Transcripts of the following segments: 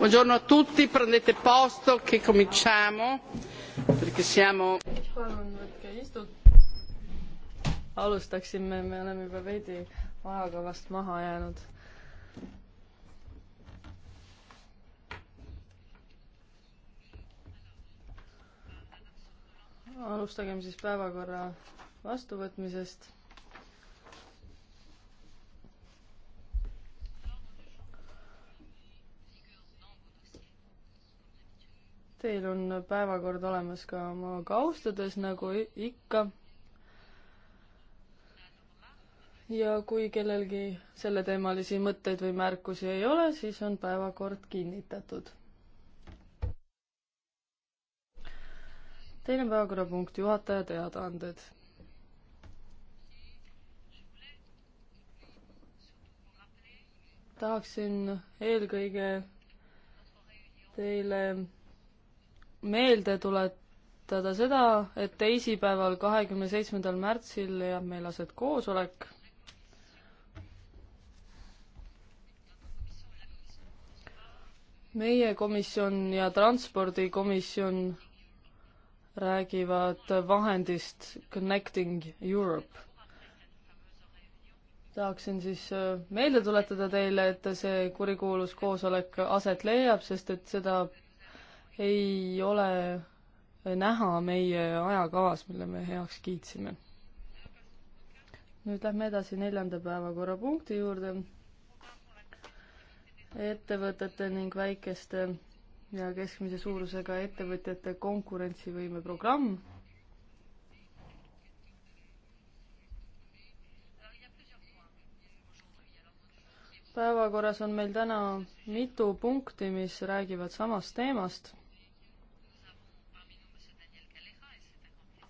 Buongiorno a tutti, prendete posto che cominciamo perché siamo alustaksime, me oleme juba veidi ajakavast maha jäänud. alustagem siis päevakorra vastuvõtmisest Teil on päevakord olemas ka oma kaustades, nagu ikka. ja kui kellelgi selleteemalisi mõtteid või märkusi ei ole, siis on päevakord kinnitatud. teine päevakorrapunkt, juhataja teadaanded tahaksin eelkõige teile meelde tuletada seda, et teisipäeval, kahekümne seitsmendal märtsil jääb meil aset koosolek. meie komisjon ja transpordikomisjon räägivad vahendist Connecting Europe tahaksin siis äh, meelde tuletada teile, et see kurikuulus koosolek aset leiab, sest et seda ei ole näha meie ajakavas, mille me heaks kiitsime. nüüd lähme edasi neljanda päevakorrapunkti juurde. ettevõtete ning väikeste ja keskmise suurusega ettevõtjate konkurentsivõime programm. päevakorras on meil täna mitu punkti, mis räägivad samast teemast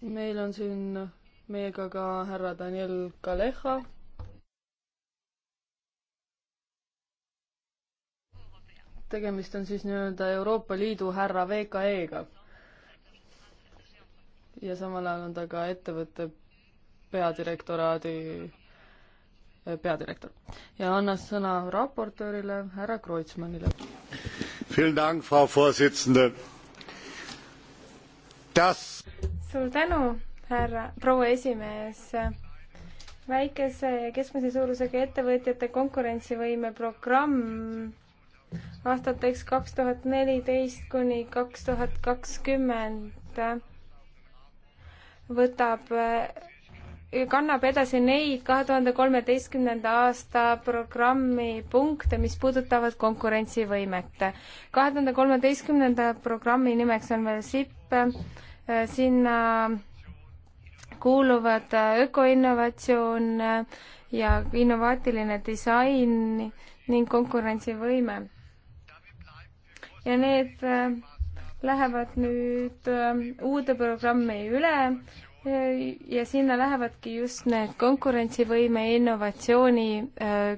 meil on siin meiega ka härra Daniel Kaleha. tegemist on siis nii-öelda Euroopa Liidu härra VKE-ga. ja samal ajal on ta ka ettevõtte peadirektoraadi eh, peadirektor ja annas sõna raportöörile härra Kreutzmannile. Das suur tänu, härra, proua esimees. väikese ja keskmise suurusega ettevõtjate konkurentsivõime programm aastateks kaks tuhat neliteist kuni kaks tuhat kakskümmend võtab, kannab edasi neid kahe tuhande kolmeteistkümnenda aasta programmi punkte, mis puudutavad konkurentsivõimet. kahe tuhande kolmeteistkümnenda programmi nimeks on veel SIP Äh, sinna kuuluvad äh, ökoinnovatsioon äh, ja innovaatiline disain ning konkurentsivõime. ja need lähevad nüüd uude programmi üle ja sinna lähevadki just need konkurentsivõime ja innovatsiooni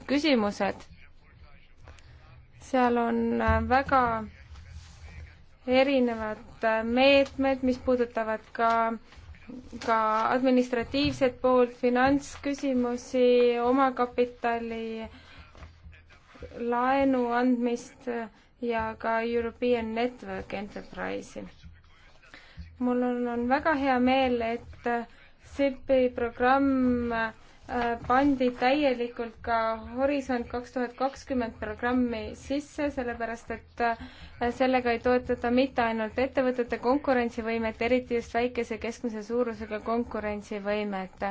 küsimused. seal on väga erinevad meetmed, mis puudutavad ka, ka administratiivset poolt, finantsküsimusi, omakapitali, laenu andmist ja ka European Network Enterprise'i. mul on, on väga hea meel, et SIP-i programm pandi täielikult ka Horisont kaks tuhat kakskümmend programmi sisse, sellepärast et äh, sellega ei toetata mitte ainult ettevõtete konkurentsivõimet, eriti just väikese keskmise suurusega konkurentsivõimet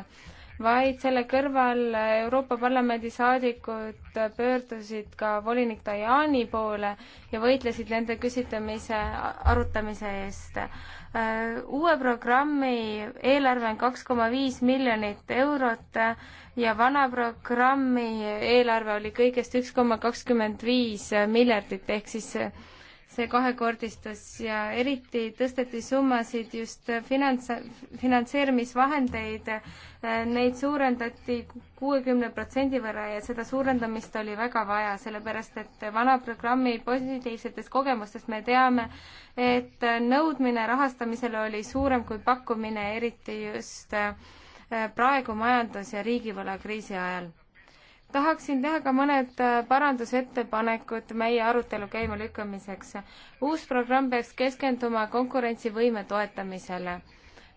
vaid selle kõrval Euroopa Parlamendi saadikud pöördusid ka volinik Tajani poole ja võitlesid nende küsitlemise arutamise eest. Äh, uue programmi eelarve on kaks koma viis miljonit eurot ja vana programmi eelarve oli kõigest üks koma kakskümmend viis miljardit ehk siis see kahekordistus ja eriti tõsteti summasid just finants, finantseerimisvahendeid, neid suurendati kuuekümne protsendi võrra ja seda suurendamist oli väga vaja, sellepärast et vana programmi positiivsetest kogemustest me teame, et nõudmine rahastamisele oli suurem kui pakkumine, eriti just praegu majandus- ja riigivõlakriisi ajal tahaksin teha ka mõned äh, parandusettepanekud meie arutelu käimalükkamiseks. uus programm peaks keskenduma konkurentsivõime toetamisele.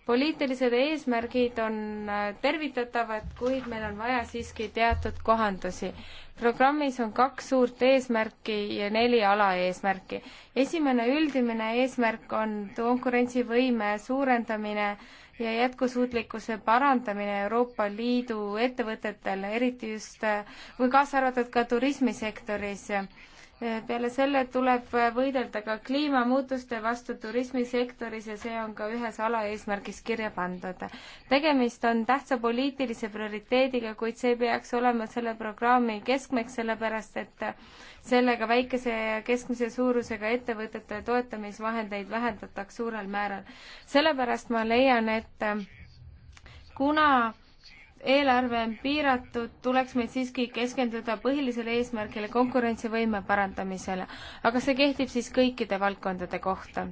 poliitilised eesmärgid on äh, tervitatavad, kuid meil on vaja siiski teatud kohandusi. programmis on kaks suurt eesmärki ja neli alaeesmärki. esimene üldine eesmärk on konkurentsivõime suurendamine ja jätkusuutlikkuse parandamine Euroopa Liidu ettevõtetel, eriti just või kaasa arvatud ka turismisektoris peale selle tuleb võidelda ka kliimamuutuste vastu turismisektoris ja see on ka ühes alaeesmärgis kirja pandud. tegemist on tähtsa poliitilise prioriteediga, kuid see peaks olema selle programmi keskmeks, sellepärast et sellega väikese ja keskmise suurusega ettevõtete toetamisvahendeid vähendataks suurel määral. sellepärast ma leian, et kuna eelarve on piiratud, tuleks meil siiski keskenduda põhilisele eesmärgile, konkurentsivõime parandamisele. aga see kehtib siis kõikide valdkondade kohta.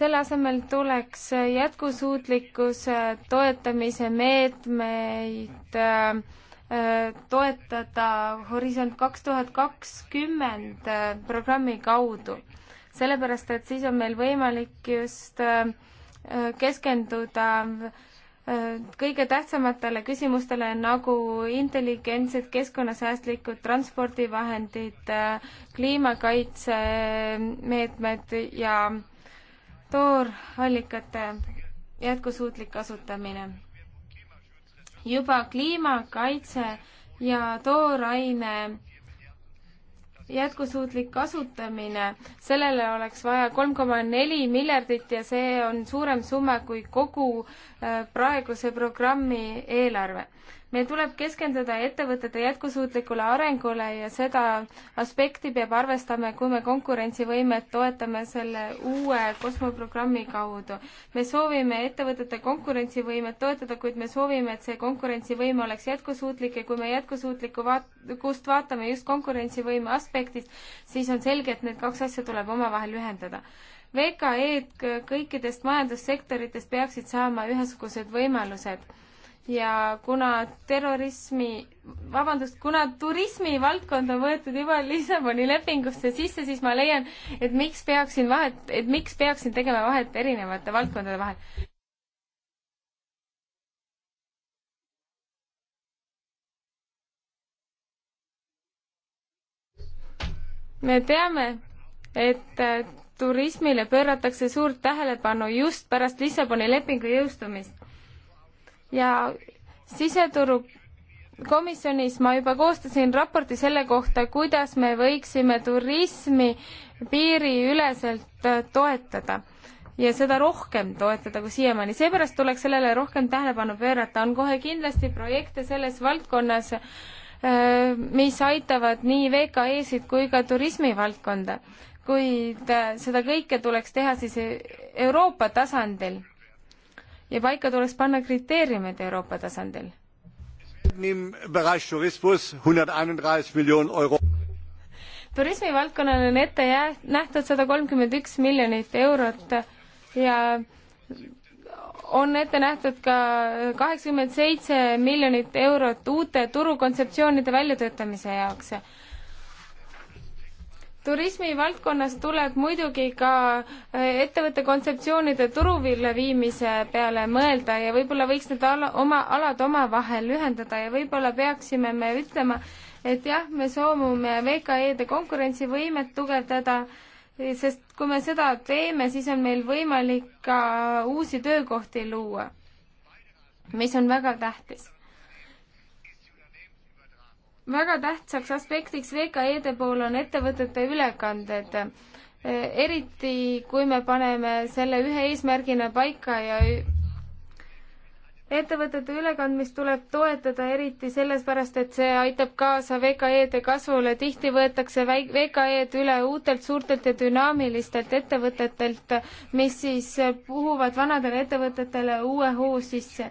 selle asemel tuleks jätkusuutlikkuse toetamise meetmeid äh, toetada Horisont kaks tuhat kakskümmend äh, programmi kaudu. sellepärast, et siis on meil võimalik just äh, keskenduda kõige tähtsamatele küsimustele nagu intelligentsed, keskkonnasäästlikud transpordivahendid, kliimakaitsemeetmed ja toorallikate jätkusuutlik kasutamine. juba kliimakaitse ja tooraine jätkusuutlik kasutamine, sellele oleks vaja kolm koma neli miljardit ja see on suurem summa kui kogu äh, praeguse programmi eelarve meil tuleb keskenduda ettevõtete jätkusuutlikule arengule ja seda aspekti peab arvestama, kui me konkurentsivõimet toetame selle uue kosmoprogrammi kaudu. me soovime ettevõtete konkurentsivõimet toetada, kuid me soovime, et see konkurentsivõime oleks jätkusuutlik ja kui me jätkusuutlikku vaat-, kust vaatame just konkurentsivõime aspektist, siis on selge, et need kaks asja tuleb omavahel ühendada VKE-d kõikidest majandussektoritest peaksid saama ühesugused võimalused ja kuna terrorismi, vabandust, kuna turismivaldkond on võetud juba Lissaboni lepingusse sisse, siis ma leian, et miks peaksin vahet, et miks peaksin tegema vahet erinevate valdkondade vahel. me teame, et äh, turismile pööratakse suurt tähelepanu just pärast Lissaboni lepingu jõustumist ja siseturu komisjonis ma juba koostasin raporti selle kohta, kuidas me võiksime turismi piiriüleselt äh, toetada ja seda rohkem toetada kui siiamaani. seepärast tuleks sellele rohkem tähelepanu pöörata. on kohe kindlasti projekte selles valdkonnas, äh, mis aitavad nii VKE-sid kui ka turismivaldkonda, kuid äh, seda kõike tuleks teha siis Euroopa tasandil ja paika tuleks panna kriteeriumid Euroopa tasandil. turismivaldkonnale on ette jää-, nähtud sada kolmkümmend üks miljonit eurot ja on ette nähtud ka kaheksakümmend seitse miljonit eurot uute turukontseptsioonide väljatöötamise jaoks turismivaldkonnas tuleb muidugi ka äh, ettevõtte kontseptsioonide turuville viimise peale mõelda ja võib-olla võiks need ala, oma, alad omavahel ühendada ja võib-olla peaksime me ütlema, et jah, me soovume VKE-de konkurentsivõimet tugevdada, sest kui me seda teeme, siis on meil võimalik ka uusi töökohti luua, mis on väga tähtis väga tähtsaks aspektiks VKE-de puhul on ettevõtete ülekanded, e, eriti kui me paneme selle ühe eesmärgina paika ja ettevõtete ülekandmist tuleb toetada eriti sellepärast, et see aitab kaasa VKE-de kasvule, tihti võetakse väik-, VKE-d üle uutelt suurtelt ja dünaamilistelt ettevõtetelt, mis siis puhuvad vanadele ettevõtetele uue hoo sisse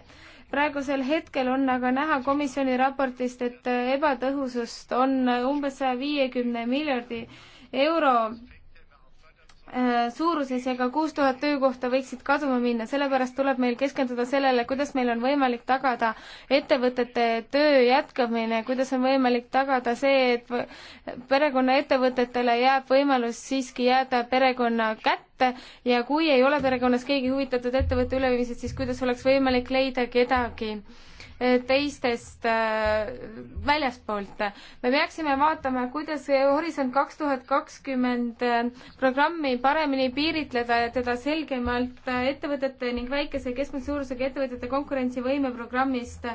praegusel hetkel on aga näha komisjoni raportist, et ebatõhusust on umbes saja viiekümne miljardi euro Äh, suuruses ja ka kuus tuhat töökohta võiksid kaduma minna, sellepärast tuleb meil keskenduda sellele, kuidas meil on võimalik tagada ettevõtete töö jätkamine, kuidas on võimalik tagada see, et perekonnaettevõtetele jääb võimalus siiski jääda perekonna kätte ja kui ei ole perekonnas keegi huvitatud ettevõtte üleviimisest, siis kuidas oleks võimalik leida kedagi teistest äh, väljaspoolt. me peaksime vaatama, kuidas Horisont kaks tuhat kakskümmend äh, programmi paremini piiritleda ja teda selgemalt äh, ettevõtete ning väikese ja keskmise suurusega ettevõtete konkurentsivõime programmist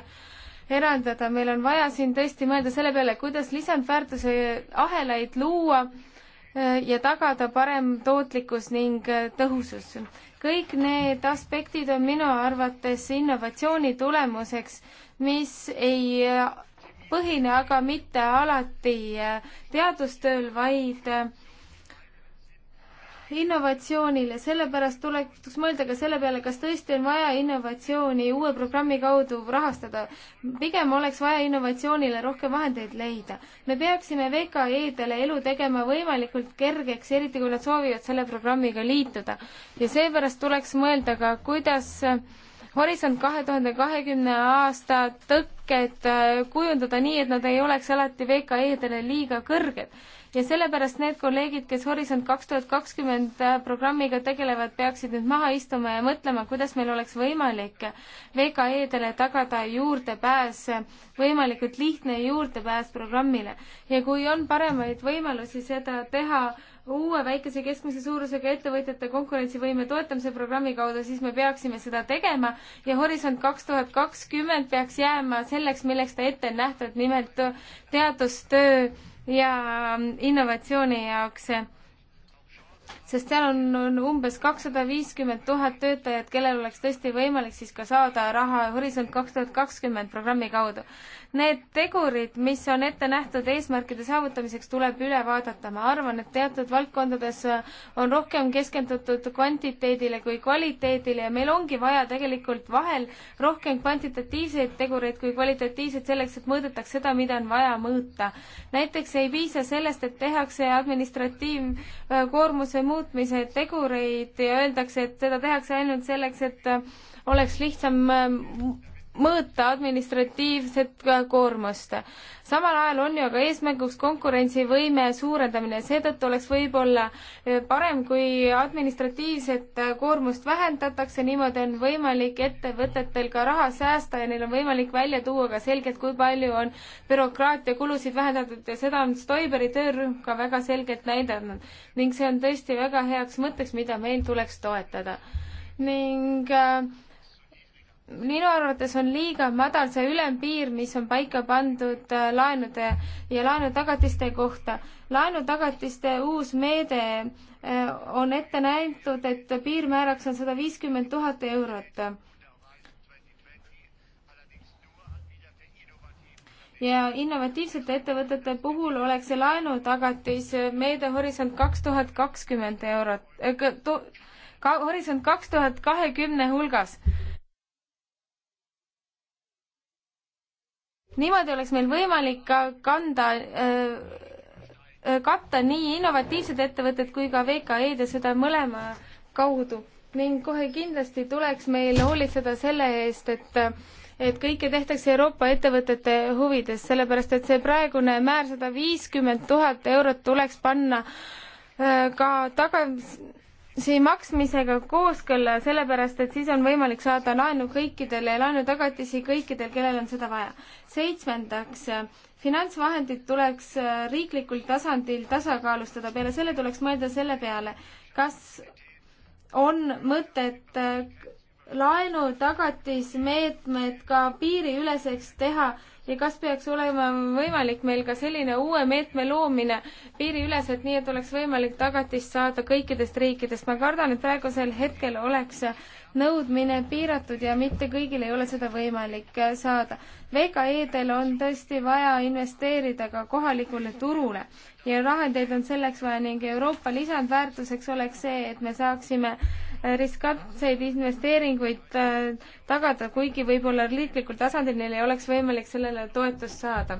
eraldada, meil on vaja siin tõesti mõelda selle peale, kuidas lisandväärtuse ahelaid luua ja tagada parem tootlikkus ning tõhusus kõik need aspektid on minu arvates innovatsiooni tulemuseks, mis ei äh, põhine aga mitte alati äh, teadustööl, vaid äh, innovatsioonile, sellepärast tuleks mõelda ka selle peale, kas tõesti on vaja innovatsiooni uue programmi kaudu rahastada. pigem oleks vaja innovatsioonile rohkem vahendeid leida. me peaksime VKE-dele elu tegema võimalikult kergeks, eriti kui nad soovivad selle programmiga liituda. ja seepärast tuleks mõelda ka, kuidas Horisont kahe tuhande kahekümne aasta tõkked äh, kujundada nii, et nad ei oleks alati VKE-dele liiga kõrged ja sellepärast need kolleegid, kes Horisont kaks tuhat kakskümmend äh, programmiga tegelevad, peaksid nüüd maha istuma ja mõtlema, kuidas meil oleks võimalik VKE-dele tagada juurdepääs, võimalikult lihtne juurdepääs programmile. ja kui on paremaid võimalusi seda teha uue väikese keskmise suurusega ettevõtjate konkurentsivõime toetamise programmi kaudu, siis me peaksime seda tegema ja Horisont kaks tuhat kakskümmend peaks jääma selleks, milleks ta ette on nähtud, nimelt teadustöö ja innovatsiooni jaoks sest seal on, on umbes kakssada viiskümmend tuhat töötajat, kellel oleks tõesti võimalik siis ka saada raha Horisont kaks tuhat kakskümmend programmi kaudu. Need tegurid, mis on ette nähtud eesmärkide saavutamiseks, tuleb üle vaadata. ma arvan, et teatud valdkondades on rohkem keskendutud kvantiteedile kui kvaliteedile ja meil ongi vaja tegelikult vahel rohkem kvantitatiivseid tegureid kui kvalitatiivseid selleks, et mõõdetaks seda, mida on vaja mõõta. näiteks ei piisa sellest, et tehakse administratiivkoormuse muu muutmise tegureid ja öeldakse, et seda tehakse ainult selleks, et oleks lihtsam mõõta administratiivset koormust. samal ajal on ju aga eesmärgiks konkurentsivõime suurendamine, seetõttu oleks võib-olla eh, parem, kui administratiivset eh, koormust vähendatakse, niimoodi on võimalik ettevõtetel ka raha säästa ja neil on võimalik välja tuua ka selgelt, kui palju on bürokraatia kulusid vähendatud ja seda on Stoiberi töörühm ka väga selgelt näidanud. ning see on tõesti väga heaks mõtteks, mida meil tuleks toetada. ning äh, minu arvates on liiga madal see ülempiir, mis on paika pandud äh, laenude ja laenutagatiste kohta. laenutagatiste uus meede äh, on ette näitud, et piirmääraks on sada viiskümmend tuhat eurot. ja innovatiivsete ettevõtete puhul oleks see laenutagatis meede Horisont kaks tuhat kakskümmend eurot äh,, Horisont kaks tuhat kahekümne hulgas niimoodi oleks meil võimalik ka kanda äh, äh, katta nii innovatiivsed ettevõtted kui ka VKE-d ja seda mõlema kaudu ning kohe kindlasti tuleks meil hoolitseda selle eest, et et kõike tehtakse Euroopa ettevõtete huvides, sellepärast et see praegune määr sada viiskümmend tuhat eurot tuleks panna äh, ka taga, see maksmisega kooskõlla, sellepärast et siis on võimalik saada laenu kõikidele ja laenutagatisi kõikidel, kellel on seda vaja. seitsmendaks, finantsvahendid tuleks äh, riiklikul tasandil tasakaalustada, peale selle tuleks mõelda selle peale, kas on mõtet äh, laenutagatismeetmed ka piiriüleseks teha ja kas peaks olema võimalik meil ka selline uue meetme loomine piiriüleselt, nii et oleks võimalik tagatist saada kõikidest riikidest. ma kardan, et praegusel hetkel oleks nõudmine piiratud ja mitte kõigil ei ole seda võimalik saada. VKE-del on tõesti vaja investeerida ka kohalikule turule ja vahendeid on selleks vaja ning Euroopa lisandväärtuseks oleks see, et me saaksime äh, riskantseid investeeringuid äh, tagada, kuigi võib-olla riiklikul tasandil neil ei oleks võimalik sellele toetust saada.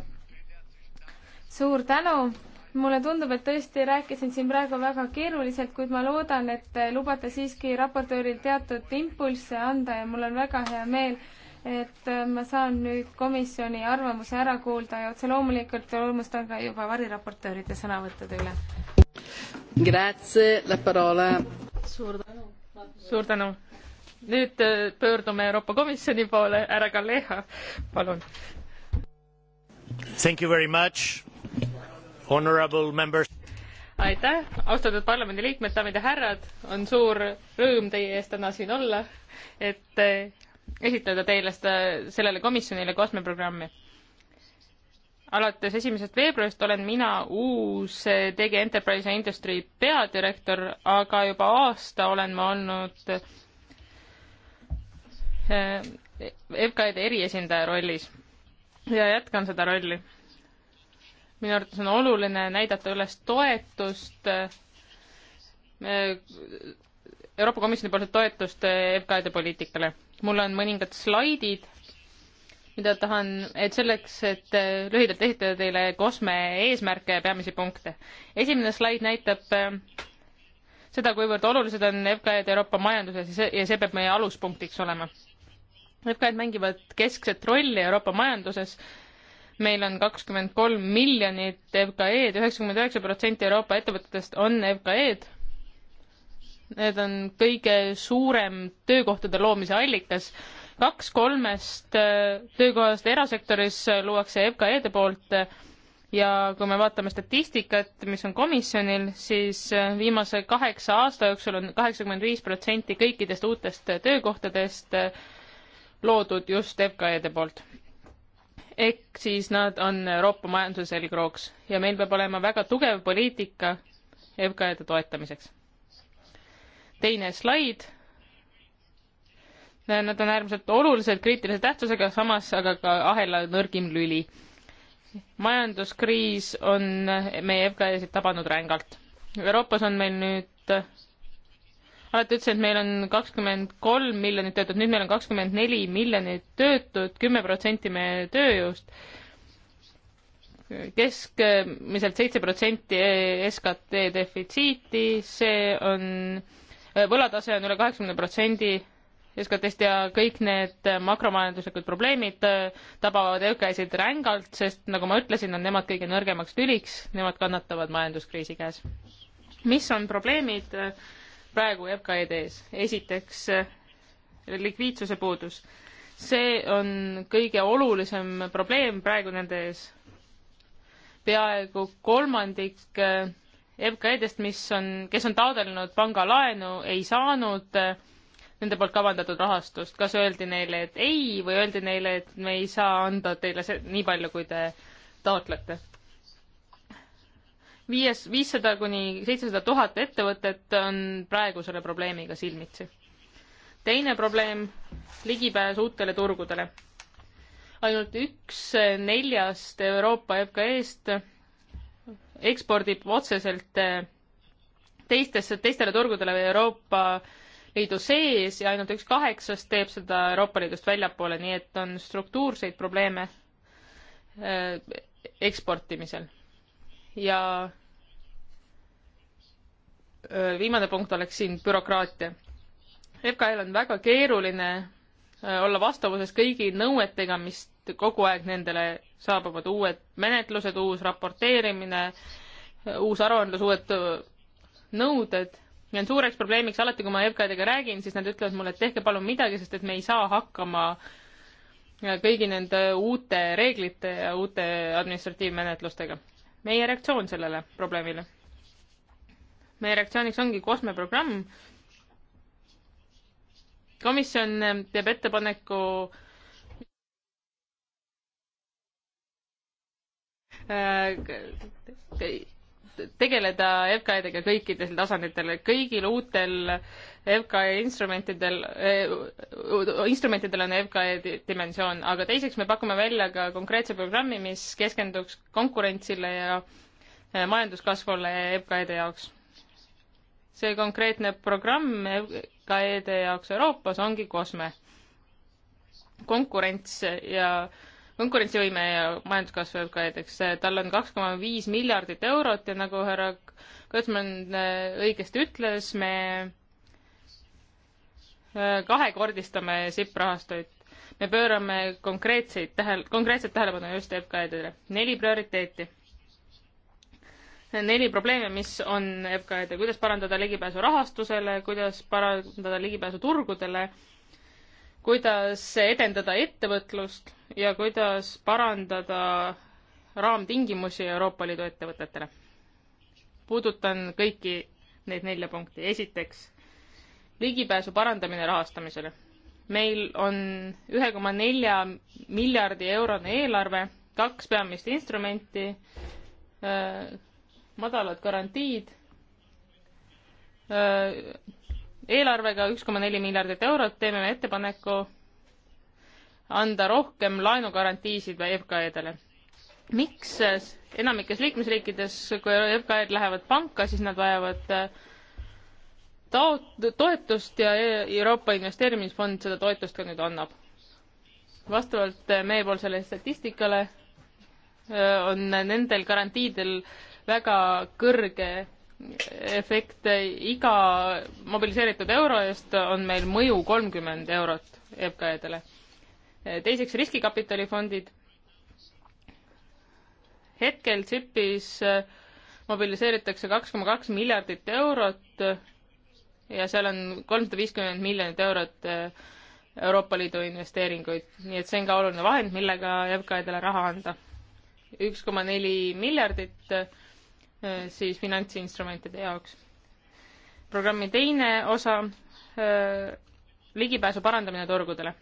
suur tänu, mulle tundub, et tõesti rääkisin siin praegu väga keeruliselt, kuid ma loodan, et te lubate siiski raportööril teatud impulsse anda ja mul on väga hea meel, et äh, ma saan nüüd komisjoni arvamuse ära kuulda ja otse loomulikult rõõmustan ka juba variraportööride sõnavõttude üle. suur tänu suur tänu. nüüd äh, pöördume Euroopa Komisjoni poole, härra Kaleha, palun. Thank you very much, honorable members. aitäh, austatud parlamendiliikmed, daamid ja härrad, on suur rõõm teie ees täna siin olla, et äh, esitleda teile seda, sellele komisjonile kosmeprogrammi alates esimesest veebruarist olen mina uus DG eh, Enterprise ja Industry peadirektor, aga juba aasta olen ma olnud EBKE-de eh, eriesindaja rollis ja jätkan seda rolli. minu arvates on oluline näidata üles toetust, eh, Euroopa Komisjoni poolset toetust EBKE-de poliitikale. mul on mõningad slaidid mida tahan, et selleks, et äh, lühidalt esitada teile kosme eesmärke ja peamisi punkte. esimene slaid näitab äh, seda, kuivõrd olulised on FKE-d Euroopa majanduses ja see, ja see peab meie aluspunktiks olema. FKE-d mängivad keskset rolli Euroopa majanduses, meil on kakskümmend kolm miljonit FKE-d, üheksakümmend üheksa protsenti Euroopa ettevõtetest on FKE-d need on kõige suurem töökohtade loomise allikas kaks kolmest äh, töökohast erasektoris luuakse FKE-de e poolt ja kui me vaatame statistikat, mis on komisjonil, siis äh, viimase kaheksa aasta jooksul on kaheksakümmend viis protsenti kõikidest uutest töökohtadest äh, loodud just FKE-de e poolt. ehk siis nad on Euroopa majanduse selgrooks ja meil peab olema väga tugev poliitika FKE-de e toetamiseks. teine slaid Nad on äärmiselt olulised, kriitilise tähtsusega, samas aga ka ahela nõrgim lüli. majanduskriis on meie FKE-sid tabanud rängalt. Euroopas on meil nüüd alati ütlesin, et meil on kakskümmend kolm miljonit töötut, nüüd meil on kakskümmend neli miljonit töötut, kümme protsenti meie tööjõust Kesk,, keskmiselt seitse protsenti SKT defitsiiti, see on, võlatase on üle kaheksakümne protsendi SKT-st ja kõik need makromajanduslikud probleemid äh, tabavad EKS-id rängalt, sest nagu ma ütlesin, on nemad kõige nõrgemaks lüliks, nemad kannatavad majanduskriisi käes. mis on probleemid äh, praegu EKE-d ees? esiteks äh, likviidsuse puudus. see on kõige olulisem probleem praegu nende ees. peaaegu kolmandik EKE-dest, mis on, kes on taotlenud pangalaenu, ei saanud äh, nende poolt kavandatud rahastust, kas öeldi neile, et ei või öeldi neile, et me ei saa anda teile see, nii palju, kui te taotlete? viies, viissada kuni seitsesada tuhat ettevõtet on praegu selle probleemiga silmitsi. teine probleem, ligipääs uutele turgudele. ainult üks neljast Euroopa FKE-st ekspordib otseselt teistesse, teistele turgudele või Euroopa äh, Liidu sees ja ainult üks kaheksast teeb seda Euroopa Liidust väljapoole, nii et on struktuurseid probleeme äh, eksportimisel. ja äh, viimane punkt oleks siin bürokraatia. FKL on väga keeruline äh, olla vastavuses kõigi nõuetega, mis kogu aeg nendele saabuvad uued menetlused, uus raporteerimine, uus aruandlus, uued nõuded ja on suureks probleemiks alati, kui ma EFKA-dega räägin, siis nad ütlevad mulle, et tehke palun midagi, sest et me ei saa hakkama äh, kõigi nende uute reeglite ja uute administratiivmenetlustega. meie reaktsioon sellele probleemile. meie reaktsiooniks ongi COSME programm. komisjon ähm, teeb ettepaneku äh, tegeleda FKE-dega kõikidel tasanditel, kõigil uutel FKE instrumentidel eh,, instrumentidel on FKE dimensioon, aga teiseks me pakume välja ka konkreetse programmi, mis keskenduks konkurentsile ja eh, majanduskasvule FKE-de jaoks. see konkreetne programm FKE-de jaoks Euroopas ongi COSME. konkurents ja äh, konkurentsivõime ja majanduskasv jääb ka näiteks, tal on kaks koma viis miljardit eurot ja nagu härra Kõtsman äh, õigesti ütles, me äh, kahekordistame SIP-rahastuid. me pöörame konkreetseid tähel-, konkreetset tähelepanu just FKE-dele. neli prioriteeti. neli probleemi, mis on FKE-del, kuidas parandada ligipääsu rahastusele, kuidas parandada ligipääsu turgudele, kuidas edendada ettevõtlust ja kuidas parandada raamtingimusi Euroopa Liidu ettevõtetele. puudutan kõiki neid nelja punkti. esiteks, ligipääsu parandamine rahastamisele. meil on ühe koma nelja miljardi eurone eelarve, kaks peamist instrumenti, madalad garantiid, eelarvega üks koma neli miljardit eurot teeme me ettepaneku anda rohkem laenugarantiisid FKE-dele. miks enamikes liikmesriikides, kui FKE-d lähevad panka, siis nad vajavad äh, taot-, toetust ja e-, Euroopa Investeerimisfond seda toetust ka nüüd annab. vastavalt äh, meiepoolsele statistikale äh, on nendel garantiidel väga kõrge efekt, iga mobiliseeritud euro eest on meil mõju kolmkümmend eurot FKE-dele Eh, teiseks riskikapitalifondid. hetkel CIP-is eh, mobiliseeritakse kaks koma kaks miljardit eurot eh, ja seal on kolmsada viiskümmend miljonit eurot Euroopa Liidu investeeringuid, nii et see on ka oluline vahend, millega FKI-dele raha anda. üks koma neli miljardit siis finantsinstrumentide jaoks. programmi teine osa, ligipääsu parandamine turgudele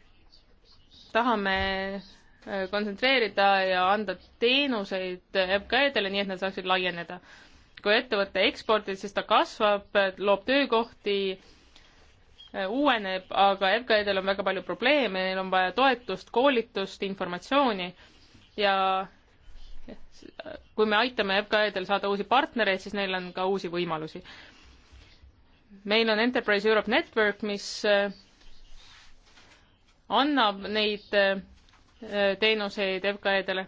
tahame äh, kontsentreerida ja anda teenuseid MKE-dele, nii et nad saaksid laieneda. kui ettevõte ekspordib, siis ta kasvab, loob töökohti, äh, uueneb, aga FKE-del on väga palju probleeme, neil on vaja toetust, koolitust, informatsiooni ja kui me aitame FKE-del saada uusi partnereid, siis neil on ka uusi võimalusi. meil on Enterprise Europe Network, mis äh, annab neid äh, teenuseid FKE-dele.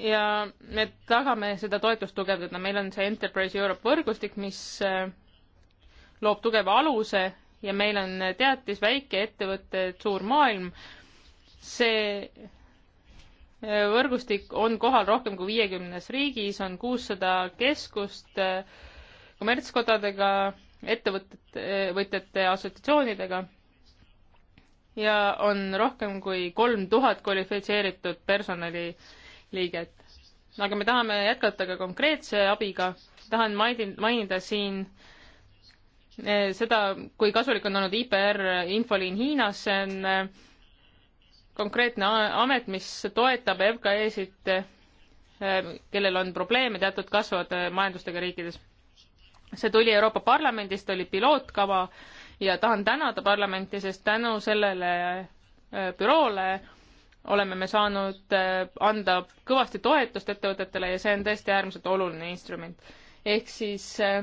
ja me tagame seda toetust tugevdada, meil on see Enterprise Europe võrgustik, mis äh, loob tugeva aluse ja meil on teatis väikeettevõtted, suur maailm. see äh, võrgustik on kohal rohkem kui viiekümnes riigis, on kuussada keskust kommertskodadega, ettevõtete, võtjate assotsiatsioonidega ja on rohkem kui kolm tuhat kvalifitseeritud personaliliiget. aga me tahame jätkata ka konkreetse abiga, tahan mainida siin eh, seda, kui kasulik on olnud IPR infoliin Hiinas, see on eh, konkreetne amet, mis toetab FKE-sid, eh, kellel on probleeme teatud kasvavate majandustega riikides. see tuli Euroopa Parlamendist, oli pilootkava, ja tahan tänada parlamenti, sest tänu sellele äh, büroole oleme me saanud äh, anda kõvasti toetust ettevõtetele ja see on tõesti äärmiselt oluline instrument. ehk siis äh,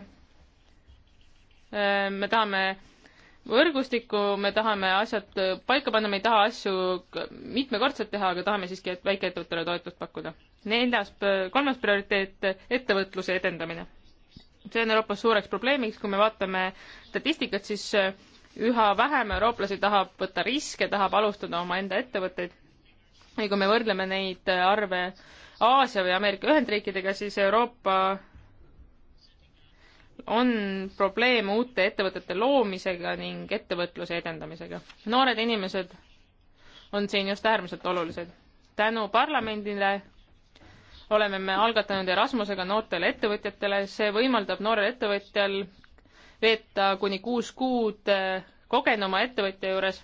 me tahame võrgustikku, me tahame asjad paika panna, me ei taha asju mitmekordselt teha, aga tahame siiski väikeettevõttele toetust pakkuda. neljas, kolmas prioriteet, ettevõtluse edendamine see on Euroopas suureks probleemiks, kui me vaatame statistikat, siis äh, üha vähem eurooplasi tahab võtta riske, tahab alustada omaenda ettevõtteid. ja kui me võrdleme neid äh, arve Aasia või Ameerika Ühendriikidega, siis Euroopa on probleem uute ettevõtete loomisega ning ettevõtluse edendamisega. noored inimesed on siin just äärmiselt olulised. tänu parlamendile oleme me algatanud Erasmusega noortele ettevõtjatele, see võimaldab noorel ettevõtjal veeta kuni kuus kuud äh, kogenuma ettevõtja juures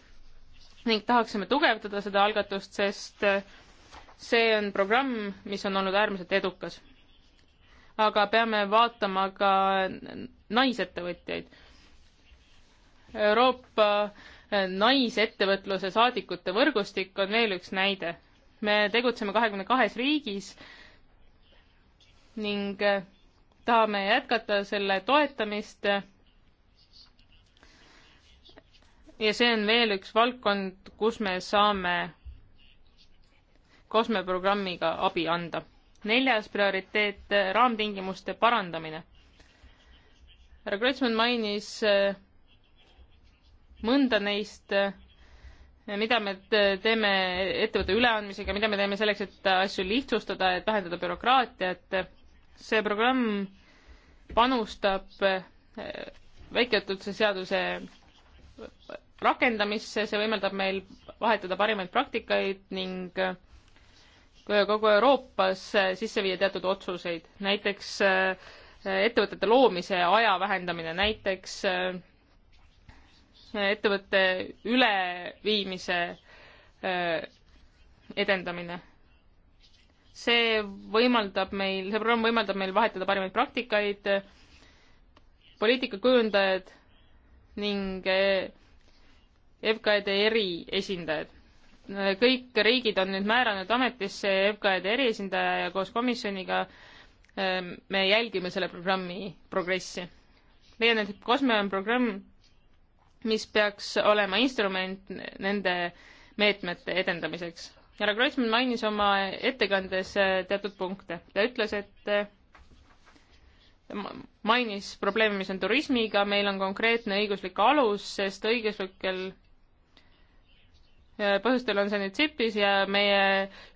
ning tahaksime tugevdada seda algatust, sest äh, see on programm, mis on olnud äärmiselt edukas. aga peame vaatama ka naisettevõtjaid. Euroopa äh, naisettevõtluse saadikute võrgustik on veel üks näide. me tegutseme kahekümne kahes riigis ning eh, tahame jätkata selle toetamist. ja see on veel üks valdkond, kus me saame COSME programmiga abi anda. neljas prioriteet, eh, raamtingimuste parandamine. härra Kreutzmann mainis eh, mõnda neist, mida me teeme ettevõtte üleandmisega, mida me teeme selleks, et asju lihtsustada, et vähendada bürokraatiat et see programm panustab eh, väikeettevõtluse seaduse rakendamisse, see võimaldab meil vahetada parimaid praktikaid ning eh, kogu Euroopas sisse viia teatud otsuseid, näiteks eh, ettevõtete loomise aja vähendamine, näiteks ettevõtte üleviimise edendamine see võimaldab meil, see programm võimaldab meil vahetada parimaid praktikaid, poliitikakujundajad ning eh, FKD eri esindajad. kõik riigid on nüüd määranud ametisse FKD eriesindaja ja koos komisjoniga eh, me jälgime selle programmi progressi. leian, et COSME on programm, mis peaks olema instrument nende meetmete edendamiseks härra Kreutzmann mainis oma ettekandes äh, teatud punkte. ta ütles, et äh, mainis probleeme, mis on turismiga, meil on konkreetne õiguslik alus, sest õiguslikel äh, põhjustel on see nüüd SIP-is ja meie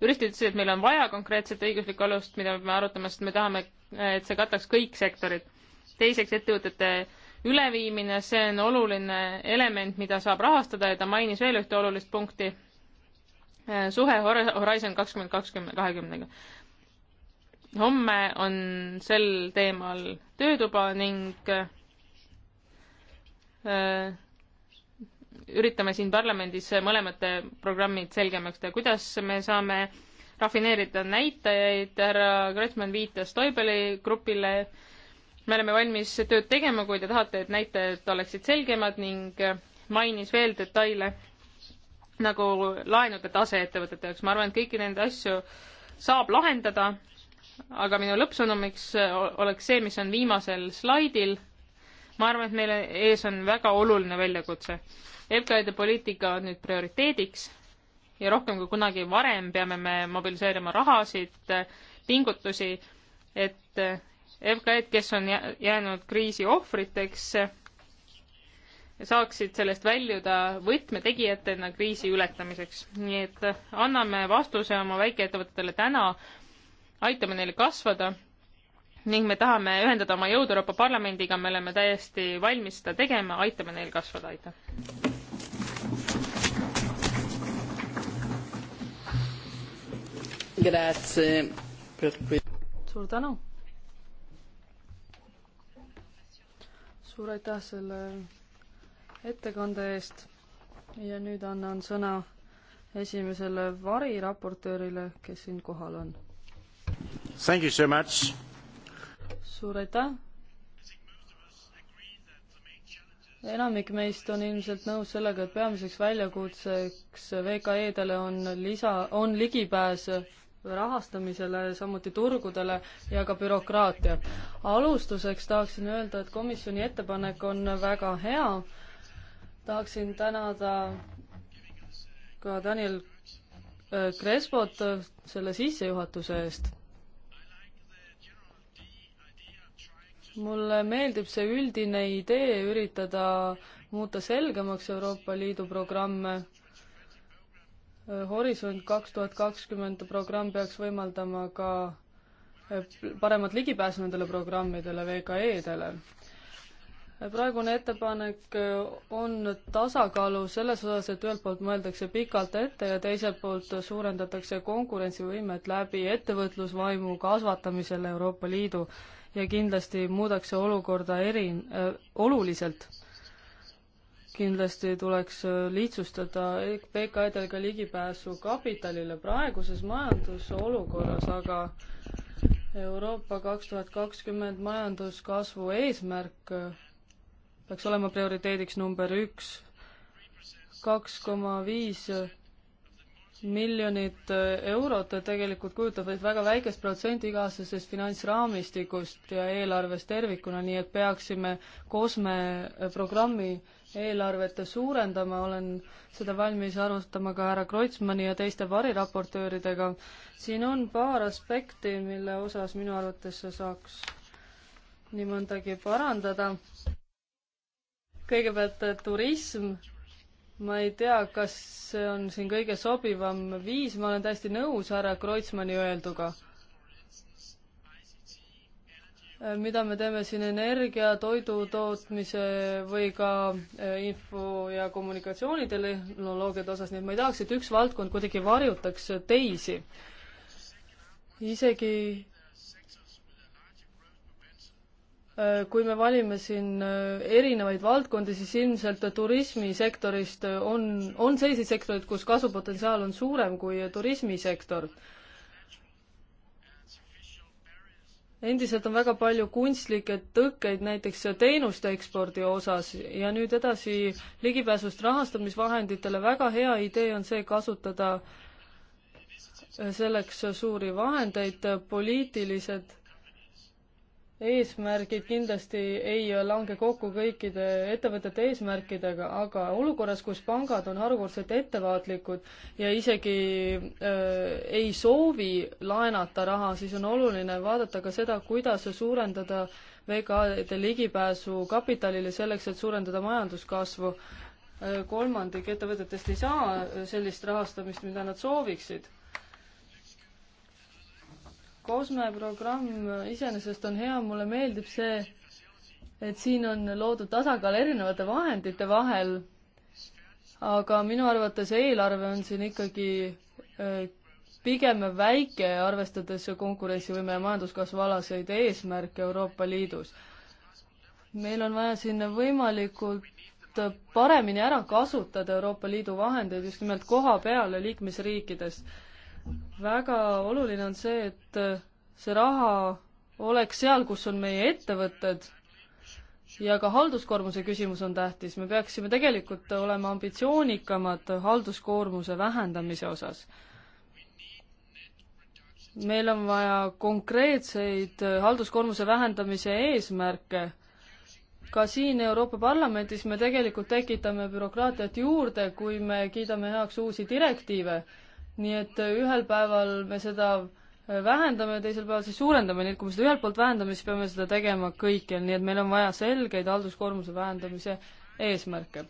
juristid ütlesid, et meil on vaja konkreetset õiguslikku alust, mida me peame arutama, sest me tahame, et see kataks kõik sektorid. teiseks, ettevõtete üleviimine, see on oluline element, mida saab rahastada ja ta mainis veel ühte olulist punkti suhe Horizon kakskümmend kakskümmend, kahekümnega. homme on sel teemal töötuba ning äh, üritame siin parlamendis mõlemate programmid selgemaks teha, kuidas me saame rafineerida näitajaid, härra Kreutzmann viitas Toibeli grupile, me oleme valmis tööd tegema, kui te tahate, et näitajad oleksid selgemad ning mainis veel detaile nagu laenude tase ettevõtete jaoks, ma arvan, et kõiki neid asju saab lahendada, aga minu lõppsõnumiks oleks see, mis on viimasel slaidil. ma arvan, et meile ees on väga oluline väljakutse. EKÜ-de poliitika on nüüd prioriteediks ja rohkem kui kunagi varem peame me mobiliseerima rahasid, pingutusi, et FKE-d, kes on jäänud kriisi ohvriteks, saaksid sellest väljuda võtmetegijatena kriisi ületamiseks. nii et anname vastuse oma väikeettevõtetele täna, aitame neil kasvada ning me tahame ühendada oma jõud Euroopa Parlamendiga, me oleme täiesti valmis seda tegema, aitame neil kasvada, aitäh! suur tänu! suur aitäh selle ettekande eest ja nüüd annan sõna esimesele variraportöörile, kes siin kohal on. Thank you so much. suur aitäh. enamik meist on ilmselt nõus sellega, et peamiseks väljakutseks VKE-dele on lisa, on ligipääs rahastamisele, samuti turgudele ja ka bürokraatia. alustuseks tahaksin öelda, et komisjoni ettepanek on väga hea tahaksin tänada ka Daniel äh, Crespot selle sissejuhatuse eest. mulle meeldib see üldine idee üritada muuta selgemaks Euroopa Liidu programme äh, Horisont kaks tuhat kakskümmend programm peaks võimaldama ka äh, paremat ligipääsu nendele programmidele, VKE-dele praegune ettepanek äh, on tasakaalus selles osas, et ühelt poolt mõeldakse pikalt ette ja teiselt poolt suurendatakse konkurentsivõimet läbi ettevõtlusvaimu kasvatamisele Euroopa Liidu ja kindlasti muudaks see olukorda eri äh,, oluliselt. kindlasti tuleks äh, lihtsustada PKE-dega ligipääsu kapitalile praeguses majandusolukorras, aga Euroopa kaks tuhat kakskümmend majanduskasvu eesmärk äh, peaks olema prioriteediks number üks. kaks koma viis miljonit eurot tegelikult kujutab vaid väga väikest protsenti igasugusest finantsraamistikust ja eelarvest tervikuna, nii et peaksime COSME programmi eelarvete suurendama, olen seda valmis arutama ka härra Kreutzmanni ja teiste variraportööridega. siin on paar aspekti, mille osas minu arvates saaks nii mõndagi parandada kõigepealt äh, turism, ma ei tea, kas see on siin kõige sobivam viis, ma olen täiesti nõus härra Kreutzmanni öelduga. Äh, mida me teeme siin energia, toidu tootmise või ka äh, info- ja kommunikatsioonitehnoloogiate osas, nii et ma ei tahaks, et üks valdkond kuidagi varjutaks teisi. isegi Äh, kui me valime siin äh, erinevaid valdkondi, siis ilmselt turismisektorist äh, on, on selliseid sektoreid, kus kasvupotentsiaal on suurem kui turismisektor. endiselt on väga palju kunstlikke tõkkeid näiteks teenuste ekspordi osas ja nüüd edasi ligipääsust rahastamisvahenditele, väga hea idee on see kasutada selleks suuri vahendeid, poliitilised eesmärgid kindlasti ei lange kokku kõikide ettevõtete eesmärkidega, aga olukorras, kus pangad on harukordselt ettevaatlikud ja isegi öö, ei soovi laenata raha, siis on oluline vaadata ka seda, kuidas suurendada VKD-de ligipääsu kapitalile selleks, et suurendada majanduskasvu. kolmandik ettevõtetest ei saa sellist rahastamist, mida nad sooviksid Kosme programm iseenesest on hea, mulle meeldib see, et siin on loodud tasakaal erinevate vahendite vahel, aga minu arvates eelarve on siin ikkagi äh, pigem väike, arvestades konkurentsivõime ja majanduskasvu alaseid eesmärke Euroopa Liidus. meil on vaja siin võimalikult paremini ära kasutada Euroopa Liidu vahendeid just nimelt koha peal liikmesriikides väga oluline on see, et see raha oleks seal, kus on meie ettevõtted ja ka halduskoormuse küsimus on tähtis, me peaksime tegelikult olema ambitsioonikamad halduskoormuse vähendamise osas. meil on vaja konkreetseid halduskoormuse vähendamise eesmärke. ka siin Euroopa Parlamendis me tegelikult tekitame bürokraatiat juurde, kui me kiidame heaks uusi direktiive nii et äh, ühel päeval me seda äh, vähendame ja teisel päeval siis suurendame, nii et kui me seda ühelt poolt vähendame, siis peame seda tegema kõikjal, nii et meil on vaja selgeid halduskoormuse vähendamise eesmärke.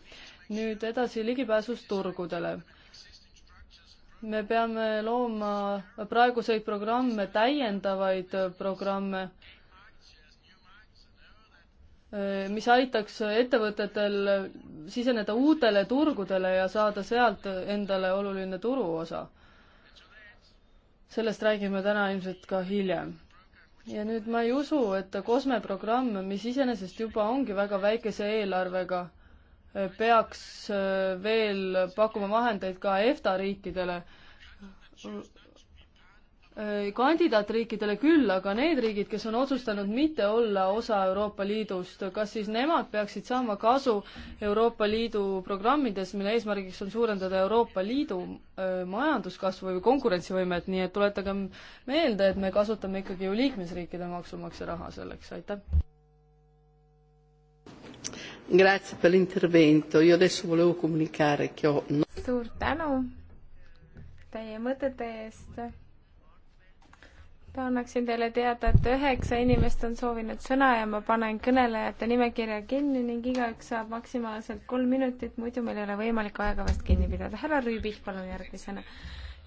nüüd edasi ligipääsust turgudele. me peame looma praeguseid programme, täiendavaid äh, programme, mis aitaks ettevõtetel siseneda uutele turgudele ja saada sealt endale oluline turuosa sellest räägime täna ilmselt ka hiljem. ja nüüd ma ei usu, et COSME programm, mis iseenesest juba ongi väga väikese eelarvega, peaks äh, veel pakkuma vahendeid ka EFTA riikidele Äh, kandidaatriikidele küll, aga need riigid, kes on otsustanud mitte olla osa Euroopa Liidust, kas siis nemad peaksid saama kasu Euroopa Liidu programmides, mille eesmärgiks on suurendada Euroopa Liidu äh, majanduskasvu või konkurentsivõimet, nii et tuletagem meelde, et me kasutame ikkagi ju liikmesriikide maksumaksja raha selleks, aitäh! Grazie per l'intervento, io adesso volevo comunicare che ho suur tänu teie mõtete eest annaksin teile teada, et üheksa inimest on soovinud sõna ja ma panen kõnelejate nimekirja kinni ning igaüks saab maksimaalselt kolm minutit, muidu meil ei ole võimalik aega vast kinni pidada. härra Rüübih, palun järgmisena.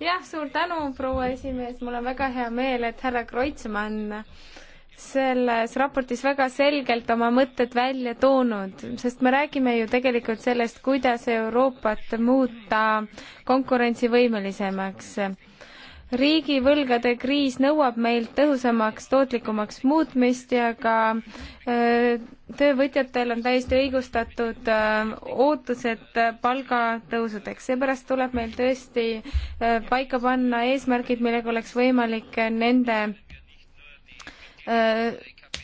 jah, suur tänu, proua esimees, mul on väga hea meel, et härra Kreutzmann selles raportis väga selgelt oma mõtted välja toonud, sest me räägime ju tegelikult sellest, kuidas Euroopat muuta konkurentsivõimelisemaks riigivõlgade kriis nõuab meilt tõhusamaks, tootlikumaks muutmist ja ka töövõtjatel on täiesti õigustatud ootused palgatõusudeks, seepärast tuleb meil tõesti paika panna eesmärgid, millega oleks võimalik nende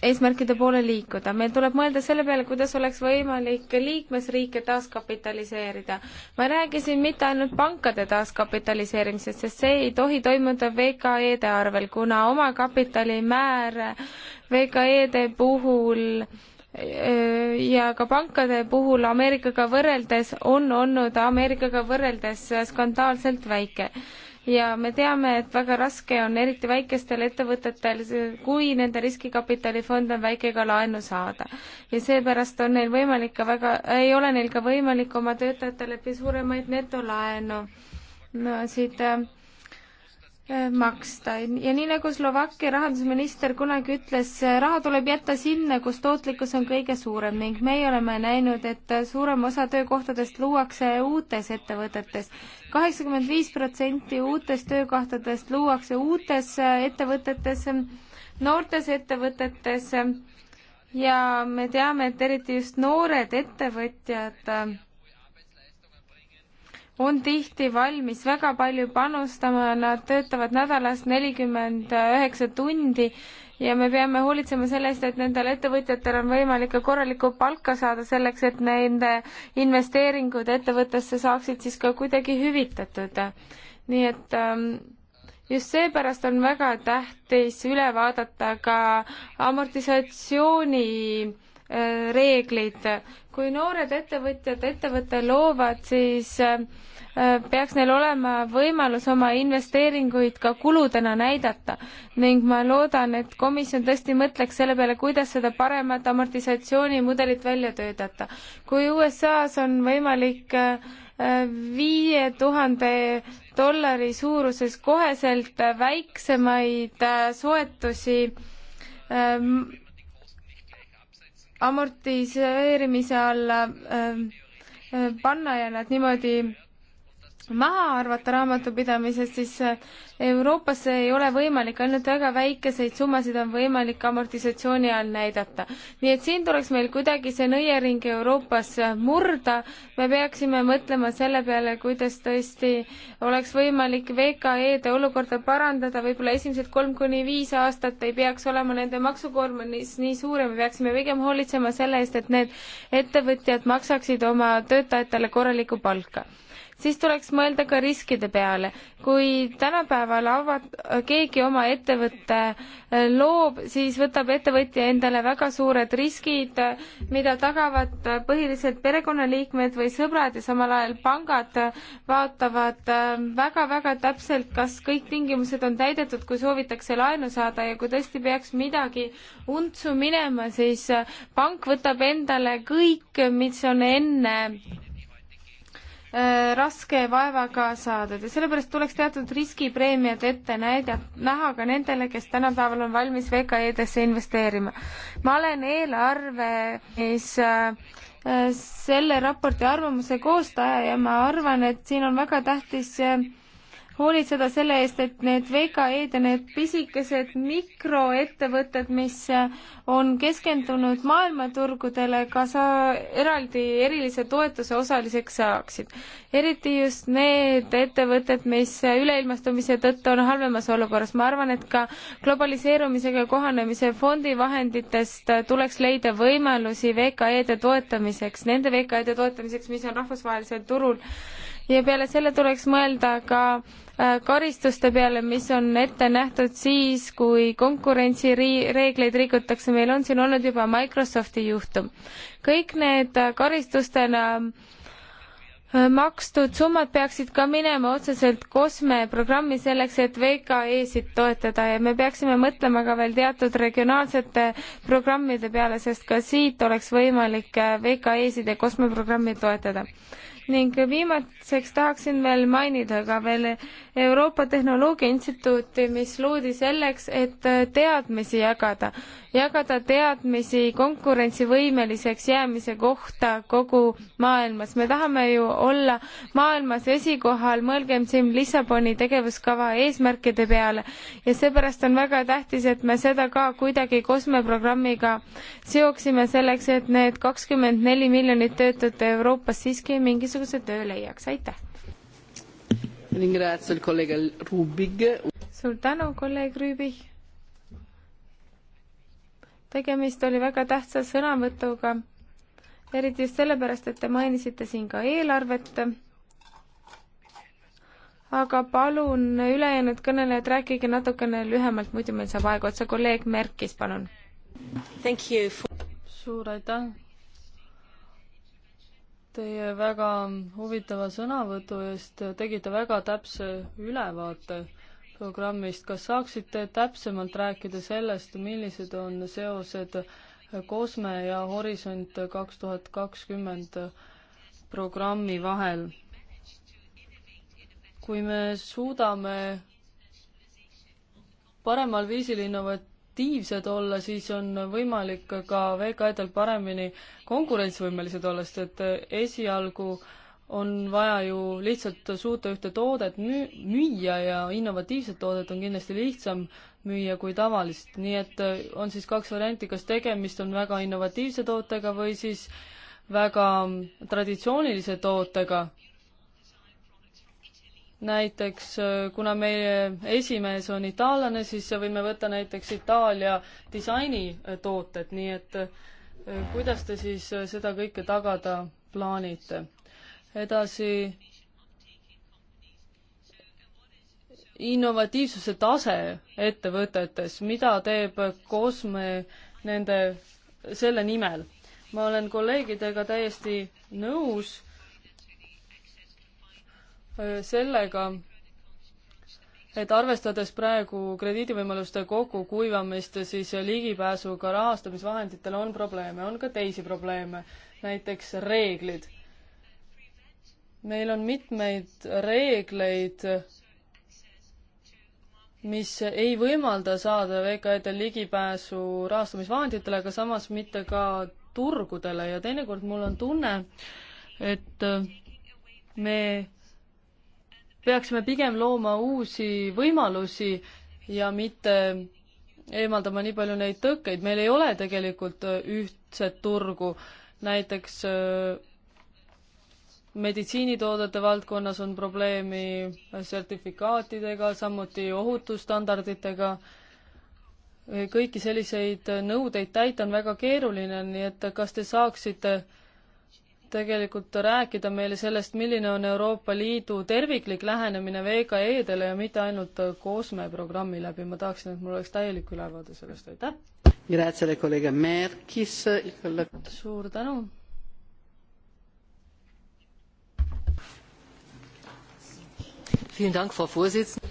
eesmärkide poole liikuda. meil tuleb mõelda selle peale, kuidas oleks võimalik liikmesriike taaskapitaliseerida. ma ei räägi siin mitte ainult pankade taaskapitaliseerimisest, sest see ei tohi toimuda VKE-de arvel, kuna omakapitali määr VKE-de puhul ja ka pankade puhul Ameerikaga võrreldes on olnud Ameerikaga võrreldes skandaalselt väike ja me teame, et väga raske on eriti väikestel ettevõtetel, kui nende riskikapitalifond on väike, ka laenu saada. ja seepärast on neil võimalik ka väga, ei ole neil ka võimalik oma töötajatele suuremaid netolaenu no, siit äh, maksta ja nii nagu Slovakkia rahandusminister kunagi ütles, raha tuleb jätta sinna, kus tootlikkus on kõige suurem ning meie oleme näinud, et suurem osa töökohtadest luuakse uutes ettevõtetes. kaheksakümmend viis protsenti uutest töökohtadest luuakse uutes ettevõtetes, noortes ettevõtetes ja me teame, et eriti just noored ettevõtjad on tihti valmis väga palju panustama, nad töötavad nädalas nelikümmend üheksa tundi ja me peame hoolitsema selle eest, et nendel ettevõtjatel on võimalik ka korralikku palka saada selleks, et nende investeeringud ettevõttesse saaksid siis ka kuidagi hüvitatud. nii et ähm, just seepärast on väga tähtis üle vaadata ka amortisatsiooni äh, reeglid, kui noored ettevõtjad ettevõtte loovad, siis äh, peaks neil olema võimalus oma investeeringuid ka kuludena näidata ning ma loodan, et komisjon tõesti mõtleks selle peale, kuidas seda paremat amortisatsioonimudelit välja töötada. kui USA-s on võimalik äh, viie tuhande dollari suuruses koheselt väiksemaid äh, soetusi ähm, amortiseerimise alla ähm, äh, panna ja nad niimoodi maha arvata raamatupidamisest, siis äh, Euroopas ei ole võimalik, ainult väga väikeseid summasid on võimalik amortisatsiooni all näidata. nii et siin tuleks meil kuidagi see nõiaring Euroopas äh, murda, me peaksime mõtlema selle peale, kuidas tõesti oleks võimalik VKE-de olukorda parandada, võib-olla esimesed kolm kuni viis aastat ei peaks olema nende maksukoorm nii, nii suur ja me peaksime pigem hoolitsema selle eest, et need ettevõtjad maksaksid oma töötajatele korralikku palka siis tuleks mõelda ka riskide peale. kui tänapäeval avad, keegi oma ettevõtte äh, loob, siis võtab ettevõtja endale väga suured riskid, mida tagavad põhiliselt perekonnaliikmed või sõbrad ja samal ajal pangad vaatavad äh, väga-väga täpselt, kas kõik tingimused on täidetud, kui soovitakse laenu saada ja kui tõesti peaks midagi untsu minema, siis äh, pank võtab endale kõik, mis on enne Äh, raske vaevaga saadud ja sellepärast tuleks teatud riskipreemiad ette näida, näha ka nendele, kes tänapäeval on valmis VKE-desse investeerima. ma olen eelarves äh, äh, selle raporti arvamuse koostaja ja ma arvan, et siin on väga tähtis hoolitseda selle eest, et need VKE-d ja need pisikesed mikroettevõtted, mis on keskendunud maailmaturgudele, ka sa eraldi erilise toetuse osaliseks saaksid. eriti just need ettevõtted, mis üleilmastumise tõttu on halvemas olukorras. ma arvan, et ka globaliseerumisega kohanemise fondi vahenditest tuleks leida võimalusi VKE-de toetamiseks, nende VKE-de toetamiseks, mis on rahvusvahelisel turul ja peale selle tuleks mõelda ka Äh, karistuste peale, mis on ette nähtud siis, kui konkurentsireegleid rikutakse, meil on siin olnud juba Microsofti juhtum. kõik need äh, karistustena äh, makstud summad peaksid ka minema otseselt COSME programmi selleks, et VKE-sid toetada ja me peaksime mõtlema ka veel teatud regionaalsete programmide peale, sest ka siit oleks võimalik VKE-sid ja COSME programmi toetada ning viimaseks tahaksin veel mainida ka veel Euroopa Tehnoloogia Instituuti, mis loodi selleks, et teadmisi jagada, jagada teadmisi konkurentsivõimeliseks jäämise kohta kogu maailmas. me tahame ju olla maailmas esikohal, mõelgem siin Lissaboni tegevuskava eesmärkide peale ja seepärast on väga tähtis, et me seda ka kuidagi kosmeprogrammiga seoksime selleks, et need kakskümmend neli miljonit töötut Euroopas siiski mingisugused mingisuguse töö leiaks, aitäh! suur tänu, kolleeg Rüübig! tegemist oli väga tähtsa sõnavõtuga, eriti just sellepärast, et te mainisite siin ka eelarvet aga palun ülejäänud kõnelejad, rääkige natukene lühemalt, muidu meil saab aeg otsa. kolleeg Merkis, palun. suur aitäh teie väga huvitava sõnavõtu eest, tegite väga täpse ülevaate programmist, kas saaksite täpsemalt rääkida sellest, millised on seosed COSME ja Horisont kaks tuhat kakskümmend programmi vahel? kui me suudame paremal viisil innovat-, aktiivsed olla, siis on võimalik ka VKE-del paremini konkurentsivõimelised olla, sest et esialgu on vaja ju lihtsalt suuta ühte toodet müüa ja innovatiivset toodet on kindlasti lihtsam müüa kui tavalist, nii et on siis kaks varianti, kas tegemist on väga innovatiivse tootega või siis väga traditsioonilise tootega näiteks äh, kuna meie esimees on itaallane, siis võime võtta näiteks Itaalia disainitooted, äh, nii et äh, kuidas te siis seda kõike tagada plaanite? edasi, innovatiivsuse tase ettevõtetes, mida teeb Cosme nende, selle nimel? ma olen kolleegidega täiesti nõus Äh, sellega, et arvestades praegu krediidivõimaluste kokkukuivamist, siis ligipääsuga rahastamisvahenditele on probleeme, on ka teisi probleeme, näiteks reeglid. meil on mitmeid reegleid, mis ei võimalda saada VKE-del ligipääsu rahastamisvahenditele, aga samas mitte ka turgudele ja teinekord mul on tunne, et me peaksime pigem looma uusi võimalusi ja mitte eemaldama nii palju neid tõkkeid, meil ei ole tegelikult äh, ühtset turgu, näiteks äh, meditsiinitoodete valdkonnas on probleemi sertifikaatidega, samuti ohutusstandarditega, kõiki selliseid nõudeid täita on väga keeruline, nii et kas te saaksite äh, tegelikult rääkida meile sellest, milline on Euroopa Liidu terviklik lähenemine VKE-dele ja mitte ainult COSME programmi läbi, ma tahaksin, et mul oleks täielik ülevaade sellest, aitäh! suur tänu!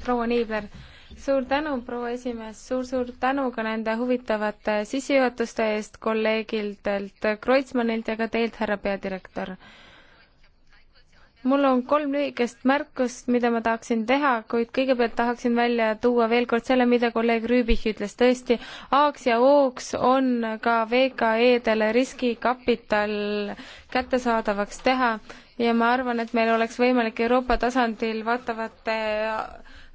proua Niibler suur tänu, proua esimees suur,, suur-suur tänu ka nende huvitavate sissejuhatuste eest kolleegidelt Kreutzmannilt ja ka teilt, härra peadirektor. mul on kolm lühikest märkust, mida ma tahaksin teha, kuid kõigepealt tahaksin välja tuua veel kord selle, mida kolleeg Rüübich ütles, tõesti, A-ks ja O-ks on ka VKE-dele riskikapital kättesaadavaks teha ja ma arvan, et meil oleks võimalik Euroopa tasandil vaatavate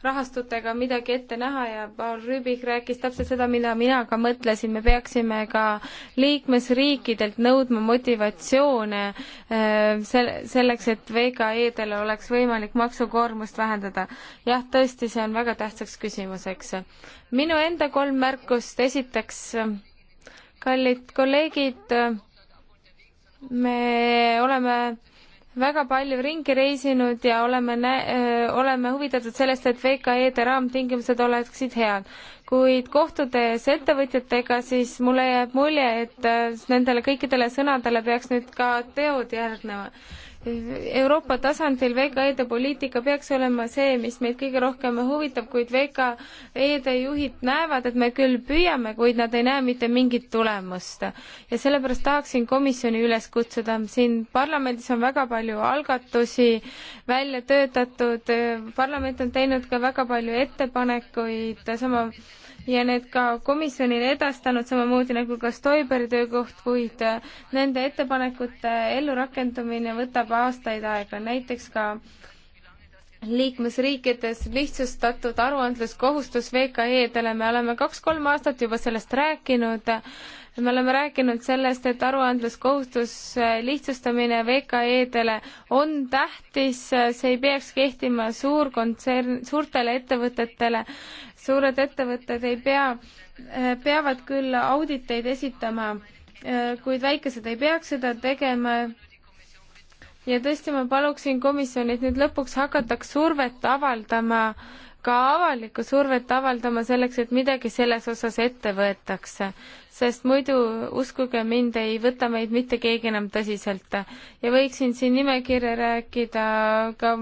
rahastutega midagi ette näha ja Paul Rüübik rääkis täpselt seda, mida mina ka mõtlesin, me peaksime ka liikmesriikidelt nõudma motivatsioone äh, selle, selleks, et VKE-del oleks võimalik maksukoormust vähendada. jah, tõesti, see on väga tähtsaks küsimuseks. minu enda kolm märkust, esiteks, kallid kolleegid, me oleme väga palju ringi reisinud ja oleme nä-, oleme huvitatud sellest, et VKE-de raamtingimused oleksid head. kuid kohtudes ettevõtjatega, siis mulle jääb mulje, et nendele kõikidele sõnadele peaks nüüd ka teod järgnema. Euroopa tasandil VKE-de poliitika peaks olema see, mis meid kõige rohkem huvitab, kuid VKE-de juhid näevad, et me küll püüame, kuid nad ei näe mitte mingit tulemust. ja sellepärast tahaksin komisjoni üles kutsuda, siin parlamendis on väga palju algatusi välja töötatud, parlament on teinud ka väga palju ettepanekuid, sama ja need ka komisjonile edastanud, samamoodi nagu ka Stoiberi töökoht, kuid äh, nende ettepanekute ellurakendamine võtab aastaid aega, näiteks ka liikmesriikides lihtsustatud aruandluskohustus VKE-dele, me oleme kaks-kolm aastat juba sellest rääkinud me oleme rääkinud sellest, et aruandluskohustus lihtsustamine VKE-dele on tähtis, see ei peaks kehtima suurkontsern, suurtele ettevõtetele. suured ettevõtted ei pea, peavad küll auditeid esitama, kuid väikesed ei peaks seda tegema ja tõesti, ma paluksin komisjonilt nüüd lõpuks hakataks survet avaldama ka avalikku survet avaldama selleks, et midagi selles osas ette võetakse. sest muidu, uskuge mind, ei võta meid mitte keegi enam tõsiselt. ja võiksin siin nimekirja rääkida ka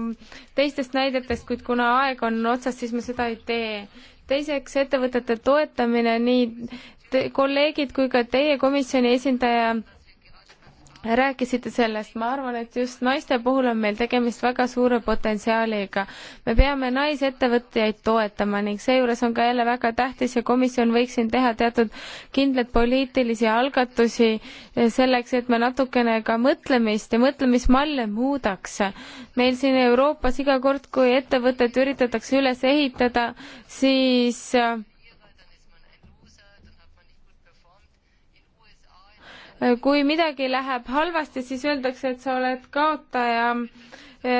teistest näidetest, kuid kuna aeg on otsas, siis ma seda ei tee. teiseks, ettevõtete toetamine, nii kolleegid kui ka teie komisjoni esindaja rääkisite sellest, ma arvan, et just naiste puhul on meil tegemist väga suure potentsiaaliga. me peame naisettevõtjaid toetama ning seejuures on ka jälle väga tähtis ja komisjon võiks siin teha teatud kindlaid poliitilisi algatusi selleks, et me natukene ka mõtlemist ja mõtlemismalle muudaks. meil siin Euroopas iga kord, kui ettevõtet üritatakse üles ehitada, siis äh, kui midagi läheb halvasti, siis öeldakse, et sa oled kaotaja e,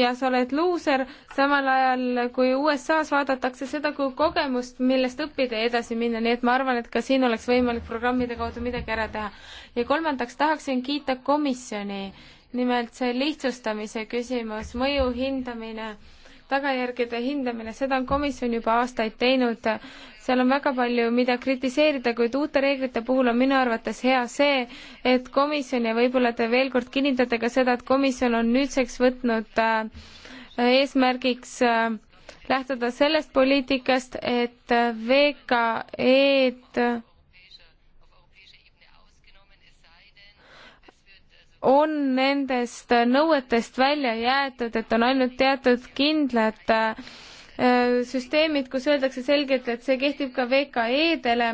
ja sa oled luuser, samal ajal kui USA-s vaadatakse seda kui kogemust, millest õppida ja edasi minna, nii et ma arvan, et ka siin oleks võimalik programmide kaudu midagi ära teha. ja kolmandaks tahaksin kiita komisjoni, nimelt see lihtsustamise küsimus, mõju hindamine tagajärgede hindamine, seda on komisjon juba aastaid teinud. seal on väga palju, mida kritiseerida, kuid uute reeglite puhul on minu arvates hea see, et komisjon ja võib-olla te veel kord kinnitate ka seda, et komisjon on nüüdseks võtnud äh, eesmärgiks äh, lähtuda sellest poliitikast, et äh, VKE-d on nendest nõuetest välja jäetud, et on ainult teatud kindlad äh, süsteemid, kus öeldakse selgelt, et see kehtib ka VKE-dele.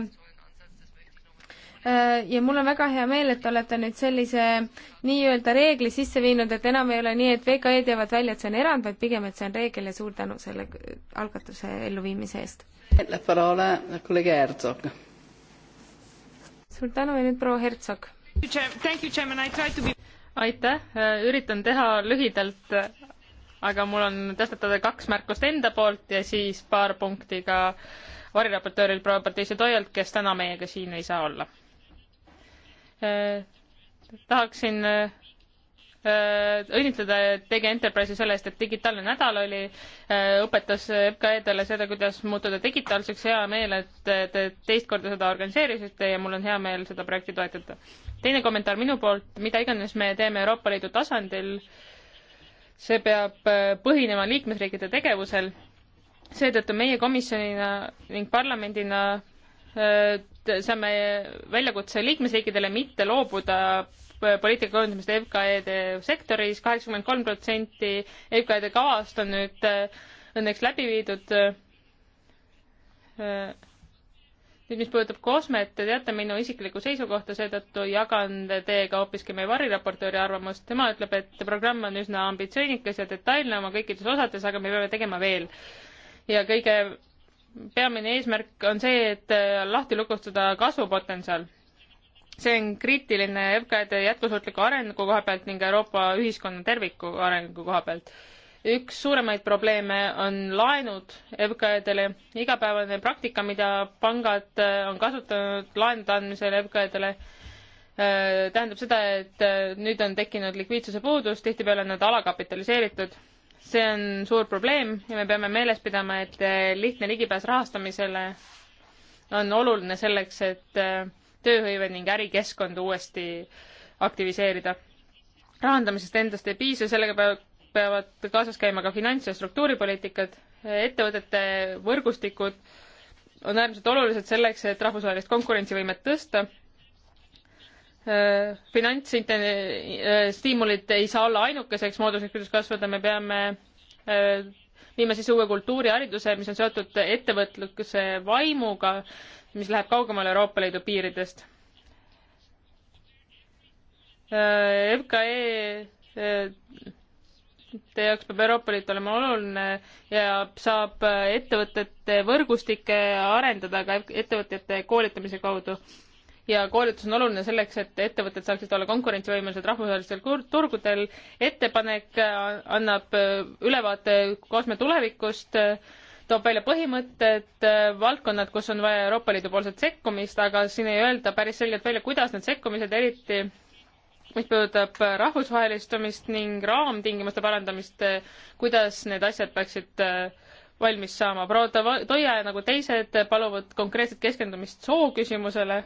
Äh, ja mul on väga hea meel, et te olete nüüd sellise nii-öelda reegli sisse viinud, et enam ei ole nii, et VKE-d jäävad välja, et see on erand, vaid pigem, et see on reegel ja suur tänu selle algatuse elluviimise eest. suur tänu ja nüüd proua Hertsog. Be aitäh, äh, üritan teha lühidalt, aga mul on tõstatada kaks märkust enda poolt ja siis paar punkti ka variraportööril proua Patrice Toialt, kes täna meiega siin ei saa olla. Äh, tahaksin äh, Äh, õnnitleda Tege Enterprise'i selle eest, et digitaalne nädal oli, äh, õpetas FKE-dele seda, kuidas muutuda digitaalseks, hea meel, et te teist korda seda organiseerisite ja mul on hea meel seda projekti toetada. teine kommentaar minu poolt, mida iganes me teeme Euroopa Liidu tasandil, see peab äh, põhinema liikmesriikide tegevusel, seetõttu meie komisjonina ning parlamendina saame väljakutse liikmesriikidele mitte loobuda poliitika kujundamist FKE-de sektoris, kaheksakümmend kolm protsenti FKE-de kavast on nüüd äh, õnneks läbi viidud. Äh, nüüd, mis puudutab Kosmet, te teate minu isiklikku seisukohta, seetõttu jagan teiega hoopiski meie variraportööri arvamust. tema ütleb, et programm on üsna ambitsioonikas ja detailne oma kõikides osades, aga me peame tegema veel. ja kõige peamine eesmärk on see, et äh, lahti lukustada kasvupotentsiaal see on kriitiline FKD jätkusuutliku arengu koha pealt ning Euroopa ühiskonna terviku arengu koha pealt. üks suuremaid probleeme on laenud FKD-le, igapäevane praktika, mida pangad äh, on kasutanud laenude andmisel FKD-le, äh, tähendab seda, et äh, nüüd on tekkinud likviidsuse puudus, tihtipeale on nad alakapitaliseeritud see on suur probleem ja me peame meeles pidama, et lihtne ligipääs rahastamisele on oluline selleks, et tööhõive ning ärikeskkond uuesti aktiviseerida. rahandamisest endast ei piisa, sellega peavad, peavad kaasas käima ka finants- ja struktuuripoliitikad, ettevõtete võrgustikud on äärmiselt olulised selleks, et rahvusvahelist konkurentsivõimet tõsta äh, finantsstiimulid äh, ei saa olla ainukeseks mooduseks, kuidas kasvada, me peame äh, viima sisse uue kultuuri, hariduse, mis on seotud ettevõtluse vaimuga, mis läheb kaugemale Euroopa Liidu piiridest. Äh, FKE äh, teie jaoks peab Euroopa Liit olema oluline ja saab äh, ettevõtete võrgustikke arendada ka ettevõtjate koolitamise kaudu. ja koolitus on oluline selleks, et ettevõtted saaksid olla konkurentsivõimelised rahvusvahelistel turgudel. ettepanek annab ülevaate kosme tulevikust toob välja põhimõtted, äh, valdkonnad, kus on vaja Euroopa Liidu poolset sekkumist, aga siin ei öelda päris selgelt välja, kuidas need sekkumised eriti mis puudutab rahvusvahelistumist ning raamtingimuste parandamist, kuidas need asjad peaksid äh, valmis saama. proua Toia nagu teised paluvad konkreetset keskendumist sooküsimusele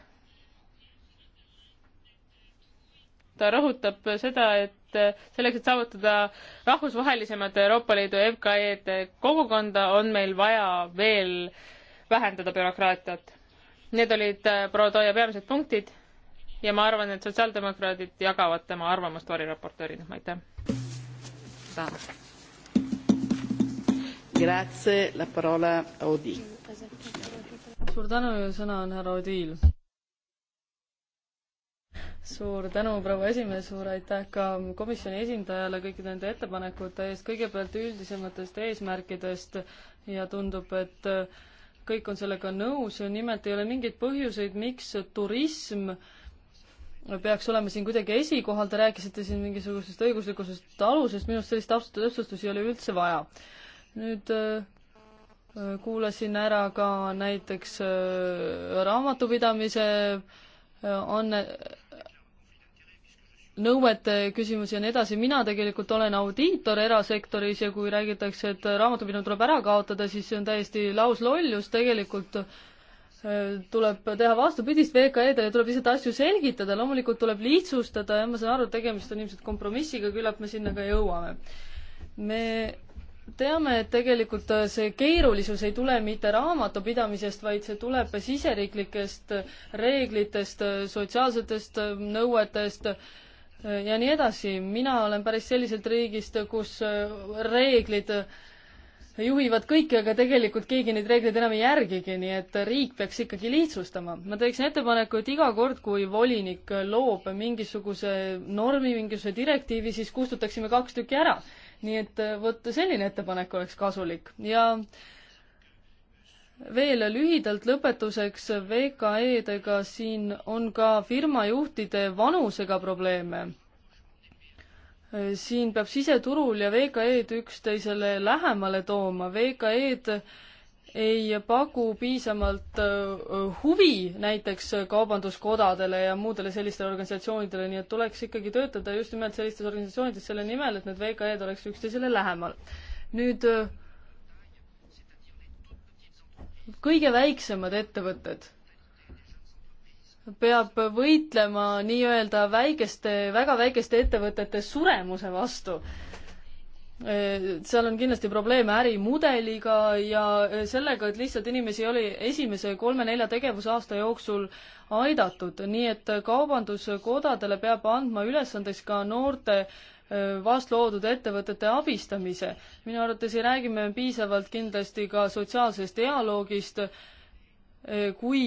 ta rõhutab seda, et selleks, et saavutada rahvusvahelisemat Euroopa Liidu FKE-d kogukonda, on meil vaja veel vähendada bürokraatiat. Need olid äh, Prodoja peamised punktid ja ma arvan, et sotsiaaldemokraadid jagavad tema arvamust variraportöörina, aitäh. suur tänu ja sõna on härra Odil suur tänu, proua esimees, suur aitäh ka komisjoni esindajale kõikide nende ettepanekute eest, kõigepealt üldisematest eesmärkidest ja tundub, et kõik on sellega nõus, nimelt ei ole mingeid põhjuseid, miks turism peaks olema siin kuidagi esikohal, te rääkisite siin mingisugusest õiguslikust alusest, minu arust sellist täpsustusi ei ole üldse vaja. nüüd äh, kuulasin ära ka näiteks äh, raamatupidamise anne, äh, nõuete küsimusi ja nii edasi, mina tegelikult olen audiitor erasektoris ja kui räägitakse, et raamatupidamine tuleb ära kaotada, siis see on täiesti lauslollus, tegelikult äh, tuleb teha vastupidist VKE-dele, tuleb lihtsalt asju selgitada, loomulikult tuleb lihtsustada ja ma saan aru, et tegemist on ilmselt kompromissiga, küllap me sinna ka jõuame. me teame, et tegelikult see keerulisus ei tule mitte raamatupidamisest, vaid see tuleb siseriiklikest reeglitest, sotsiaalsetest nõuetest ja nii edasi. mina olen päris selliselt riigist, kus äh, reeglid juhivad kõike, aga tegelikult keegi neid reegleid enam ei järgigi, nii et riik peaks ikkagi lihtsustama. ma teeksin ettepaneku, et iga kord, kui volinik loob mingisuguse normi, mingisuguse direktiivi, siis kustutaksime kaks tükki ära. nii et äh, vot selline ettepanek oleks kasulik ja äh, veel lühidalt lõpetuseks VKE-dega, siin on ka firmajuhtide vanusega probleeme. siin peab siseturul ja VKE-d üksteisele lähemale tooma, VKE-d ei paku piisavalt äh, huvi näiteks kaubanduskodadele ja muudele sellistele organisatsioonidele, nii et tuleks ikkagi töötada just nimelt sellistes organisatsioonides selle nimel, et need VKE-d oleks üksteisele lähemal. nüüd äh, kõige väiksemad ettevõtted peab võitlema nii-öelda väikeste, väga väikeste ettevõtete suremuse vastu. E, seal on kindlasti probleeme ärimudeliga ja sellega, et lihtsalt inimesi ei ole esimese kolme-nelja tegevusaasta jooksul aidatud, nii et kaubanduskodadele peab andma ülesandeks ka noorte vastloodud ettevõtete abistamise. minu arvates ei räägi me piisavalt kindlasti ka sotsiaalsest dialoogist, kui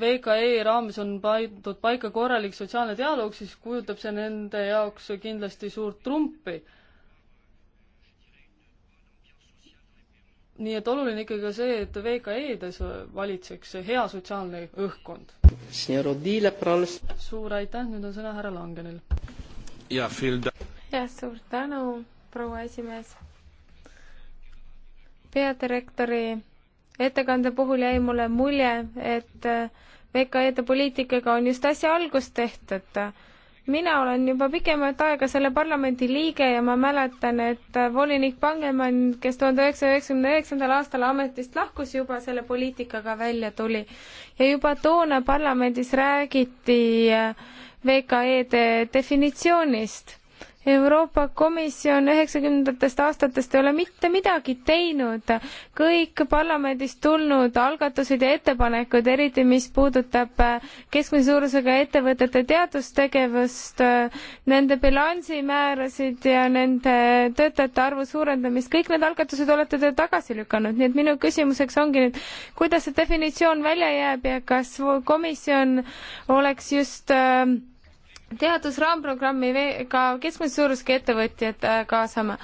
VKE raames on pandud paika korralik sotsiaalne dialoog, siis kujutab see nende jaoks kindlasti suurt trumpi. nii et oluline ikkagi ka see, et VKE-des valitseks hea sotsiaalne õhkkond. suur aitäh, nüüd on sõna härra Langenil. jaa, jah, suur tänu, proua esimees. peadirektori ettekande puhul jäi mulle mulje, et äh, VKE-de poliitikaga on just äsja algust tehtud. mina olen juba pikemat aega selle parlamendi liige ja ma mäletan, et äh, volinik Pangemann, kes tuhande üheksasaja üheksakümne üheksandal aastal ametist lahkus, juba selle poliitikaga välja tuli. ja juba toona parlamendis räägiti äh, VKE-de definitsioonist Euroopa Komisjon üheksakümnendatest aastatest ei ole mitte midagi teinud. kõik parlamendist tulnud algatused ja ettepanekud, eriti mis puudutab äh, keskmise suurusega ettevõtete teadustegevust, äh, nende bilansimäärasid ja nende töötajate arvu suurendamist, kõik need algatused olete te tagasi lükanud, nii et minu küsimuseks ongi nüüd, kuidas see definitsioon välja jääb ja kas komisjon oleks just äh, teadusraamprogrammiga keskmise suurusega ettevõtjad äh, kaasama.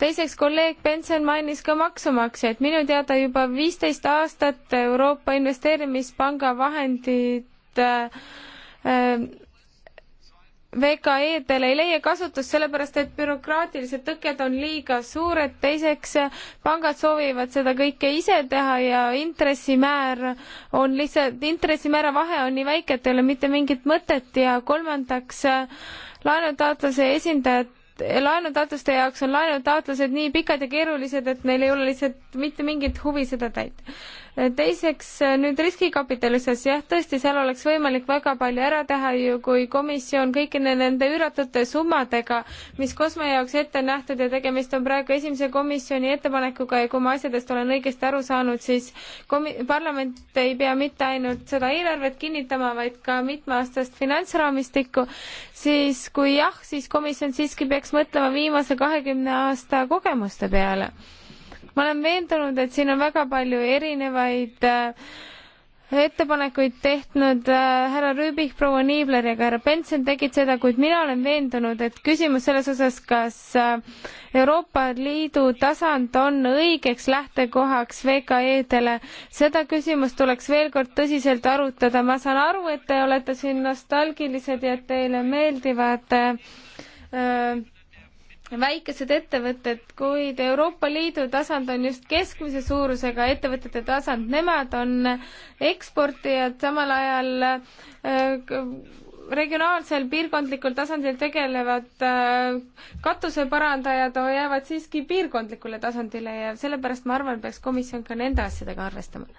teiseks, kolleeg Benson mainis ka maksumaksjaid. minu teada juba viisteist aastat Euroopa Investeerimispanga vahendid äh, äh, VKE-del ei leia kasutust, sellepärast et bürokraatilised tõkked on liiga suured, teiseks pangad soovivad seda kõike ise teha ja intressimäär on lihtsalt, intressimäära vahe on nii väike, et ei ole mitte mingit mõtet ja kolmandaks laenutaotluse esindajad laenutaotluste jaoks on laenutaotlused nii pikad ja keerulised, et neil ei ole lihtsalt mitte mingit huvi seda täita teiseks nüüd riskikapitalistes, jah, tõesti, seal oleks võimalik väga palju ära teha ju, kui komisjon kõikide nende üüratute summadega, mis Kosmo jaoks ette nähtud ja tegemist on praegu esimese komisjoni ettepanekuga ja kui ma asjadest olen õigesti aru saanud, siis komi-, parlament ei pea mitte ainult seda eelarvet kinnitama, vaid ka mitmeaastast finantsraamistikku, siis kui jah, siis komisjon siiski peaks mõtlema viimase kahekümne aasta kogemuste peale ma olen veendunud, et siin on väga palju erinevaid äh, ettepanekuid tehtud äh, härra Rüübik, proua Niibler ja ka härra Benson tegid seda, kuid mina olen veendunud, et küsimus selles osas, kas äh, Euroopa Liidu tasand on õigeks lähtekohaks VKE-dele, seda küsimust tuleks veel kord tõsiselt arutada. ma saan aru, et te olete siin nostalgilised ja et teile meeldivad äh, väikesed ettevõtted, kuid Euroopa Liidu tasand on just keskmise suurusega ettevõtete tasand, nemad on eksportijad, samal ajal äh, regionaalsel piirkondlikul tasandil tegelevad äh, katuseparandajad jäävad siiski piirkondlikule tasandile ja sellepärast ma arvan, peaks komisjon ka nende asjadega arvestama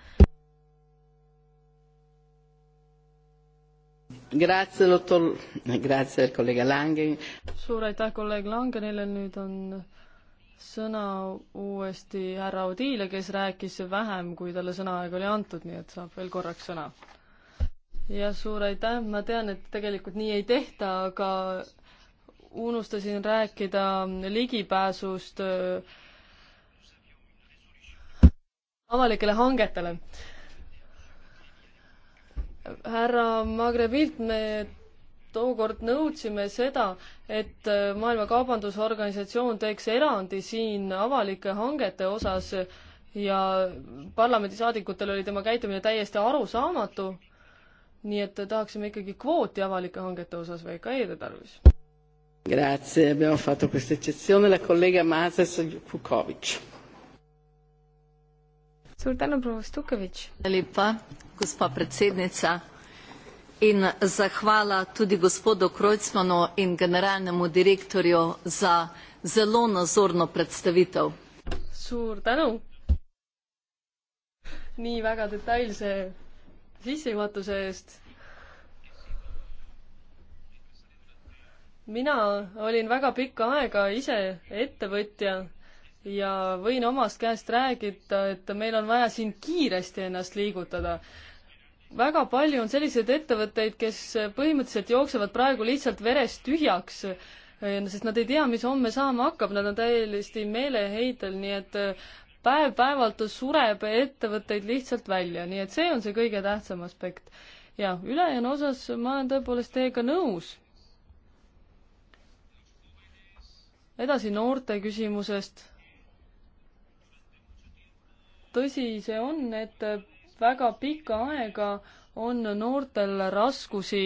Grazie, dottor, grazie, kolleeg Langen. suur aitäh kolleeg Langenile, nüüd on sõna uuesti härra Odile, kes rääkis vähem, kui talle sõnaaega oli antud, nii et saab veel korraks sõna. ja suur aitäh, ma tean, et tegelikult nii ei tehta, aga unustasin rääkida ligipääsust äh, avalikele hangetele härra Magrebilt me tookord nõudsime seda, et äh, Maailma Kaubandusorganisatsioon teeks erandi siin avalike hangete osas ja parlamendisaadikutel oli tema käitumine täiesti arusaamatu. nii et tahaksime ikkagi kvooti avalike hangete osas VKE-de tarvis. Grazie, abbiamo fatto questa eccezione, la collega Mases Kukovic suur tänu, proua Stukovitš. lepa, gospa predsednica in zahvala tudi gospodu Krojcmanu in generalnemu direktorju za zelo nazorno predstavitev. suur tänu nii väga detailse sissejuhatuse eest. mina olin väga pikka aega ise ettevõtja ja võin omast käest räägida, et meil on vaja siin kiiresti ennast liigutada. väga palju on selliseid ettevõtteid, kes põhimõtteliselt jooksevad praegu lihtsalt verest tühjaks, eh, sest nad ei tea, mis homme saama hakkab, nad on täiesti meeleheitel, nii et eh, päev-päevalt sureb ettevõtteid lihtsalt välja, nii et see on see kõige tähtsam aspekt. ja ülejäänu osas ma olen tõepoolest teiega nõus. edasi noorte küsimusest tõsi see on, et väga pikka aega on noortel raskusi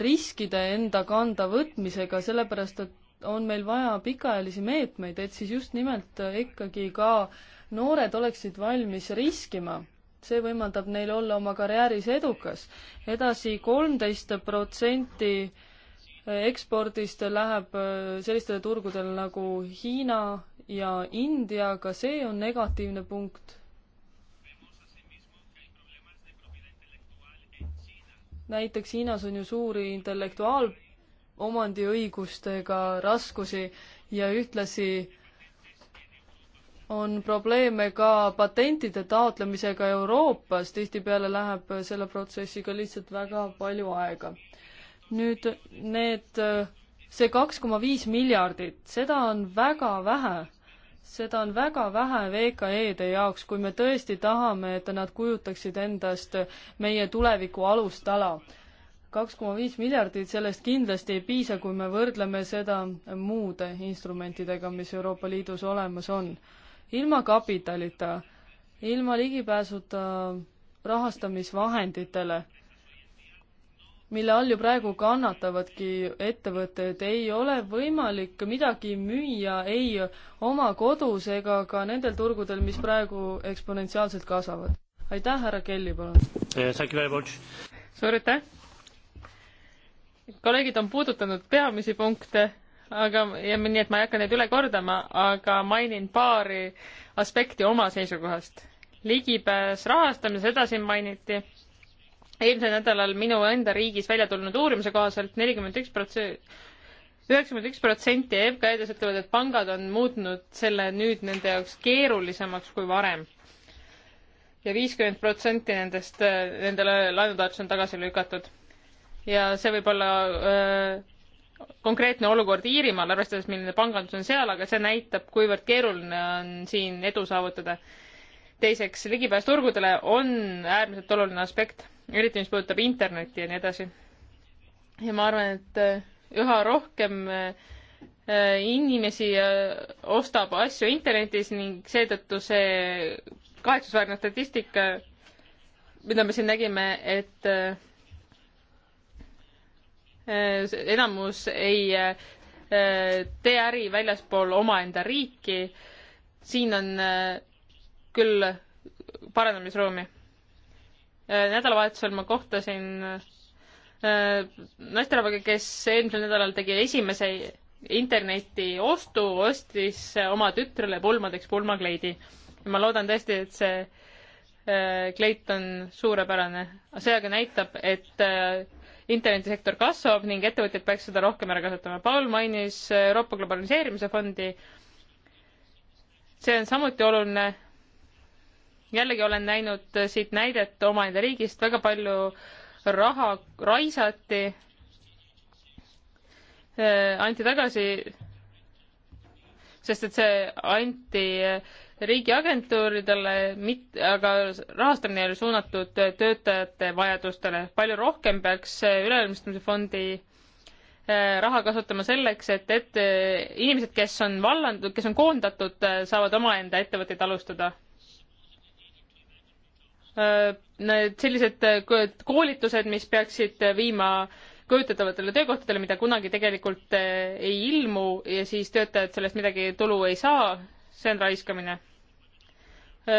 riskide enda kanda võtmisega, sellepärast et on meil vaja pikaajalisi meetmeid, et siis just nimelt ikkagi ka noored oleksid valmis riskima. see võimaldab neil olla oma karjääris edukas edasi. edasi, kolmteist protsenti ekspordist läheb sellistele turgudele nagu Hiina, ja India, ka see on negatiivne punkt. näiteks Hiinas on ju suuri intellektuaalomandiõigustega raskusi ja ühtlasi on probleeme ka patentide taotlemisega Euroopas, tihtipeale läheb selle protsessiga lihtsalt väga palju aega. nüüd need, see kaks koma viis miljardit, seda on väga vähe seda on väga vähe VKE-de jaoks, kui me tõesti tahame, et nad kujutaksid endast meie tuleviku alustala. kaks koma viis miljardit, sellest kindlasti ei piisa, kui me võrdleme seda muude instrumentidega, mis Euroopa Liidus olemas on. ilma kapitalita, ilma ligipääsuta rahastamisvahenditele mille all ju praegu kannatavadki ettevõtted, ei ole võimalik midagi müüa ei oma kodus ega ka nendel turgudel, mis praegu eksponentsiaalselt kasvavad. aitäh, härra Kelly, palun! Eh, suur aitäh! kolleegid on puudutanud peamisi punkte, aga, ja nii et ma ei hakka neid üle kordama, aga mainin paari aspekti oma seisukohast. ligipääs rahastamises, seda siin mainiti eelmisel nädalal minu enda riigis välja tulnud uurimuse kohaselt nelikümmend üks protsenti, üheksakümmend üks protsenti EFKA-des ütlevad, et pangad on muutnud selle nüüd nende jaoks keerulisemaks kui varem ja. ja viiskümmend protsenti nendest, äh, nendele laenutaotlusi on tagasi lükatud. ja see võib olla öö, äh, konkreetne olukord Iirimaal, arvestades, milline pangandus on seal, aga see näitab, kuivõrd keeruline on siin edu saavutada. teiseks, ligipääs turgudele on äärmiselt oluline aspekt eriti mis puudutab internetti ja nii edasi. ja ma arvan, et äh, üha rohkem äh, inimesi äh, ostab asju internetis ning seetõttu see kahetsusväärne statistika, mida me siin nägime, et enamus ei tee äri väljaspool omaenda riiki. siin on küll parandamisruumi Äh, nädalavahetusel ma kohtasin äh, naisterahvaga, kes eelmisel nädalal tegi esimese internetiostu, ostis oma tütrele pulmadeks pulmakleidi. ma loodan tõesti, et see äh, kleit on suurepärane. see aga näitab, et internetisektor kasvab ning ettevõtjad peaks seda rohkem ära kasutama. Paul mainis Euroopa globaliseerimise fondi. see on samuti oluline jällegi olen näinud siit näidet omaenda riigist, väga palju raha raisati, äh, anti tagasi, sest et see anti riigiagentuuridele, mit-, aga rahastamine oli suunatud töötajate vajadustele. palju rohkem peaks Üleilmastumise fondi äh, raha kasutama selleks, et, et äh, inimesed, kes on vallandatud, kes on koondatud, saavad omaenda ettevõtteid alustada Äh, need sellised äh, koolitused, mis peaksid äh, viima kujutatavatele töökohtadele, mida kunagi tegelikult ei ilmu ja siis töötajad sellest midagi tulu ei saa, see on raiskamine.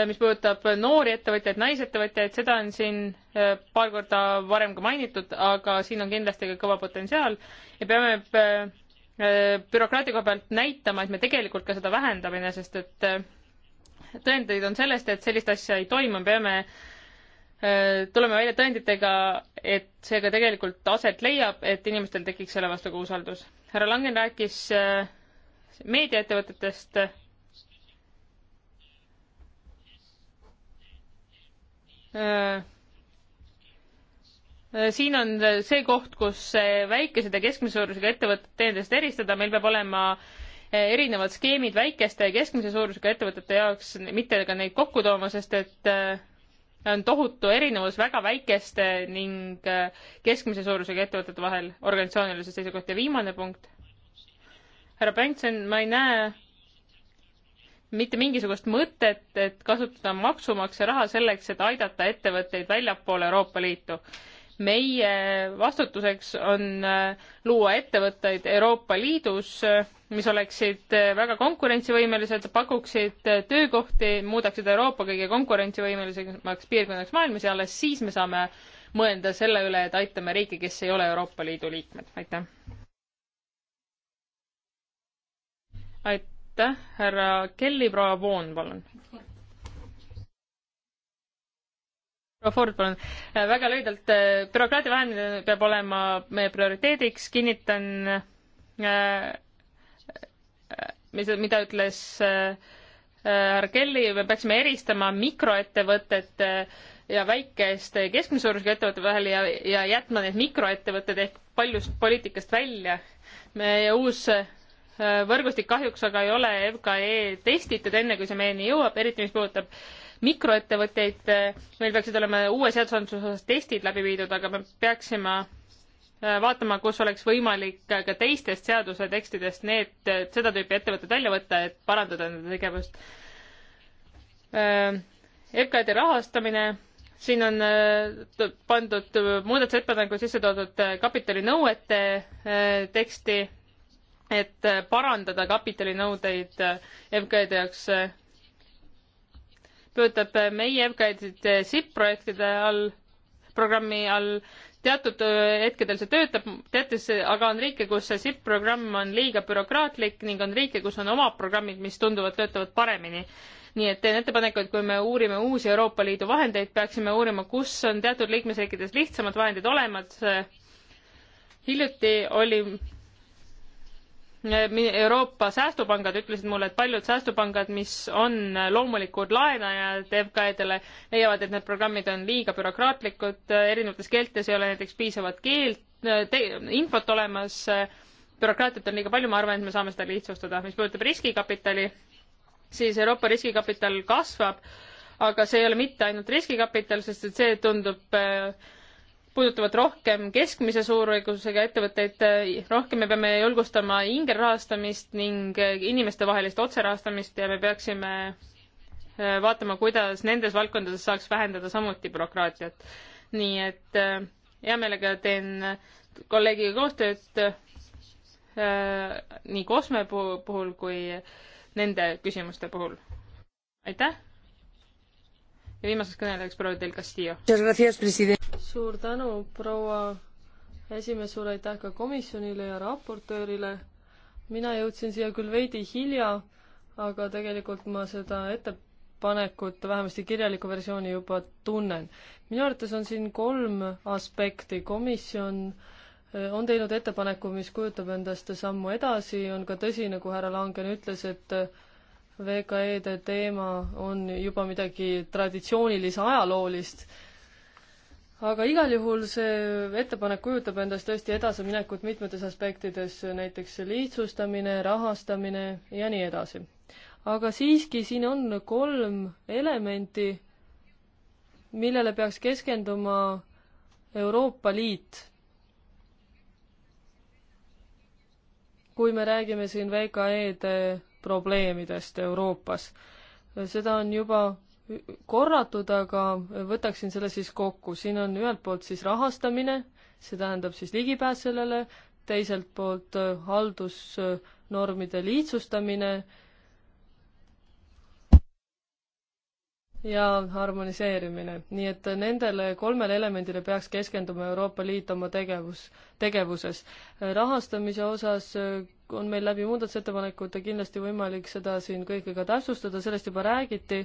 mis puudutab noori ettevõtjaid, naisettevõtjaid, seda on siin paar korda varem ka mainitud, aga siin on kindlasti ka kõva potentsiaal ja peame bürokraatia koha pealt näitama, et me tegelikult ka seda vähendamine, sest et tõendeid on sellest, et sellist asja ei toimu, me peame äh, tuleme välja tõenditega, et see ka tegelikult aset leiab, et inimestel tekiks selle vastu ka usaldus. härra Langen rääkis äh, meediaettevõtetest. Äh, siin on see koht, kus väikesed ja keskmise suurusega ettevõtted teineteisest eristada, meil peab olema äh, erinevad skeemid väikeste ja keskmise suurusega ettevõtete jaoks, mitte ka neid kokku tooma, sest et äh, on tohutu erinevus väga väikeste ning äh, keskmise suurusega ettevõtete vahel organisatsioonilise seisukoht ja viimane punkt. härra Bengtson, ma ei näe mitte mingisugust mõtet, et kasutada maksumaksja raha selleks, et aidata ettevõtteid väljapoole Euroopa Liitu. meie vastutuseks on äh, luua ettevõtteid Euroopa Liidus mis oleksid eh, väga konkurentsivõimelised, pakuksid eh, töökohti, muudaksid Euroopa kõige konkurentsivõimelisemaks piirkonnaks maailmas ja alles siis me saame mõelda selle üle, et aitame riike, kes ei ole Euroopa Liidu liikmed. aitäh. aitäh, härra Kelly, proua Voon, palun. proua Ford, palun. Eh, väga lühidalt, bürokraatia vähendamine peab olema meie prioriteediks, kinnitan äh, mis, mida ütles äh, härra Kelly, me peaksime eristama mikroettevõtete ja väikeste keskmise suurusega ettevõtete vahel ja, ja jätma need mikroettevõtted ehk paljust poliitikast välja. meie uus äh, võrgustik kahjuks aga ei ole FKE testitud, enne kui see meieni jõuab, eriti mis puudutab mikroettevõtteid. meil peaksid olema uue seadusandluse osas testid läbi viidud, aga me peaksime Äh, vaatama, kus oleks võimalik ka teistest seaduse tekstidest need, seda tüüpi ettevõtted välja võtta, et parandada nende tegevust. EKD äh, rahastamine, siin on äh, pandud muudatusettepaneku sisse toodud kapitalinõuete teksti, et parandada kapitalinõudeid MKD jaoks. puudutab meie MKD-sid SIP-projektide all, programmi all, teatud äh, hetkedel see töötab, teates, aga on riike, kus see SIP programm on liiga bürokraatlik ning on riike, kus on omad programmid, mis tunduvad, töötavad paremini. nii et teen ettepaneku, et kui me uurime uusi Euroopa Liidu vahendeid, peaksime uurima, kus on teatud liikmesriikides lihtsamad vahendid olemas. hiljuti oli Euroopa säästupangad ütlesid mulle, et paljud säästupangad, mis on loomulikud laenajad FKE-dele, leiavad, et need programmid on liiga bürokraatlikud, erinevates keeltes ei ole näiteks piisavat keelt, infot olemas, bürokraatiat on liiga palju, ma arvan, et me saame seda lihtsustada. mis puudutab riskikapitali, siis Euroopa riskikapital kasvab, aga see ei ole mitte ainult riskikapital, sest et see tundub äh, puudutavad rohkem keskmise suurõigusega ettevõtteid, rohkem me peame julgustama ingerrahastamist ning inimestevahelist otserahastamist ja me peaksime äh, vaatama, kuidas nendes valdkondades saaks vähendada samuti bürokraatiat. nii et äh, hea meelega teen kolleegiga koostööd äh, nii Kosme puhul kui nende küsimuste puhul. aitäh! ja viimaseks kõnelejaks proua Del Castillo. suur tänu, proua esimees, suur aitäh ka komisjonile ja raportöörile. mina jõudsin siia küll veidi hilja, aga tegelikult ma seda ettepanekut, vähemasti kirjalikku versiooni juba tunnen. minu arvates on siin kolm aspekti, komisjon eh, on teinud ettepaneku, mis kujutab endast sammu edasi, on ka tõsi, nagu härra Langen ütles, et VKE-de teema on juba midagi traditsioonilise ajaloolist, aga igal juhul see ettepanek kujutab endast tõesti edasiminekut mitmetes aspektides, näiteks lihtsustamine, rahastamine ja nii edasi. aga siiski, siin on kolm elementi, millele peaks keskenduma Euroopa Liit. kui me räägime siin VKE-de probleemidest Euroopas. seda on juba korratud, aga võtaksin selle siis kokku. siin on ühelt poolt siis rahastamine, see tähendab siis ligipääs sellele, teiselt poolt haldusnormide lihtsustamine äh, ja harmoniseerimine. nii et nendele kolmele elemendile peaks keskenduma Euroopa Liit oma tegevus, tegevuses. rahastamise osas äh, on meil läbi muudatusettepanekute kindlasti võimalik seda siin kõike ka täpsustada, sellest juba räägiti,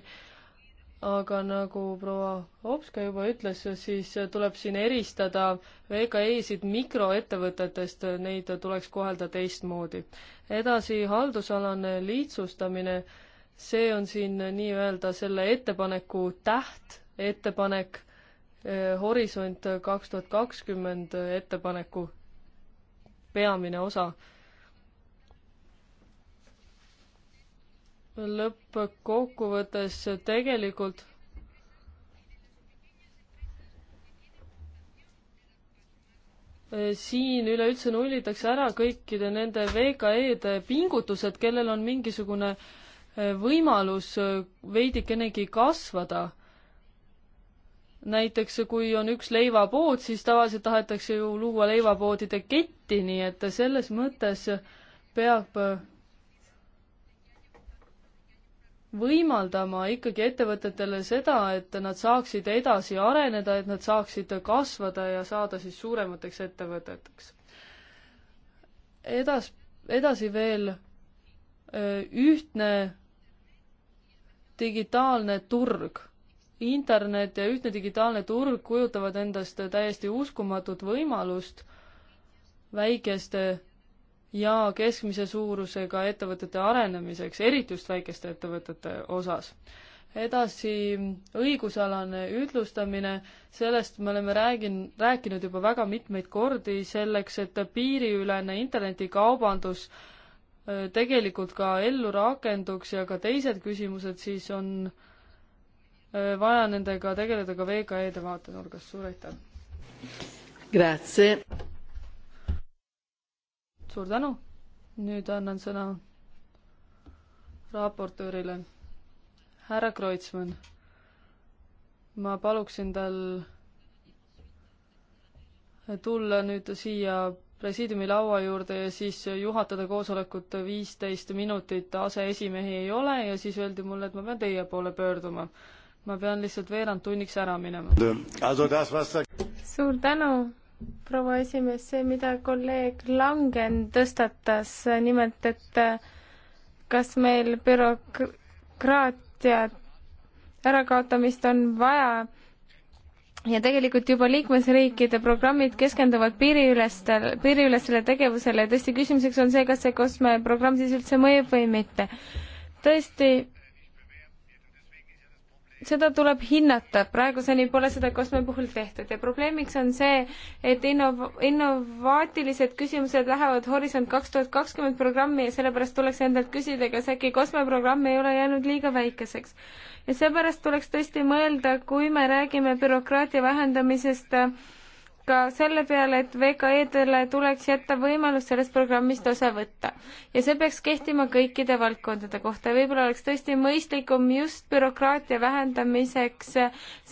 aga nagu proua Opska juba ütles, siis tuleb siin eristada VKE-sid mikroettevõtetest, neid tuleks kohelda teistmoodi. edasi, haldusalane lihtsustamine see on siin nii-öelda selle ettepaneku täht, ettepanek eh, Horisont kaks tuhat kakskümmend ettepaneku peamine osa. lõppkokkuvõttes tegelikult eh, siin üleüldse nullitakse ära kõikide nende VKE-de pingutused, kellel on mingisugune äh, võimalus äh, veidikenegi kasvada. näiteks kui on üks leivapood, siis tavaliselt tahetakse ju luua leivapoodide ketti, nii et selles mõttes peab äh, võimaldama ikkagi ettevõtetele seda, et nad saaksid edasi areneda, et nad saaksid kasvada ja saada siis suuremateks ettevõteteks. edas, edasi veel äh, ühtne digitaalne turg. internet ja ühtne digitaalne turg kujutavad endast täiesti uskumatut võimalust väikeste ja keskmise suurusega ettevõtete arenemiseks, eriti just väikeste ettevõtete osas. edasi, õigusalane ütlustamine, sellest me oleme räägin-, rääkinud juba väga mitmeid kordi, selleks et piiriülene internetikaubandus äh, tegelikult ka ellu rakenduks ja ka teised küsimused, siis on äh, vaja nendega tegeleda ka VKE-de vaatenurgast, suur aitäh! Grazie! suur tänu! nüüd annan sõna raportöörile, härra Kreutzmann. ma paluksin tal tulla nüüd siia presiidiumi laua juurde ja siis juhatada koosolekut viisteist minutit, aseesimehi ei ole ja siis öeldi mulle, et ma pean teie poole pöörduma. ma pean lihtsalt veerand tunniks ära minema. suur tänu, proua esimees, see, mida kolleeg Langen tõstatas, nimelt et kas meil bürokraatiat ärakaotamist on vaja ja tegelikult juba liikmesriikide programmid keskenduvad piiriülestel, piiriülestele tegevusele ja tõesti küsimuseks on see, kas see COSME programm siis üldse mõjub või mitte. tõesti, seda tuleb hinnata, praeguseni pole seda kosme puhul tehtud ja probleemiks on see, et innov-, innovaatilised küsimused lähevad Horisont kaks tuhat kakskümmend programmi ja sellepärast tuleks endalt küsida, kas äkki kosme programm ei ole jäänud liiga väikeseks. ja seepärast tuleks tõesti mõelda, kui me räägime bürokraatia vähendamisest äh, ka selle peale, et VKE-dele tuleks jätta võimalus sellest programmist osa võtta. ja see peaks kehtima kõikide valdkondade kohta ja võib-olla oleks tõesti mõistlikum just bürokraatia vähendamiseks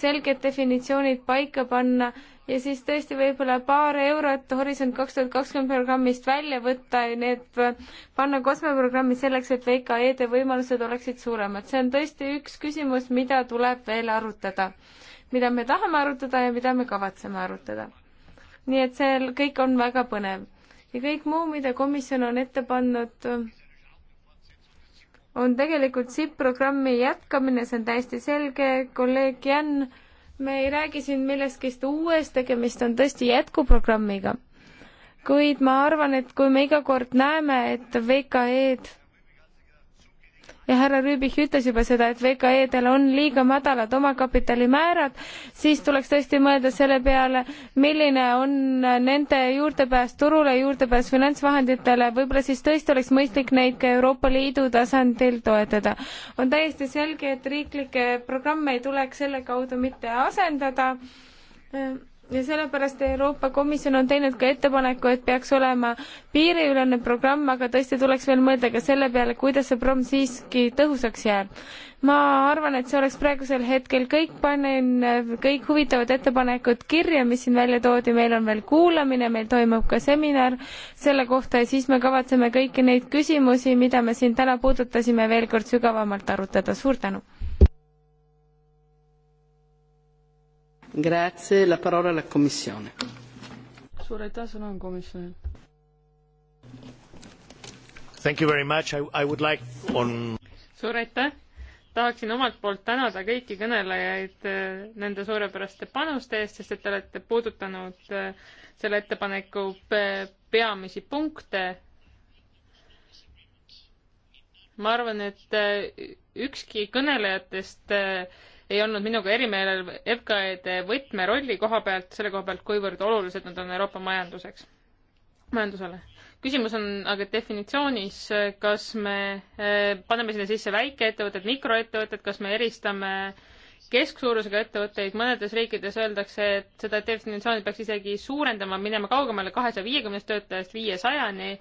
selged definitsioonid paika panna ja siis tõesti võib-olla paar eurot Horisont kaks tuhat kakskümmend programmist välja võtta ja need panna kosmoprogrammi selleks, et VKE-de võimalused oleksid suuremad. see on tõesti üks küsimus, mida tuleb veel arutada, mida me tahame arutada ja mida me kavatseme arutada nii et seal kõik on väga põnev. ja kõik muu, mida komisjon on ette pannud, on tegelikult SIP programmi jätkamine, see on täiesti selge, kolleeg Jan, me ei räägi siin millestki uuest, tegemist on tõesti jätkuprogrammiga. kuid ma arvan, et kui me iga kord näeme, et VKE-d ja härra Rüübich ütles juba seda, et VKE-del on liiga madalad omakapitalimäärad, siis tuleks tõesti mõelda selle peale, milline on nende juurdepääs turule, juurdepääs finantsvahenditele, võib-olla siis tõesti oleks mõistlik neid ka Euroopa Liidu tasandil toetada. on täiesti selge, et riiklikke programme ei tuleks selle kaudu mitte asendada ja sellepärast Euroopa Komisjon on teinud ka ettepaneku, et peaks olema piiriülene programm, aga tõesti tuleks veel mõelda ka selle peale, kuidas see programm siiski tõhusaks jääb. ma arvan, et see oleks praegusel hetkel kõik, panen kõik huvitavad ettepanekud kirja, mis siin välja toodi, meil on veel kuulamine, meil toimub ka seminar selle kohta ja siis me kavatseme kõiki neid küsimusi, mida me siin täna puudutasime, veel kord sügavamalt arutada, suur tänu! Grazie, la parola alla Commissione. suur aitäh, sõna on komisjonil. Thank you very much, I, I would like on suur aitäh, tahaksin omalt poolt tänada kõiki kõnelejaid äh, nende suurepäraste panuste eest, sest et te olete puudutanud äh, selle ettepaneku peamisi punkte. ma arvan, et äh, ükski kõnelejatest ei olnud minuga erimeelel FKE-de võtmerolli koha pealt, selle koha pealt, kuivõrd olulised nad on Euroopa majanduseks, majandusele. küsimus on aga definitsioonis, kas me eh, paneme sinna sisse väikeettevõtted, mikroettevõtted, kas me eristame kesksuurusega ettevõtteid, mõnedes riikides öeldakse, et seda definitsiooni peaks isegi suurendama, minema kaugemale kahesaja viiekümnest töötajast viiesajani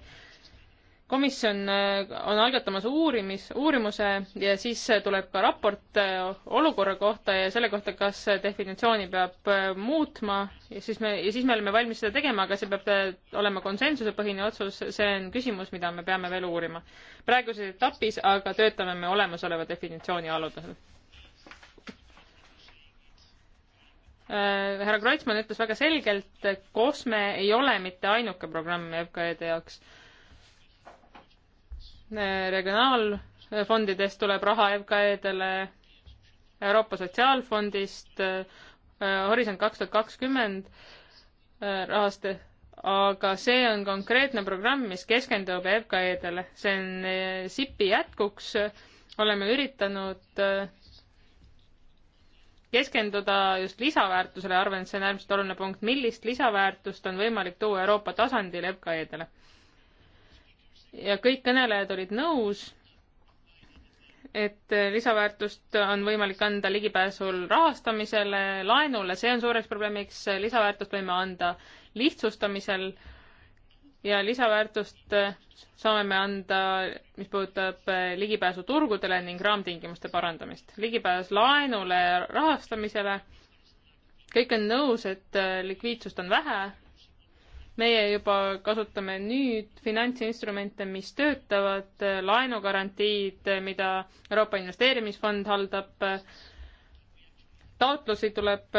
komisjon äh, on algatamas uurimis, uurimuse ja siis äh, tuleb ka raport äh, olukorra kohta ja selle kohta, kas definitsiooni peab muutma ja siis me, ja siis me oleme valmis seda tegema, aga see peab olema konsensusepõhine otsus, see on küsimus, mida me peame veel uurima. praeguses etapis aga töötame me olemasoleva definitsiooni alusel. härra Kreutzmann ütles väga selgelt, COSME ei ole mitte ainuke programm EFKE-de jaoks regionaalfondidest tuleb raha FKE-dele, Euroopa Sotsiaalfondist, äh, Horisont kaks tuhat kakskümmend äh, rahast, aga see on konkreetne programm, mis keskendub FKE-dele. see on äh, SIP-i jätkuks, oleme üritanud keskenduda just lisaväärtusele, arvan, et see on äärmiselt oluline punkt, millist lisaväärtust on võimalik tuua Euroopa tasandil FKE-dele ja kõik kõnelejad olid nõus, et lisaväärtust on võimalik anda ligipääsul rahastamisele, laenule, see on suureks probleemiks, lisaväärtust võime anda lihtsustamisel ja lisaväärtust saame me anda, mis puudutab ligipääsu turgudele ning raamtingimuste parandamist. ligipääs laenule ja rahastamisele, kõik on nõus, et likviidsust on vähe meie juba kasutame nüüd finantsinstrumente, mis töötavad, laenugarantiid, mida Euroopa Investeerimisfond haldab, taotlusi tuleb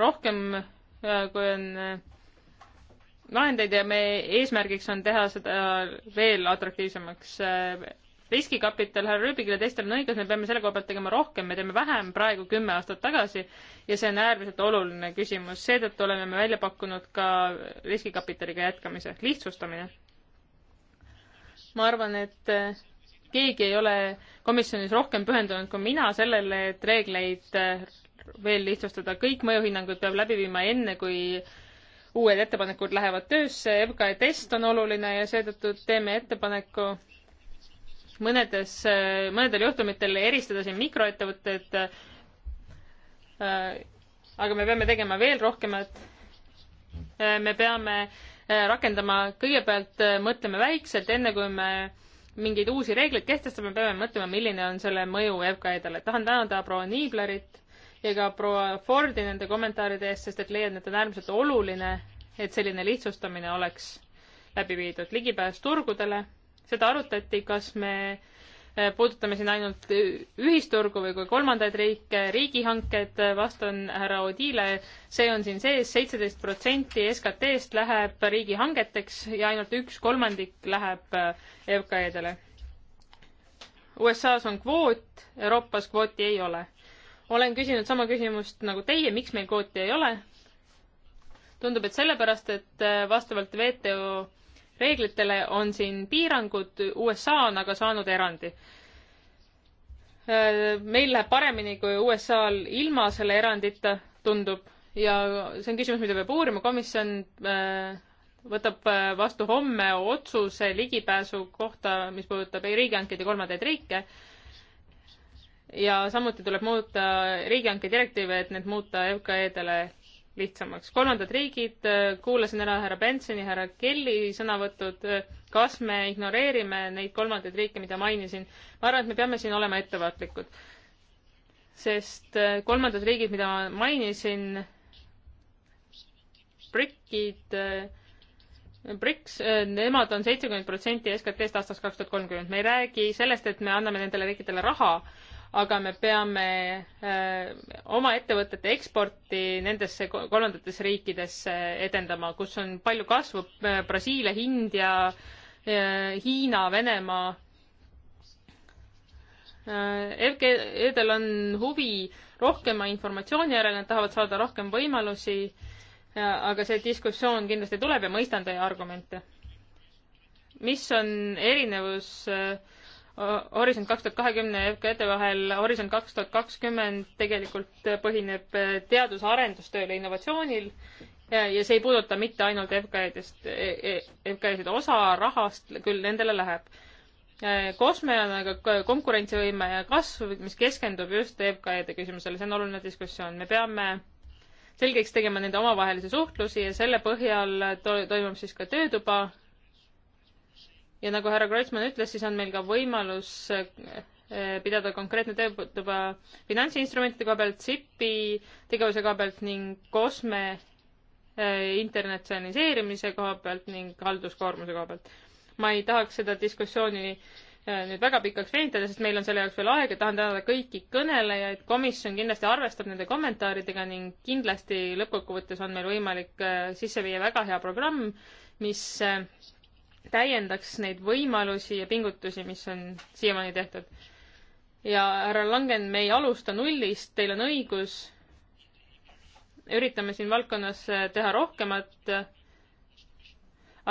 rohkem, äh, kui on vahendeid äh, ja meie eesmärgiks on teha seda veel atraktiivsemaks. Äh, riskikapital, härra Rüübikil ja teistel on õigus, me peame selle koha pealt tegema rohkem, me teeme vähem praegu kümme aastat tagasi ja see on äärmiselt oluline küsimus, seetõttu oleme me välja pakkunud ka riskikapitaliga jätkamise, lihtsustamine. ma arvan, et äh, keegi ei ole komisjonis rohkem pühendunud kui mina sellele, et reegleid äh, veel lihtsustada, kõik mõjuhinnangud peab läbi viima enne, kui uued ettepanekud lähevad töösse, FKE test on oluline ja seetõttu teeme ettepaneku mõnedes, mõnedel juhtumitel eristada siin mikroettevõtted. Äh, aga me peame tegema veel rohkemat. Äh, me peame äh, rakendama, kõigepealt mõtleme väikselt, enne kui me mingeid uusi reegleid kehtestame, peame mõtlema, milline on selle mõju EFKA-dele. tahan tänada proua Niiblerit ja ka proua Fordi nende kommentaaride eest, sest et leian, et on äärmiselt oluline, et selline lihtsustamine oleks läbi viidud. ligipääs turgudele seda arutati, kas me eh, puudutame siin ainult eh, ühisturgu või kui kolmandaid riike, riigihanked, eh, vastan härra Odile, see on siin sees, seitseteist protsenti SKT-st läheb riigihangeteks ja ainult üks kolmandik läheb EKE-dele. USA-s on kvoot, Euroopas kvooti ei ole. olen küsinud sama küsimust nagu teie, miks meil kvooti ei ole? tundub, et sellepärast, et vastavalt WTO reeglitele on siin piirangud, USA on aga saanud erandi. meil läheb paremini kui USA-l ilma selle erandita, tundub, ja see on küsimus, mida peab uurima, komisjon äh, võtab äh, vastu homme otsuse ligipääsu kohta, mis puudutab riigihankeid ja kolmandaid riike. ja samuti tuleb muuta riigihanke direktiive, et need muuta FKE-dele lihtsamaks. kolmandad riigid, äh, kuulasin ära härra Bensoni, härra Kelly sõnavõtud, äh, kas me ignoreerime neid kolmandaid riike, mida mainisin? ma arvan, et me peame siin olema ettevaatlikud. sest äh, kolmandad riigid, mida ma mainisin, BRICid, BRICS, nemad on seitsekümmend protsenti SKT-st aastast kaks tuhat kolmkümmend. me ei räägi sellest, et me anname nendele riikidele raha, aga me peame äh, oma ettevõtete eksporti nendesse kolmandatesse riikidesse edendama, kus on palju kasvu, äh, Brasiilia, India, äh, Hiina, Venemaa. EKE-del on huvi rohkema informatsiooni järele, nad tahavad saada rohkem võimalusi, aga see diskussioon kindlasti tuleb ja mõistan teie argumente. mis on erinevus äh, Horisont kaks tuhat kahekümne ja FKT e e vahel Horisont kaks tuhat kakskümmend tegelikult põhineb teadus- ja arendustööl ja innovatsioonil ja, ja see ei puuduta mitte ainult FKT-st, e FKT-sid, osa rahast küll nendele läheb. Kosme on aga konkurentsivõime ja kasv, mis keskendub just FKT-de küsimusele, see on oluline diskussioon, me peame selgeks tegema nende omavahelisi suhtlusi ja selle põhjal to toimub siis ka töötuba, ja nagu härra Kreutzmann ütles, siis on meil ka võimalus äh, äh, pidada konkreetne töötuba finantsinstrumentide koha pealt, SIP-i tegevuse koha pealt ning COSME äh, internatsionaliseerimise koha pealt ning halduskoormuse koha pealt. ma ei tahaks seda diskussiooni nüüd väga pikaks venitada, sest meil on selle jaoks veel aega, tahan tänada kõiki kõnelejaid, komisjon kindlasti arvestab nende kommentaaridega ning kindlasti lõppkokkuvõttes on meil võimalik sisse viia väga hea programm, mis täiendaks neid võimalusi ja pingutusi, mis on siiamaani tehtud. ja härra Langen, me ei alusta nullist, teil on õigus, üritame siin valdkonnas teha rohkemat,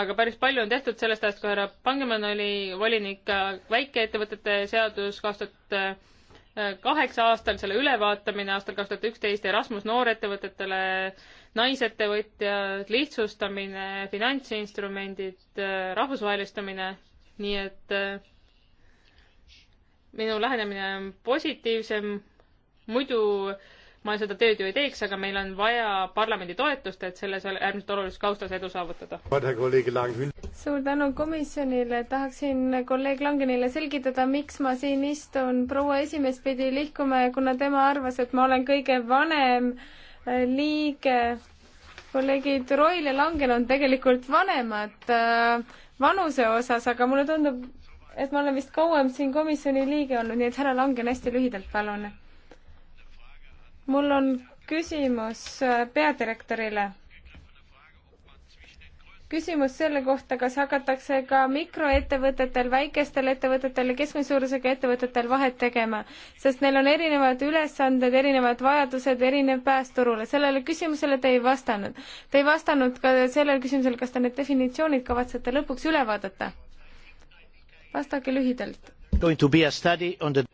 aga päris palju on tehtud sellest ajast, kui härra Pangemann oli volinik väikeettevõtete seadus kaks tuhat äh, kaheksa aastal, selle ülevaatamine aastal kaks tuhat üksteist, Erasmus noorettevõtetele, naisettevõtjad, lihtsustamine, finantsinstrumendid, rahvusvahelistumine, nii et äh, minu lähenemine on positiivsem, muidu ma seda tööd ju ei teeks, aga meil on vaja parlamendi toetust, et selles äärmiselt olulises kaustas edu saavutada. suur tänu komisjonile, tahaksin kolleeg Langenile selgitada, miks ma siin istun. proua esimees pidi lihkuma ja kuna tema arvas, et ma olen kõige vanem äh, liige. kolleegid Roil ja Langel on tegelikult vanemad äh, vanuse osas, aga mulle tundub, et ma olen vist kauem siin komisjoni liige olnud, nii et härra Langen, hästi lühidalt, palun. mul on küsimus äh, peadirektorile küsimus selle kohta, kas hakatakse ka mikroettevõtetel, väikestel ettevõtetel ja keskmise suurusega ettevõtetel vahet tegema, sest neil on erinevad ülesanded, erinevad vajadused, erinev pääs turule. sellele küsimusele te ei vastanud. Te ei vastanud ka sellele küsimusele, kas te need definitsioonid kavatsete lõpuks üle vaadata. vastake lühidalt. The...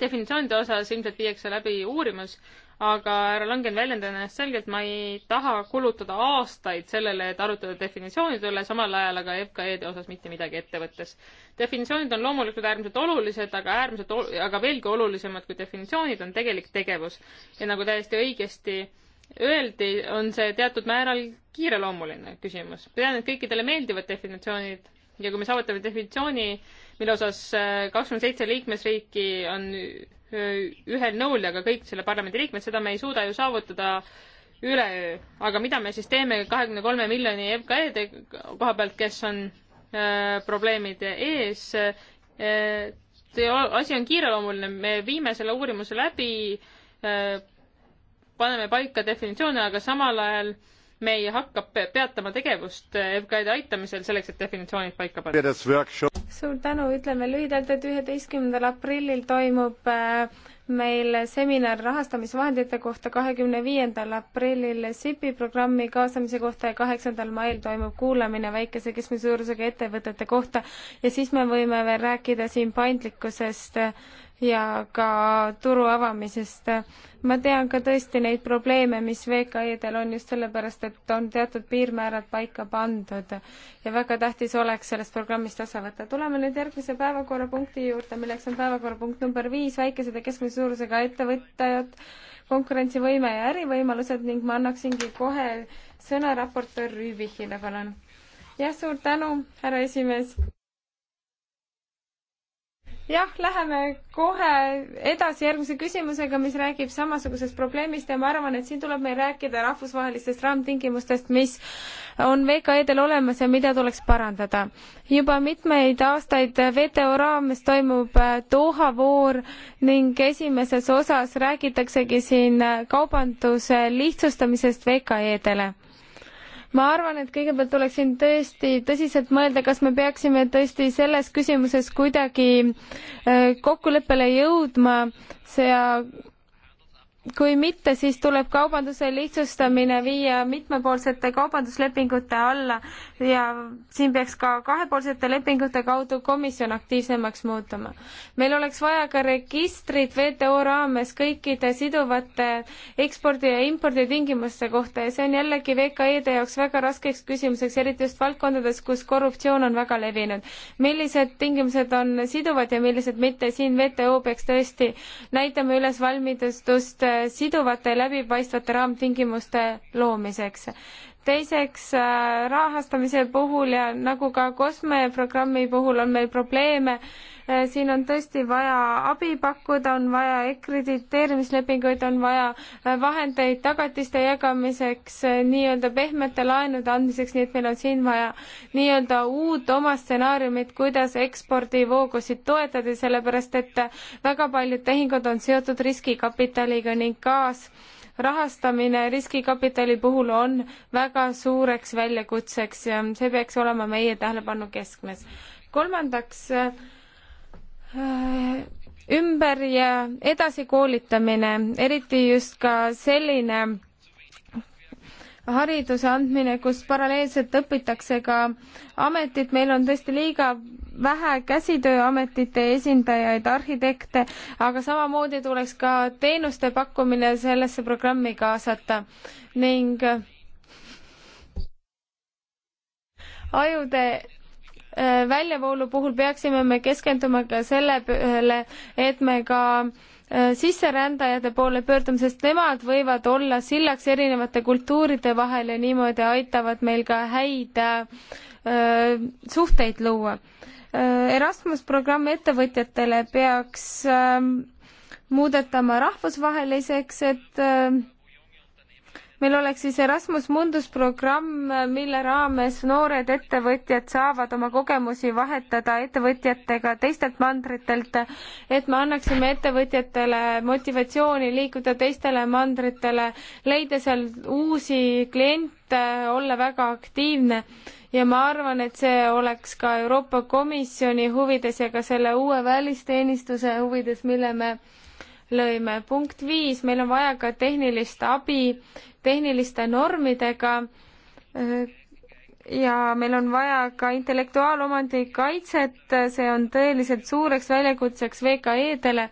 definitsioonide osas ilmselt viiakse läbi uurimus, aga härra Langen väljendan ennast selgelt, ma ei taha kulutada aastaid sellele, et arutada definitsioonide üle, samal ajal aga FKE-de osas mitte midagi ette võttes. definitsioonid on loomulikult äärmiselt olulised, aga äärmiselt, aga veelgi olulisemad kui definitsioonid on tegelik tegevus. ja nagu täiesti õigesti öeldi, on see teatud määral kiireloomuline küsimus. tean, et kõikidele meeldivad definitsioonid ja kui me saavutame definitsiooni, mille osas äh, kakskümmend seitse liikmesriiki on äh, ühel nõul ja ka kõik selle parlamendi liikmed, seda me ei suuda ju saavutada üleöö. aga mida me siis teeme kahekümne kolme miljoni FKE-de koha pealt, kes on äh, probleemide ees äh,? see asi on kiireloomuline, me viime selle uurimuse läbi äh,, paneme paika definitsioone, aga samal ajal äh, me ei hakka peatama tegevust FKI-de aitamisel selleks, et definitsioonid paika panna. suur tänu, ütleme lühidalt, et üheteistkümnendal aprillil toimub äh, meil seminar rahastamisvahendite kohta kahekümne viiendal aprillil SIPi programmi kaasamise kohta ja kaheksandal mail toimub kuulamine väikese keskmise suurusega ettevõtete kohta ja siis me võime veel rääkida siin paindlikkusest ja ka turu avamisest. ma tean ka tõesti neid probleeme, mis VKE-del on just sellepärast, et on teatud piirmäärad paika pandud ja väga tähtis oleks sellest programmist osa võtta. tuleme nüüd järgmise päevakorrapunkti juurde, milleks on päevakorrapunkt number viis, väikesed ja keskmise suurusega ettevõtjad, konkurentsivõime ja ärivõimalused ning ma annaksingi kohe sõna raportöör Rüübihile, palun. jah, suur tänu, härra esimees jah, läheme kohe edasi järgmise küsimusega, mis räägib samasugusest probleemist ja ma arvan, et siin tuleb meil rääkida rahvusvahelistest raamtingimustest, mis on VKE-del olemas ja mida tuleks parandada. juba mitmeid aastaid WTO raames toimub äh, Doha voor ning esimeses osas räägitaksegi siin kaubanduse lihtsustamisest VKE-dele ma arvan, et kõigepealt tuleks siin tõesti tõsiselt mõelda, kas me peaksime tõesti selles küsimuses kuidagi äh, kokkuleppele jõudma, see kui mitte, siis tuleb kaubanduse lihtsustamine viia mitmepoolsete kaubanduslepingute alla ja siin peaks ka kahepoolsete lepingute kaudu komisjon aktiivsemaks muutuma. meil oleks vaja ka registrit WTO raames kõikide siduvate ekspordi ja impordi tingimuste kohta ja see on jällegi VKE-de jaoks väga raskeks küsimuseks, eriti just valdkondades, kus korruptsioon on väga levinud. millised tingimused on siduvad ja millised mitte, siin WTO peaks tõesti näitama üles valmidustust siduvate ja läbipaistvate raamtingimuste loomiseks. teiseks, äh, rahastamise puhul ja nagu ka COSME programmi puhul on meil probleeme äh, Äh, siin on tõesti vaja abi pakkuda, on vaja ekrediteerimislepinguid, on vaja äh, vahendeid tagatiste jagamiseks, äh, nii-öelda pehmete laenude andmiseks, nii et meil on siin vaja nii-öelda uut oma stsenaariumit, kuidas ekspordivoogusid toetada, sellepärast et väga paljud tehingud on seotud riskikapitaliga ning kaas rahastamine riskikapitali puhul on väga suureks väljakutseks ja see peaks olema meie tähelepanu keskmes. kolmandaks äh, Äh, ümber ja edasikoolitamine, eriti just ka selline hariduse andmine, kus paralleelselt õpitakse ka ametit, meil on tõesti liiga vähe käsitööametite esindajaid, arhitekte, aga samamoodi tuleks ka teenuste pakkumine sellesse programmi kaasata ning ajude Äh, väljavoolu puhul peaksime me keskenduma ka sellele, et me ka äh, sisserändajate poole pöörduma, sest nemad võivad olla sillaks erinevate kultuuride vahel ja niimoodi aitavad meil ka häid äh, suhteid luua äh,. Erasmus programm ettevõtjatele peaks äh, muudetama rahvusvaheliseks, et äh, meil oleks siis Erasmus Mundus programm, mille raames noored ettevõtjad saavad oma kogemusi vahetada ettevõtjatega teistelt mandritelt, et me annaksime ettevõtjatele motivatsiooni liikuda teistele mandritele, leida seal uusi kliente, olla väga aktiivne ja ma arvan, et see oleks ka Euroopa Komisjoni huvides ja ka selle uue välisteenistuse huvides, mille me lõime. punkt viis, meil on vaja ka tehnilist abi tehniliste normidega ja meil on vaja ka intellektuaalomandi kaitset, see on tõeliselt suureks väljakutseks VKE-dele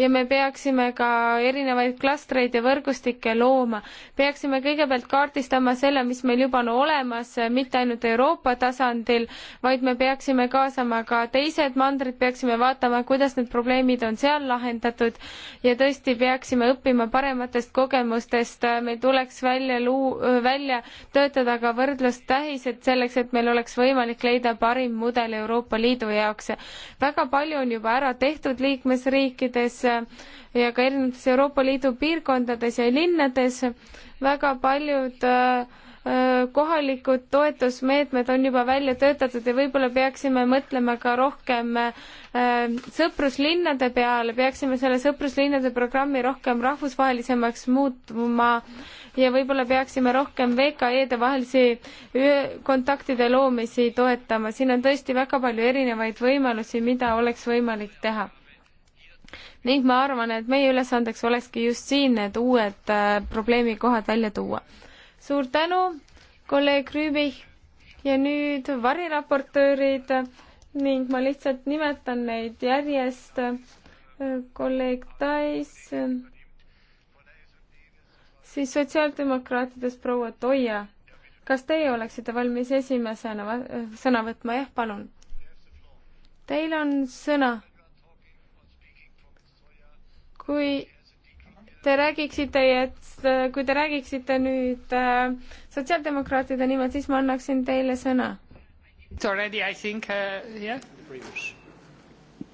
ja me peaksime ka erinevaid klastreid ja võrgustikke looma. peaksime kõigepealt kaardistama selle, mis meil juba on olemas, mitte ainult Euroopa tasandil, vaid me peaksime kaasama ka teised mandrid, peaksime vaatama, kuidas need probleemid on seal lahendatud ja tõesti peaksime õppima parematest kogemustest, meil tuleks välja luu-, välja töötada ka võrdlustähised selleks, et meil oleks võimalik leida parim mudel Euroopa Liidu jaoks. väga palju on juba ära tehtud liikmesriikides, ja ka erinevates Euroopa Liidu piirkondades ja linnades väga paljud äh, äh, kohalikud toetusmeetmed on juba välja töötatud ja võib-olla peaksime mõtlema ka rohkem äh, sõpruslinnade peale, peaksime selle sõpruslinnade programmi rohkem rahvusvahelisemaks muutma ja võib-olla peaksime rohkem VKE-de vahelisi kontaktide loomisi toetama. siin on tõesti väga palju erinevaid võimalusi, mida oleks võimalik teha ning ma arvan, et meie ülesandeks olekski just siin need uued äh, probleemikohad välja tuua. suur tänu, kolleeg Rüübich ja nüüd variraportöörid ning ma lihtsalt nimetan neid järjest. Äh, kolleeg Tais, äh, siis sotsiaaldemokraatidest proua Toia kas teie oleksite valmis esimesena sõna võtma, jah, palun? Teil on sõna kui te räägiksite, et kui te räägiksite nüüd äh, sotsiaaldemokraatide nimel, siis ma annaksin teile sõna. It's already I think uh, yeah.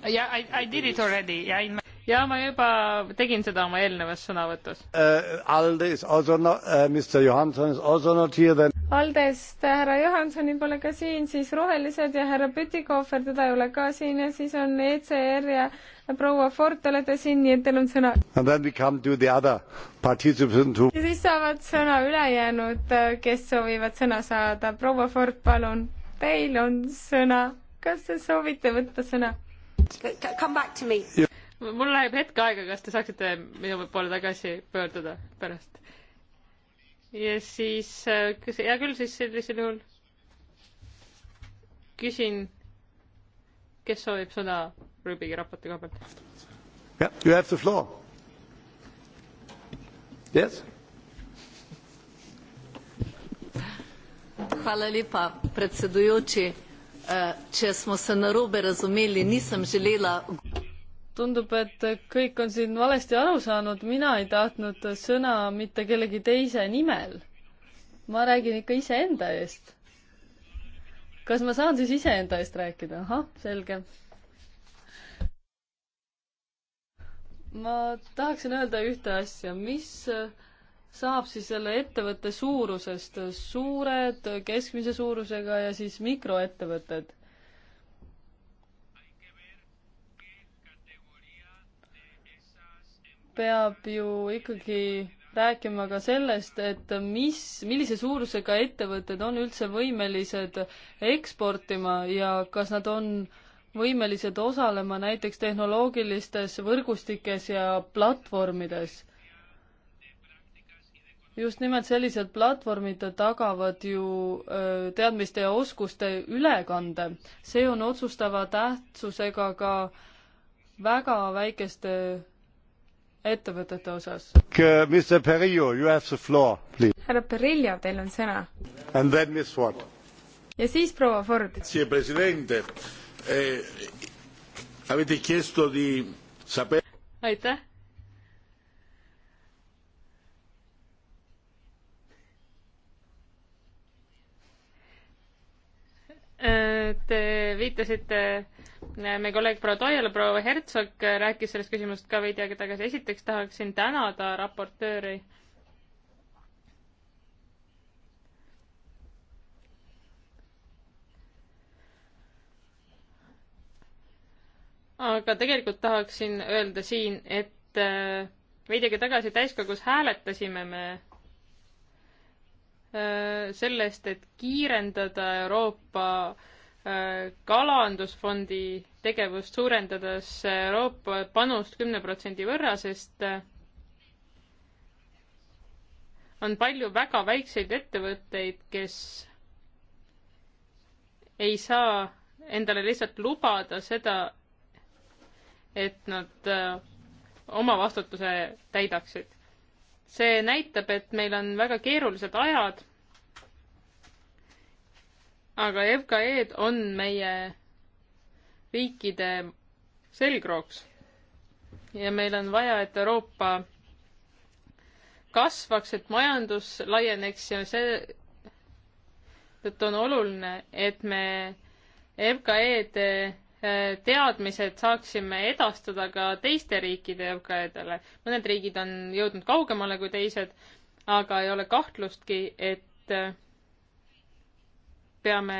Yeah, I, I did it already yeah, in my ja ma juba tegin seda oma eelnevas sõnavõtus uh,. Aldes also not uh,, Mr Johanson is also not here then. Aldest härra Johansoni pole ka siin, siis Rohelised ja härra Pütikohver, teda ei ole ka siin ja siis on ECR ja proua Ford, te olete siin, nii et teil on sõna. ja siis saavad sõna ülejäänud, äh, kes soovivad sõna saada. proua Ford, palun, teil on sõna. kas te soovite võtta sõna? Come back to me yeah.. mul läheb hetk aega, kas te saaksite minu poole tagasi pöörduda pärast? ja siis, äh, kas, hea küll, siis sellisel juhul küsin, kes soovib sõna Rüübigi raporti koha pealt. Yeah, you have the floor. Yes. Hvala lepa, predsedujoči. Eh, če smo se narobe razumeli, nisem želela. tundub, et kõik on siin valesti aru saanud, mina ei tahtnud sõna mitte kellegi teise nimel. ma räägin ikka iseenda eest. kas ma saan siis iseenda eest rääkida? ahah, selge ma tahaksin öelda ühte asja, mis äh, saab siis selle ettevõtte suurusest, suured, keskmise suurusega ja siis mikroettevõtted? peab ju ikkagi rääkima ka sellest, et mis, millise suurusega ettevõtted on üldse võimelised eksportima ja kas nad on äh, võimelised osalema näiteks tehnoloogilistes võrgustikes ja platvormides. just nimelt sellised platvormid tagavad ju teadmiste ja oskuste ülekande. see on otsustava tähtsusega ka väga väikeste ettevõtete osas. härra Perillo, teil on sõna. ja siis proua Ford aitäh. Te viitasite meie kolleeg proua Toiale, proua Hertsog rääkis sellest küsimusest ka veidi aega tagasi. esiteks tahaksin tänada raportööri äh, aga tegelikult tahaksin öelda siin, et äh, veidi aega tagasi täiskogus hääletasime me äh, sellest, et kiirendada Euroopa äh, kalandusfondi tegevust, suurendades Euroopa panust kümne protsendi võrra, sest on palju väga väikseid ettevõtteid, kes ei saa endale lihtsalt lubada seda, et nad äh, oma vastutuse täidaksid. see näitab, et meil on väga keerulised ajad, aga FKE-d on meie riikide selgrooks. ja meil on vaja, et Euroopa kasvaks, et majandus laieneks ja see tõttu on oluline, et me FKE-de teadmised saaksime edastada ka teiste riikide õppekajadele. mõned riigid on jõudnud kaugemale kui teised, aga ei ole kahtlustki, et peame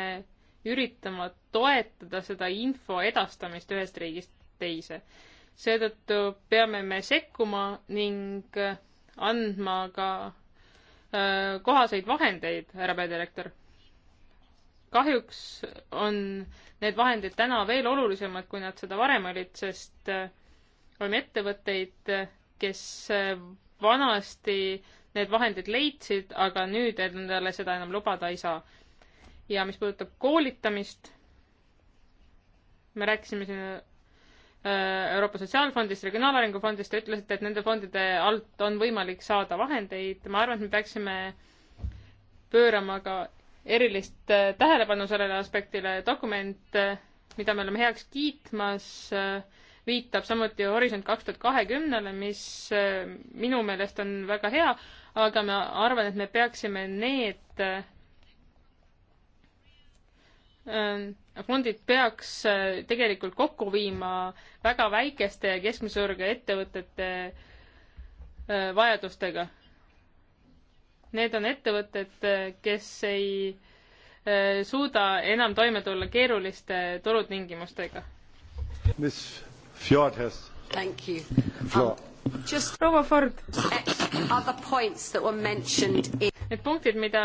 üritama toetada seda info edastamist ühest riigist teise. seetõttu peame me sekkuma ning andma ka äh, kohaseid vahendeid, härra peadirektor kahjuks on need vahendid täna veel olulisemad, kui nad seda varem olid, sest äh, on ettevõtteid, äh, kes äh, vanasti need vahendid leidsid, aga nüüd endale seda enam lubada ei saa. ja mis puudutab koolitamist, me rääkisime siin Euroopa Sotsiaalfondist, Regionaalarengu fondist, te ütlesite, et nende fondide alt on võimalik saada vahendeid, ma arvan, et me peaksime pöörama ka erilist äh, tähelepanu sellele aspektile. dokument, äh, mida me oleme heaks kiitmas, äh, viitab samuti Horisont kaks tuhat kahekümnele, mis minu meelest on väga hea, aga ma arvan, et me peaksime need fondid peaks tegelikult kokku viima väga väikeste ja keskmise suurusega ettevõtete vajadustega Need on ettevõtted, kes ei eh, suuda enam toime tulla keeruliste turutingimustega. Miss Fjord has Thank you. floor um,. Just proua Ford. Uh, other points that were mentioned in Need punktid, mida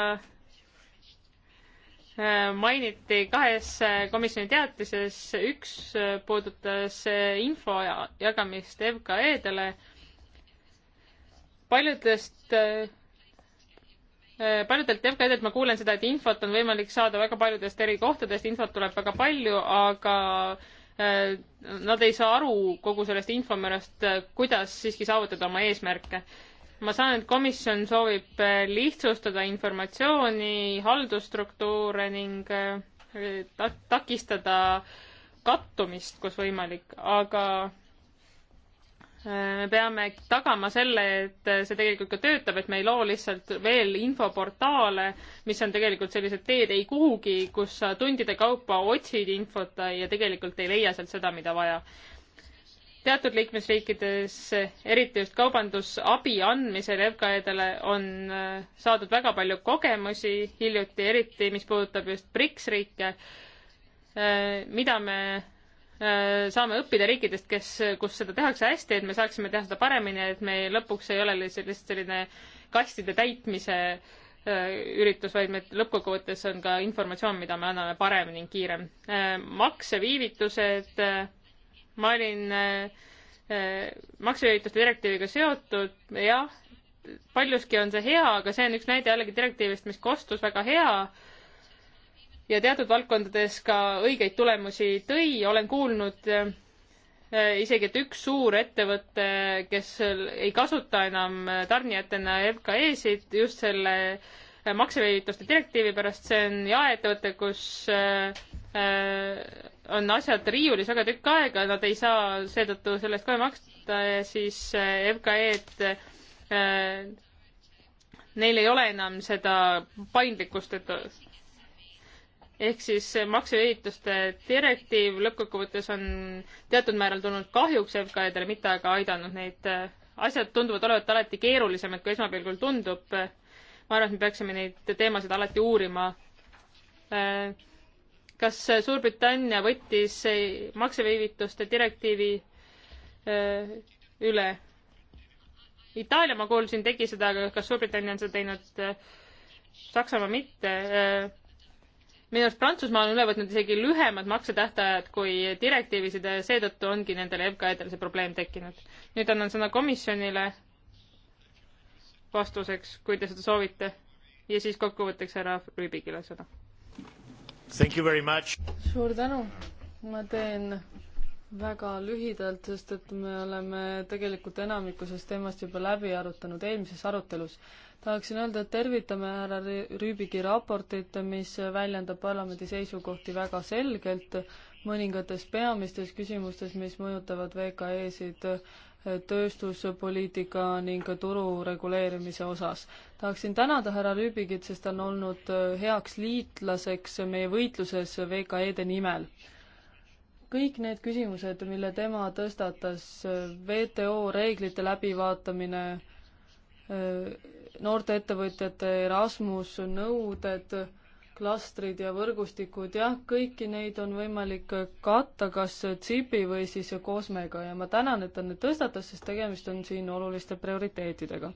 eh, mainiti kahes eh, komisjoni teatises, üks puudutas info jagamist FKE-dele. paljudest Äh, paljudelt FKD-delt ma kuulen seda, et infot on võimalik saada väga paljudest eri kohtadest, infot tuleb väga palju, aga äh, nad ei saa aru kogu sellest infomürast, äh, kuidas siiski saavutada oma eesmärke. ma saan, et komisjon soovib lihtsustada informatsiooni, haldusstruktuure ning takistada kattumist, kus võimalik, aga me peame tagama selle, et see tegelikult ka töötab, et me ei loo lihtsalt veel infoportaale, mis on tegelikult sellised teed ei kuhugi, kus sa tundide kaupa otsid infot ja tegelikult ei leia sealt seda, mida vaja. teatud liikmesriikides, eriti just kaubandusabi andmisel FKE-dele on äh, saadud väga palju kogemusi hiljuti, eriti mis puudutab just BRICS riike, äh, mida me Äh, saame õppida riikidest, kes, kus seda tehakse hästi, et me saaksime teha seda paremini, et me lõpuks ei ole lihtsalt selline kastide täitmise äh, üritus, vaid me lõppkokkuvõttes on ka informatsioon, mida me anname parem ning kiirem. Äh, makseviivitused, ma olin makseviivituste direktiiviga seotud, jah, paljuski on see hea, aga see on üks näide jällegi direktiivist, mis kostus väga hea ja teatud valdkondades ka õigeid tulemusi tõi, olen kuulnud äh, isegi, et üks suur ettevõte, kes ei kasuta enam tarnijatena FKE-sid just selle äh, makseviivituste direktiivi pärast, see on jaeettevõte, kus äh, on asjad riiulis väga tükk aega, nad ei saa seetõttu selle eest kohe maksta ja siis FKE-d, neil ei ole enam seda paindlikkust, et ehk siis maksuehituste direktiiv lõppkokkuvõttes on teatud määral tulnud kahjuks FKE-dele, mitte aga aidanud neid. Äh, asjad tunduvad olevat alati keerulisemad, kui esmapilgul tundub. ma arvan, et me peaksime neid teemasid alati uurima. Äh, kas Suurbritannia võttis makseviivituste direktiivi äh, üle? Itaalia, ma kuulsin, tegi seda, aga kas Suurbritannia on seda teinud? Saksamaa mitte minu arust Prantsusmaa on üle võtnud isegi lühemad maksetähtajad kui direktiivisid ja seetõttu ongi nendele FKE-del see probleem tekkinud. nüüd annan sõna komisjonile vastuseks, kui te seda soovite ja siis kokkuvõtteks härra Rüübikile sõna. suur tänu, ma teen väga lühidalt, sest et me oleme tegelikult enamiku sellest teemast juba läbi arutanud eelmises arutelus tahaksin öelda, et tervitame härra Rüübigi raportit, mis väljendab parlamendi seisukohti väga selgelt mõningates peamistes küsimustes, mis mõjutavad VKE-sid tööstuspoliitika ning turu reguleerimise osas. tahaksin tänada härra Rüübigit, sest ta on olnud heaks liitlaseks meie võitluses VKE-de nimel. kõik need küsimused, mille tema tõstatas, WTO reeglite läbivaatamine, noorte ettevõtjate Erasmus nõuded, klastrid ja võrgustikud, jah, kõiki neid on võimalik katta kas CIP-i või siis COSME-ga ja ma tänan, et ta need tõstatas, sest tegemist on siin oluliste prioriteetidega.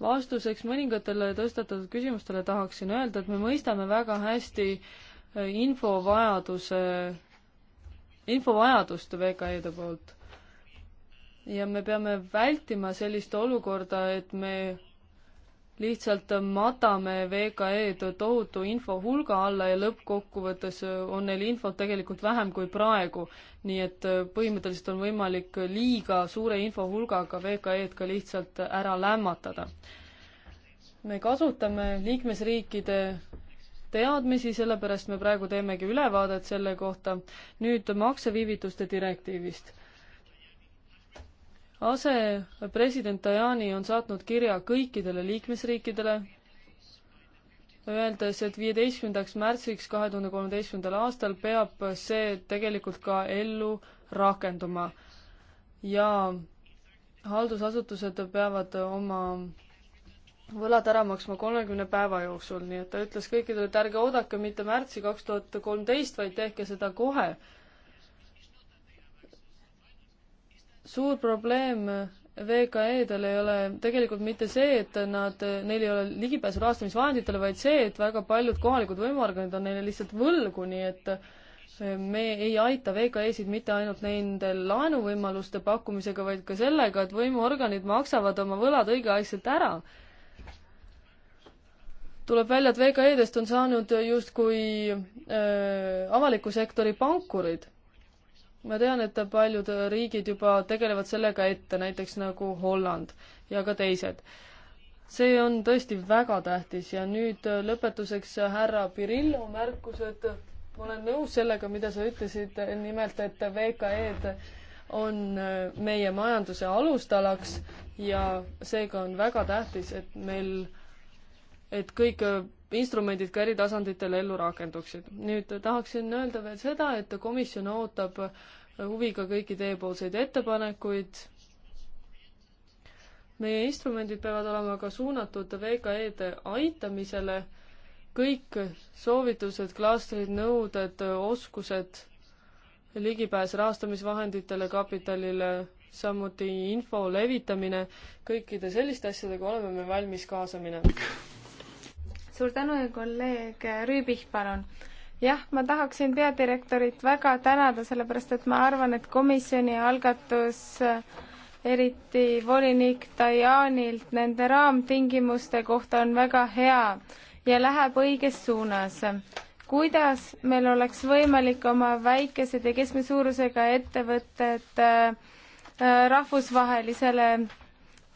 vastuseks mõningatele tõstatatud küsimustele tahaksin öelda, et me mõistame väga hästi infovajaduse, infovajadust VKE-de poolt ja me peame vältima sellist olukorda, et me lihtsalt matame VKE-d tohutu infohulga alla ja lõppkokkuvõttes on neil infot tegelikult vähem kui praegu. nii et põhimõtteliselt on võimalik liiga suure infohulgaga VKE-d ka lihtsalt ära lämmatada. me kasutame liikmesriikide teadmisi, sellepärast me praegu teemegi ülevaadet selle kohta. nüüd makseviivituste direktiivist asepresident Tajani on saatnud kirja kõikidele liikmesriikidele, öeldes, et viieteistkümnendaks märtsiks kahe tuhande kolmeteistkümnendal aastal peab see tegelikult ka ellu rakenduma. ja haldusasutused peavad oma võlad ära maksma kolmekümne päeva jooksul, nii et ta ütles kõikidele, et ärge oodake mitte märtsi kaks tuhat kolmteist, vaid tehke seda kohe suur probleem VKE-del ei ole tegelikult mitte see, et nad, neil ei ole ligipääsu rahastamisvahenditele, vaid see, et väga paljud kohalikud võimuorganid on neile lihtsalt võlgu, nii et me ei aita VKE-sid mitte ainult nende laenuvõimaluste pakkumisega, vaid ka sellega, et võimuorganid maksavad oma võlad õigeaegselt ära. tuleb välja, et VKE-dest on saanud justkui äh, avaliku sektori pankurid ma tean, et paljud riigid juba tegelevad sellega ette, näiteks nagu Holland ja ka teised. see on tõesti väga tähtis ja nüüd lõpetuseks härra Pirillo märkused. ma olen nõus sellega, mida sa ütlesid, nimelt et VKE-d on meie majanduse alustalaks ja seega on väga tähtis, et meil, et kõik instrumendid ka eri tasanditel ellu rakenduksid. nüüd tahaksin öelda veel seda, et komisjon ootab huviga kõiki teiepoolseid ettepanekuid. meie instrumendid peavad olema ka suunatud VKE-de aitamisele. kõik soovitused, klastrid, nõuded, oskused, ligipääs rahastamisvahenditele, kapitalile, samuti info levitamine, kõikide selliste asjadega oleme me valmis kaasa minema suur tänu, kolleeg Rüübih, palun. jah, ma tahaksin peadirektorit väga tänada, sellepärast et ma arvan, et komisjoni algatus eriti volinik Dajanilt nende raamtingimuste kohta on väga hea ja läheb õiges suunas. kuidas meil oleks võimalik oma väikesed ja keskmise suurusega ettevõtted äh, rahvusvahelisele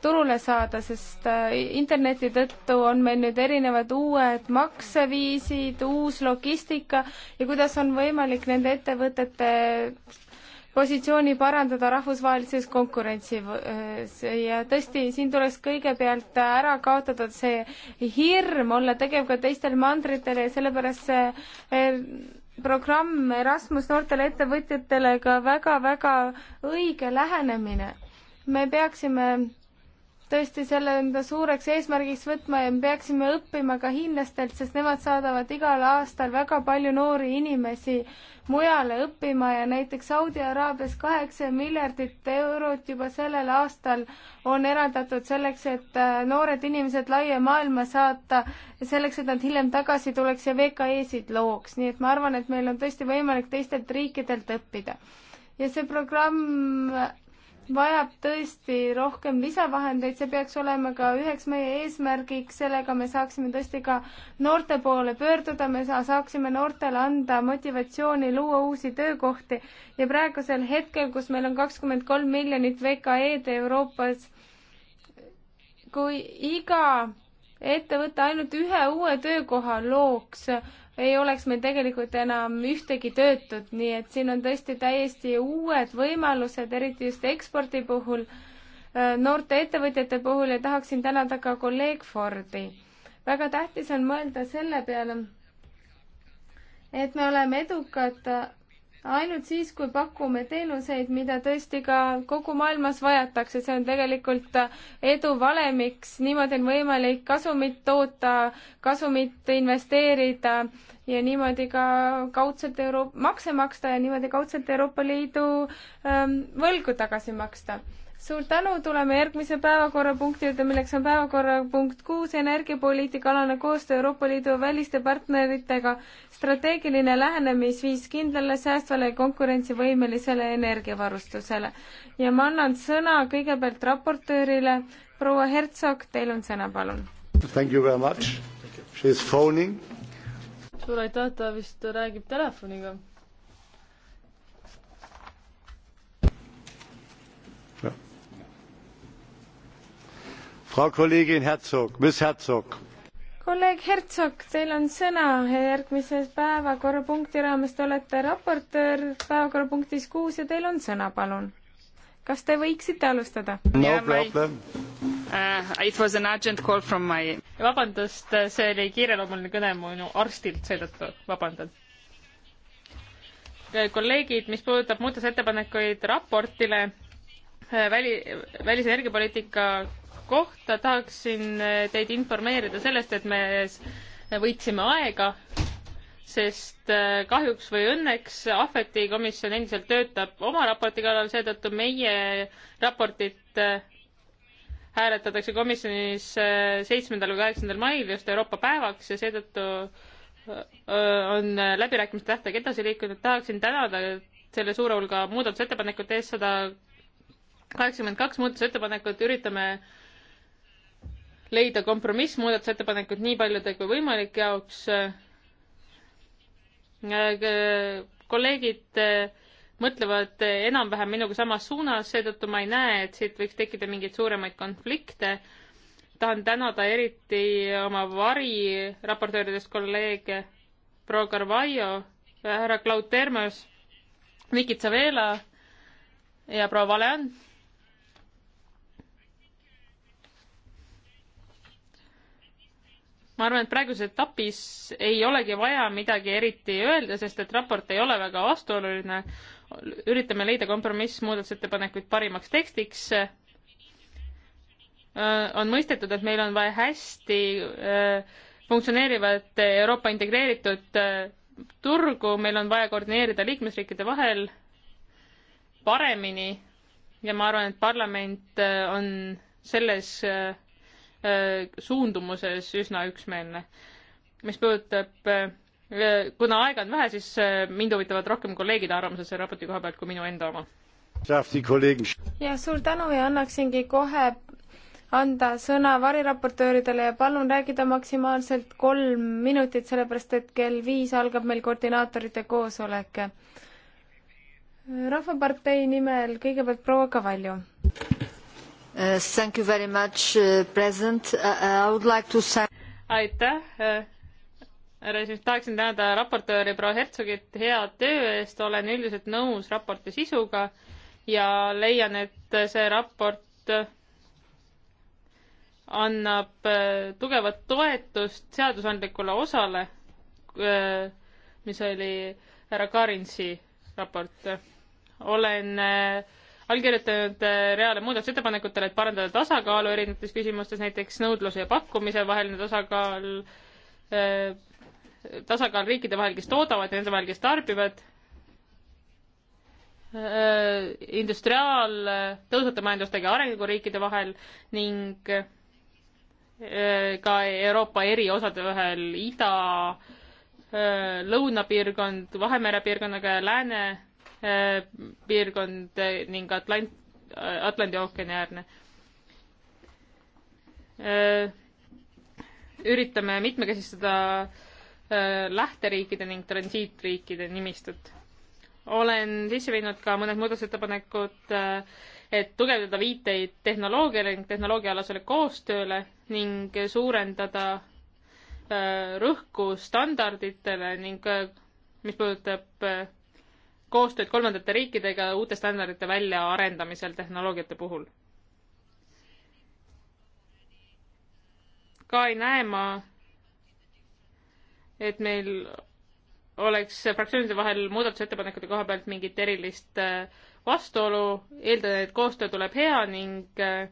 turule saada, sest äh, interneti tõttu on meil nüüd erinevad uued makseviisid, uus logistika ja kuidas on võimalik nende ettevõtete positsiooni parandada rahvusvahelises konkurentsis äh, ja tõesti, siin tuleks kõigepealt ära kaotada see hirm olla tegev ka teistel mandritel ja sellepärast see äh, programm Erasmus noortele ettevõtjatele ka väga-väga õige lähenemine. me peaksime tõesti selle enda suureks eesmärgiks võtma ja me peaksime õppima ka hiinlastelt, sest nemad saadavad igal aastal väga palju noori inimesi mujale õppima ja näiteks Saudi Araabias kaheksa miljardit eurot juba sellel aastal on eraldatud selleks, et äh, noored inimesed laia maailma saata, selleks, et nad hiljem tagasi tuleks ja VKE-sid looks, nii et ma arvan, et meil on tõesti võimalik teistelt riikidelt õppida ja see programm vajab tõesti rohkem lisavahendeid, see peaks olema ka üheks meie eesmärgiks, sellega me saaksime tõesti ka noorte poole pöörduda, me saaksime noortele anda motivatsiooni luua uusi töökohti ja praegusel hetkel, kus meil on kakskümmend kolm miljonit VKE-d Euroopas, kui iga ettevõte ainult ühe uue töökoha looks, ei oleks meil tegelikult enam ühtegi töötut, nii et siin on tõesti täiesti uued võimalused, eriti just ekspordi puhul, äh, noorte ettevõtjate puhul ja tahaksin tänada ka kolleeg Fordi. väga tähtis on mõelda selle peale, et me oleme edukad ainult siis, kui pakume teenuseid, mida tõesti ka kogu maailmas vajatakse, see on tegelikult edu valemiks, niimoodi on võimalik kasumit toota, kasumit investeerida ja niimoodi ka kaudselt euro-, makse maksta ja niimoodi kaudselt Euroopa Liidu ähm, võlgu tagasi maksta suur tänu, tuleme järgmise päevakorrapunkti juurde, milleks on päevakorrapunkt kuus, energiapoliitika alane koostöö Euroopa Liidu väliste partneritega, strateegiline lähenemisviis kindlale, säästvale ja konkurentsivõimelisele energiavarustusele. ja ma annan sõna kõigepealt raportöörile, proua Hertsog, teil on sõna, palun. Thank you very much, she is phoning. suur aitäh, ta vist räägib telefoniga Frau Kollegin Herzog, Miss Herzog. kolleeg Herzog, teil on sõna järgmises päevakorrapunkti raames, te olete raportöör päevakorrapunktis kuus ja teil on sõna, palun. kas te võiksite alustada no,? Uh, my... vabandust, see oli kiireloomuline kõne minu arstilt, seetõttu vabandan äh, kolleegid, mis puudutab muudatusettepanekuid raportile äh, väli, välisenergiapoliitika kohta tahaksin teid informeerida sellest, et me võitsime aega, sest äh, kahjuks või õnneks Ahveti komisjon endiselt töötab oma raporti kallal, seetõttu meie raportit äh, hääletatakse komisjonis äh, seitsmendal või kaheksandal mail just Euroopa päevaks ja seetõttu on läbirääkimiste tähtaeg edasi liikunud, tahaksin tänada selle suure hulga muudatusettepanekute eest, sada kaheksakümmend kaks muudatusettepanekut, üritame leida kompromiss muudatusettepanekut nii paljude kui võimalik jaoks. Äh, kolleegid äh, mõtlevad äh, enam-vähem minuga samas suunas, seetõttu ma ei näe, et siit võiks tekkida mingeid suuremaid konflikte. tahan tänada eriti oma variraportööridest kolleege, proua Carvalho, härra Claude Termes, Nikit Savela ja proua Valean ma arvan, et praeguses etapis ei olegi vaja midagi eriti öelda, sest et raport ei ole väga vastuoluline. üritame leida kompromiss muudatusettepanekuid parimaks tekstiks. on mõistetud, et meil on vaja hästi funktsioneerivat Euroopa integreeritud turgu, meil on vaja koordineerida liikmesriikide vahel paremini ja ma arvan, et parlament on selles Äh, suundumuses üsna üksmeelne. mis puudutab äh, kuna aega on vähe, siis äh, mind huvitavad rohkem kolleegide arvamused selle raporti koha pealt kui minu enda oma. ja suur tänu ja annaksingi kohe anda sõna variraportööridele ja palun räägida maksimaalselt kolm minutit, sellepärast et kell viis algab meil koordinaatorite koosolek. rahvapartei nimel kõigepealt proua Kavalju Uh, thank you very much, uh, president. Uh, I would like to thank aitäh, härra esimees, tahaksin tänada raportööri proua Hertsogit hea töö eest, olen üldiselt nõus raporti sisuga ja leian, et see raport annab tugevat toetust seadusandlikule osale, mis oli härra Karinsi raport. olen äh, allkirjutanud äh, reale muudatusettepanekutele, et parandada tasakaalu erinevates küsimustes, näiteks nõudluse ja pakkumise vaheline tasakaal, äh, tasakaal riikide vahel, kes toodavad ja nende vahel, kes tarbivad, äh, industriaal, tõusvate majandustega arenguriikide vahel ning ka Euroopa eri osade vahel ida, lõunapiirkond Vahemere piirkonnaga ja lääne Äh, piirkond ning Atlant-, Atlandi ookeani äärne. Äh, üritame mitmekesistada äh, lähteriikide ning transiitriikide nimistut. olen sisse viinud ka mõned muudatusettepanekud, et tugevdada viiteid tehnoloogiale ning tehnoloogiaalasele koostööle ning suurendada rõhku standarditele ning mis puudutab koostööd kolmandate riikidega uute standardite väljaarendamisel tehnoloogiate puhul. ka ei näe ma, et meil oleks fraktsioonide vahel muudatusettepanekute koha pealt mingit erilist äh, vastuolu, eeldan, et koostöö tuleb hea ning äh,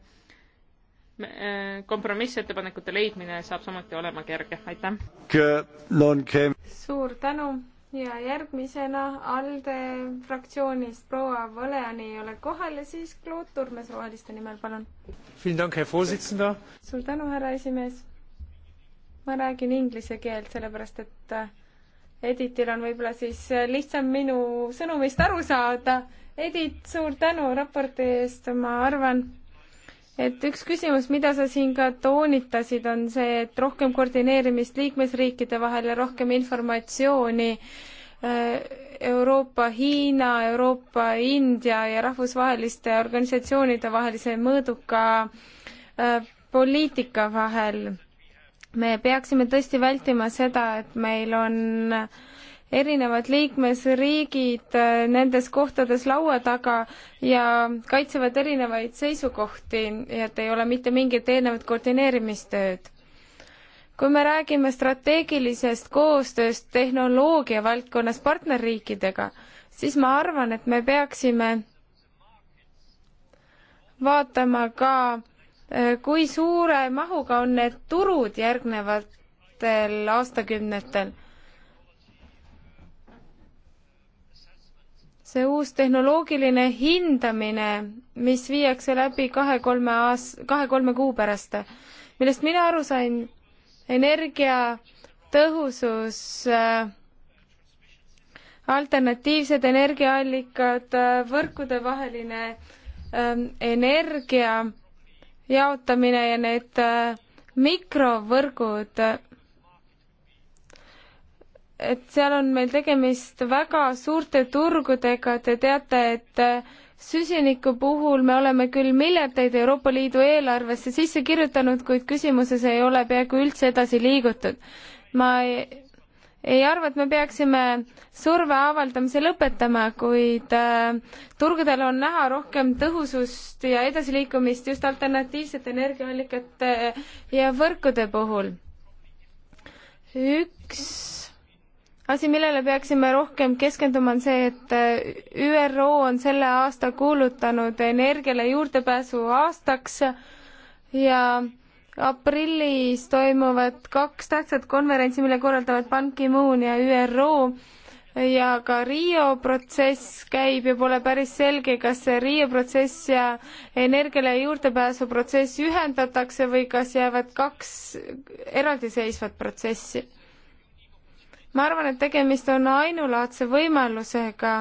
äh, kompromissettepanekute leidmine saab samuti olema kerge, aitäh! suur tänu! ja järgmisena ALDE fraktsioonist proua Võleani ei ole kohal ja siis Claude Turmes Roheliste nimel, palun. suur tänu, härra esimees. ma räägin inglise keelt, sellepärast et äh, Editil on võib-olla siis äh, lihtsam minu sõnumist aru saada. Edit, suur tänu raporti eest, ma arvan et üks küsimus, mida sa siin ka toonitasid, on see, et rohkem koordineerimist liikmesriikide vahel ja rohkem informatsiooni äh, Euroopa, Hiina, Euroopa, India ja rahvusvaheliste organisatsioonide vahelise mõõduka äh, poliitika vahel. me peaksime tõesti vältima seda, et meil on äh, erinevad liikmesriigid äh, nendes kohtades laua taga ja kaitsevad erinevaid seisukohti, et ei ole mitte mingit eelnevat koordineerimistööd. kui me räägime strateegilisest koostööst tehnoloogia valdkonnas partnerriikidega, siis ma arvan, et me peaksime vaatama ka, äh, kui suure mahuga on need turud järgnevatel aastakümnetel see uus tehnoloogiline hindamine, mis viiakse läbi kahe-kolme aas-, kahe-kolme kuu pärast, millest mina aru sain, energiatõhusus äh,, alternatiivsed energiaallikad äh,, võrkudevaheline äh, energia jaotamine ja need äh, mikrovõrgud, et seal on meil tegemist väga suurte turgudega, te teate, et äh, süsiniku puhul me oleme küll miljardeid Euroopa Liidu eelarvesse sisse kirjutanud, kuid küsimuses ei ole peaaegu üldse edasi liigutud. ma ei, ei arva, et me peaksime surve avaldamise lõpetama, kuid äh, turgudel on näha rohkem tõhusust ja edasiliikumist just alternatiivsete energiaallikate äh, ja võrkude puhul. üks asi, millele peaksime rohkem keskenduma, on see, et äh, ÜRO on selle aasta kuulutanud energiale juurdepääsu aastaks ja aprillis toimuvad kaks tähtsat konverentsi, mille korraldavad Ban Ki-moon ja ÜRO ja ka Riio protsess käib ja pole päris selge, kas see Riio protsess ja energiale juurdepääsu protsess ühendatakse või kas jäävad kaks eraldiseisvat protsessi ma arvan, et tegemist on ainulaadse võimalusega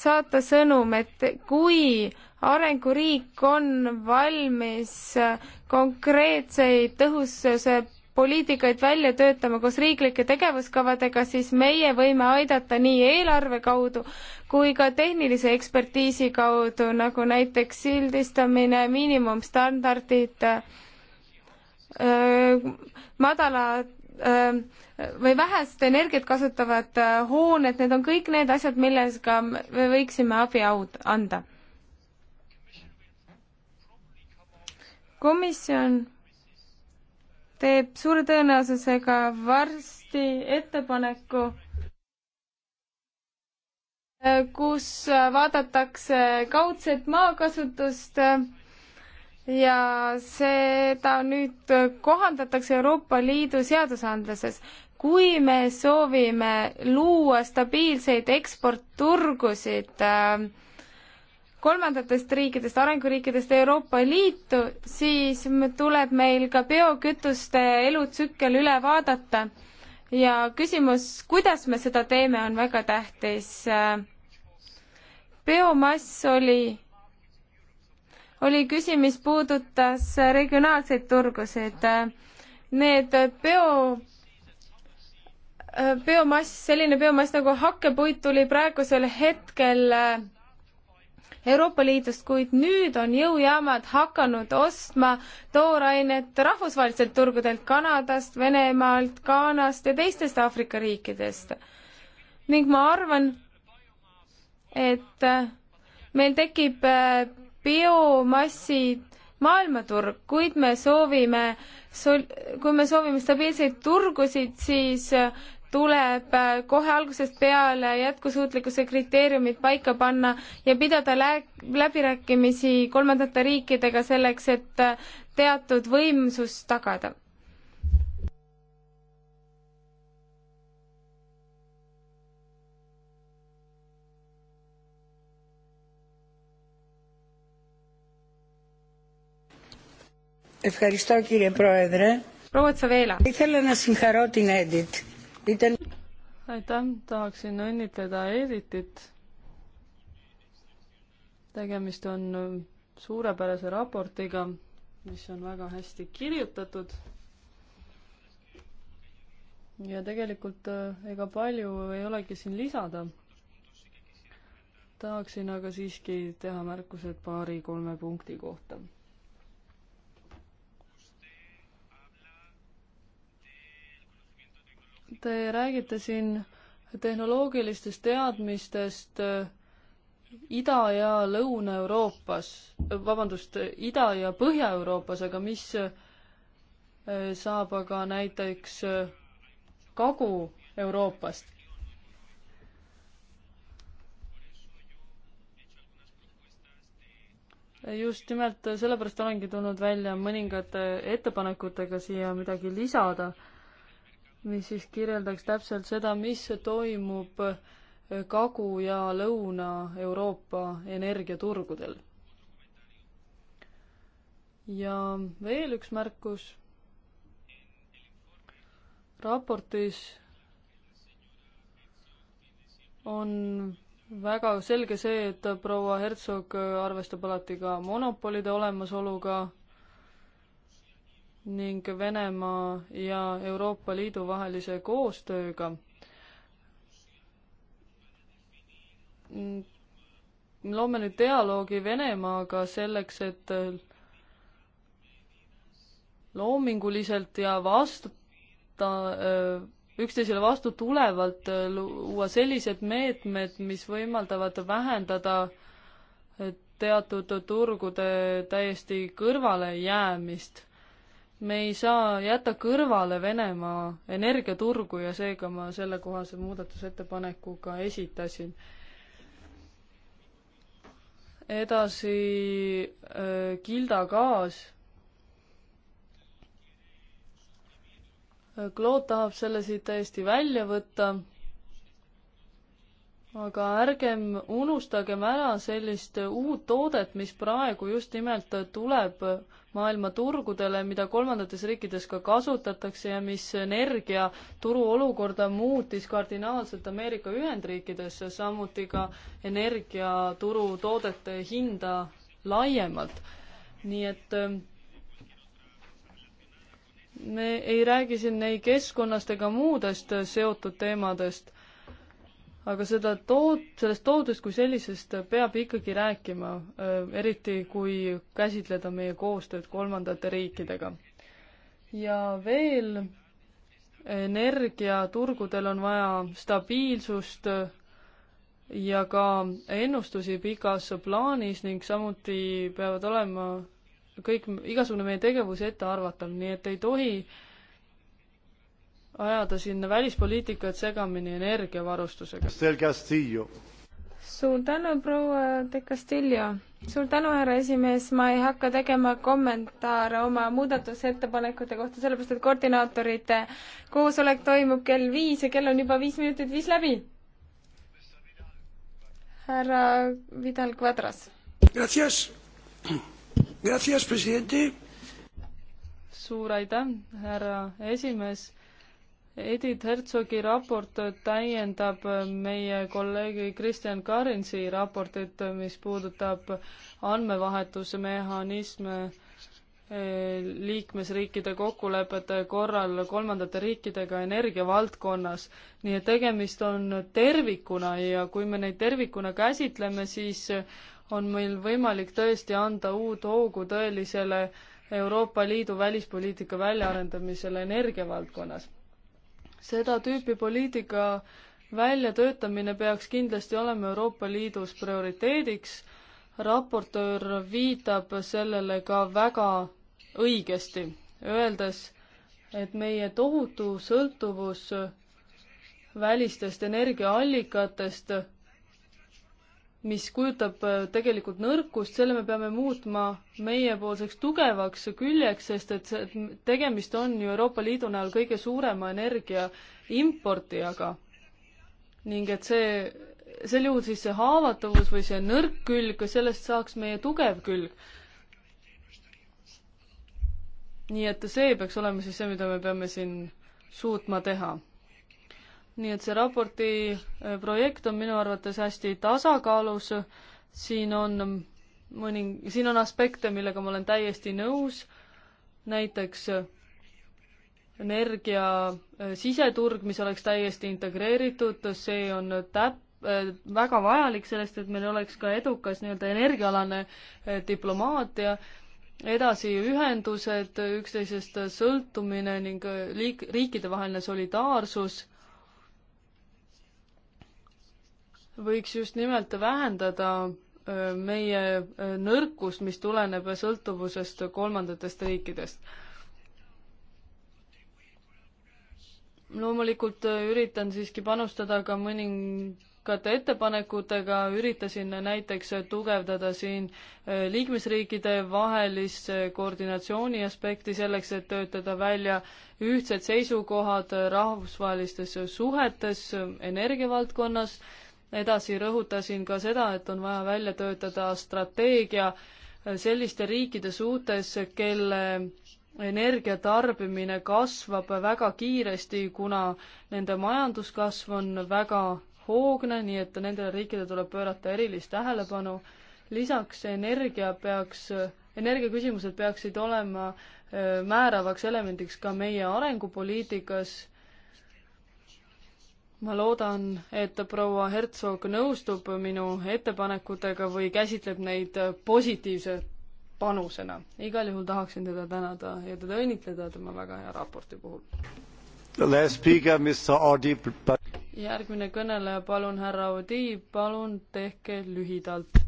saata sõnum, et kui arenguriik on valmis konkreetseid tõhususe poliitikaid välja töötama koos riiklike tegevuskavadega, siis meie võime aidata nii eelarve kaudu kui ka tehnilise ekspertiisi kaudu, nagu näiteks sildistamine, miinimumstandardid, madala Ähm, või vähest energiat kasutavad äh, hooned, need on kõik need asjad, millega me võiksime abi anda. komisjon teeb suure tõenäosusega varsti ettepaneku, äh, kus vaadatakse kaudset maakasutust äh, ja seda nüüd kohandatakse Euroopa Liidu seadusandluses. kui me soovime luua stabiilseid eksportturgusid äh, kolmandatest riikidest, arenguriikidest Euroopa Liitu, siis tuleb meil ka biokütuste elutsükkel üle vaadata. ja küsimus, kuidas me seda teeme, on väga tähtis. Äh, biomass oli oli küsimus, mis puudutas regionaalseid turgusid. Need bio, biomass, selline biomass nagu hakkepuit tuli praegusel hetkel Euroopa Liidust, kuid nüüd on jõujaamad hakanud ostma toorainet rahvusvahelistelt turgudelt Kanadast, Venemaalt, Ghanast ja teistest Aafrika riikidest. ning ma arvan, et meil tekib äh, biomassi maailmaturg, kuid me soovime sol-, kui me soovime stabiilseid turgusid, siis tuleb kohe algusest peale jätkusuutlikkuse kriteeriumid paika panna ja pidada lä-, läbirääkimisi kolmandate riikidega selleks, et teatud võimsust tagada Ευχαριστώ κύριε Πρόεδρε. proua Tsaveela. aitäh, tahaksin õnnitleda Editit. tegemist on ähm, suurepärase raportiga, mis on väga hästi kirjutatud. ja tegelikult äh, ega palju ei olegi siin lisada. tahaksin aga siiski teha märkused paari-kolme punkti kohta Te räägite siin tehnoloogilistest teadmistest äh, Ida- ja Lõuna-Euroopas, äh, vabandust, Ida- ja Põhja-Euroopas, aga mis äh, saab aga näiteks Kagu-Euroopast? just nimelt sellepärast olengi tulnud välja mõningate ettepanekutega siia midagi lisada mis siis kirjeldaks täpselt seda, mis toimub Kagu- ja Lõuna-Euroopa energiaturgudel. ja veel üks märkus. raportis on väga selge see, et proua Herzog arvestab alati ka monopolide olemasoluga ning Venemaa ja Euroopa Liidu vahelise koostööga. loome nüüd dialoogi Venemaaga selleks, et loominguliselt ja vastu ta, äh, üksteisele vastu tulevalt äh, luua sellised meetmed, mis võimaldavad vähendada äh, teatud turgude täiesti kõrvalejäämist me ei saa jätta kõrvale Venemaa energiaturgu ja seega ma sellekohase muudatusettepaneku ka esitasin. edasi äh, Gilda gaas. Äh, Claude tahab selle siit täiesti välja võtta aga ärgem unustagem ära sellist uut toodet, mis praegu just nimelt tuleb maailma turgudele, mida kolmandates riikides ka kasutatakse ja mis energiaturu olukorda muutis kardinaalselt Ameerika Ühendriikides, samuti ka energiaturu toodete hinda laiemalt. nii et ähm, me ei räägi siin ei keskkonnast ega muudest seotud teemadest aga seda tood, sellest toodust kui sellisest peab ikkagi rääkima, äh, eriti kui käsitleda meie koostööd kolmandate riikidega. ja veel, energiaturgudel on vaja stabiilsust äh, ja ka ennustusi pikas plaanis ning samuti peavad olema kõik, igasugune meie tegevus ettearvatav, nii et ei tohi äh, ajada siin välispoliitikat segamini energiavarustusega. suur tänu, proua De Castillo. suur tänu, härra esimees, ma ei hakka tegema kommentaare oma muudatusettepanekute kohta, sellepärast et koordinaatorite koosolek toimub kell viis ja kell on juba viis minutit viis läbi. härra Vidal Quadras. Gracias, gracias, presidente. suur aitäh, härra esimees Edith Herzogi raport täiendab meie kolleegi Kristjan Karinsi raportit, mis puudutab andmevahetuse mehhanisme eh, liikmesriikide kokkulepete korral kolmandate riikidega energiavaldkonnas. nii et tegemist on tervikuna ja kui me neid tervikuna käsitleme, siis on meil võimalik tõesti anda uut hoogu tõelisele Euroopa Liidu välispoliitika väljaarendamisele energiavaldkonnas seda tüüpi poliitika väljatöötamine peaks kindlasti olema Euroopa Liidus prioriteediks. raportöör viitab sellele ka väga õigesti, öeldes, et meie tohutu sõltuvus välistest energiaallikatest mis kujutab äh, tegelikult nõrkust, selle me peame muutma meiepoolseks tugevaks küljeks, sest et see, tegemist on ju Euroopa Liidu näol kõige suurema energia importijaga. ning et see, sel juhul siis see haavatavus või see nõrk külg, sellest saaks meie tugev külg. nii et see peaks olema siis see, mida me peame siin suutma teha nii et see raporti äh, projekt on minu arvates hästi tasakaalus, siin on mõning-, siin on aspekte, millega ma olen täiesti nõus, näiteks äh, energia äh, siseturg, mis oleks täiesti integreeritud, see on täp-, väga vajalik sellest, et meil oleks ka edukas nii-öelda energiaalane diplomaatia, edasi ühendused, üksteisest sõltumine ning liik-, riikidevaheline solidaarsus võiks just nimelt vähendada meie nõrkust, mis tuleneb sõltuvusest kolmandatest riikidest. loomulikult üritan siiski panustada ka mõningate ettepanekutega, üritasin näiteks tugevdada siin liikmesriikide vahelise koordinatsiooni aspekti selleks, et töötada välja ühtsed seisukohad rahvusvahelistes suhetes energiavaldkonnas edasi rõhutasin ka seda, et on vaja välja töötada strateegia selliste riikide suhtes, kelle energiatarbimine kasvab väga kiiresti, kuna nende majanduskasv on väga hoogne, nii et nendele riikidele tuleb pöörata erilist tähelepanu. lisaks energia peaks, energiaküsimused peaksid olema äh, määravaks elemendiks ka meie arengupoliitikas ma loodan, et proua Hertsog nõustub minu ettepanekutega või käsitleb neid positiivse panusena. igal juhul tahaksin teda tänada ja teda õnnitleda tema väga hea raporti puhul. järgmine kõneleja, palun, härra Odi, palun tehke lühidalt.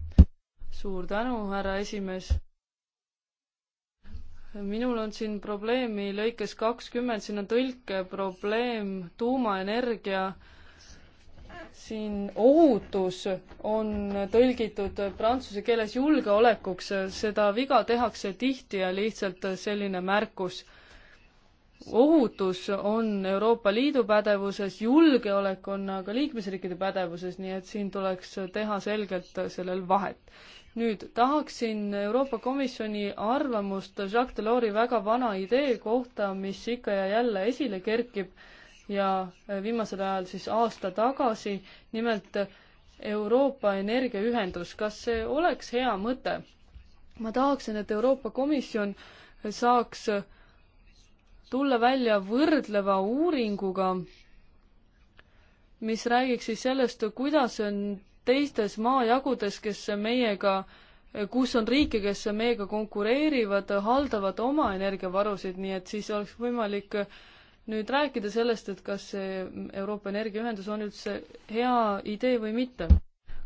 suur tänu, härra esimees minul on siin probleemi lõikes kakskümmend, siin on tõlkeprobleem, tuumaenergia, siin ohutus on tõlgitud prantsuse keeles julgeolekuks, seda viga tehakse tihti ja lihtsalt selline märkus. ohutus on Euroopa Liidu pädevuses, julgeolek on aga liikmesriikide pädevuses, nii et siin tuleks teha selgelt sellel vahet nüüd tahaksin Euroopa Komisjoni arvamust Jacques Delors'i väga vana idee kohta, mis ikka ja jälle esile kerkib ja äh, viimasel ajal siis aasta tagasi, nimelt Euroopa energiaühendus, kas see oleks hea mõte? ma tahaksin, et Euroopa Komisjon saaks tulla välja võrdleva uuringuga, mis räägiks siis sellest, kuidas on teistes maajagudes, kes meiega, kus on riike, kes meiega konkureerivad, haldavad oma energiavarusid, nii et siis oleks võimalik nüüd rääkida sellest, et kas see Euroopa Energiaühendus on üldse hea idee või mitte.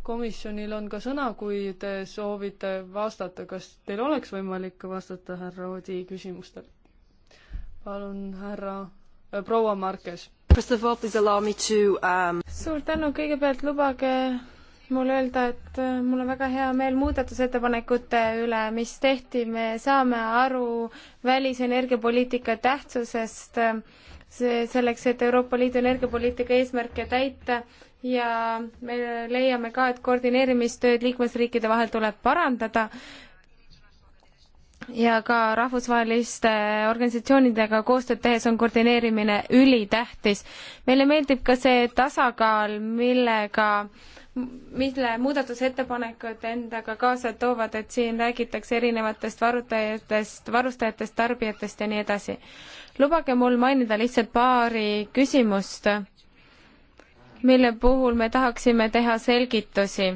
komisjonil on ka sõna, kui te soovite vastata, kas teil oleks võimalik vastata härra Oodi küsimustele? palun, härra äh,, proua Markes. Um... suur tänu, kõigepealt lubage mul öelda, et äh, mul on väga hea meel muudatusettepanekute üle, mis tehti, me saame aru välisenergiapoliitika tähtsusest äh, see, selleks, et Euroopa Liidu energiapoliitika eesmärke täita ja me leiame ka, et koordineerimistööd liikmesriikide vahel tuleb parandada ja ka rahvusvaheliste organisatsioonidega koostööd tehes on koordineerimine ülitähtis. meile meeldib ka see tasakaal, millega äh, mille muudatusettepanekud endaga kaasa toovad, et siin räägitakse erinevatest varutajatest, varustajatest, tarbijatest ja nii edasi. lubage mul mainida lihtsalt paari küsimust, mille puhul me tahaksime teha selgitusi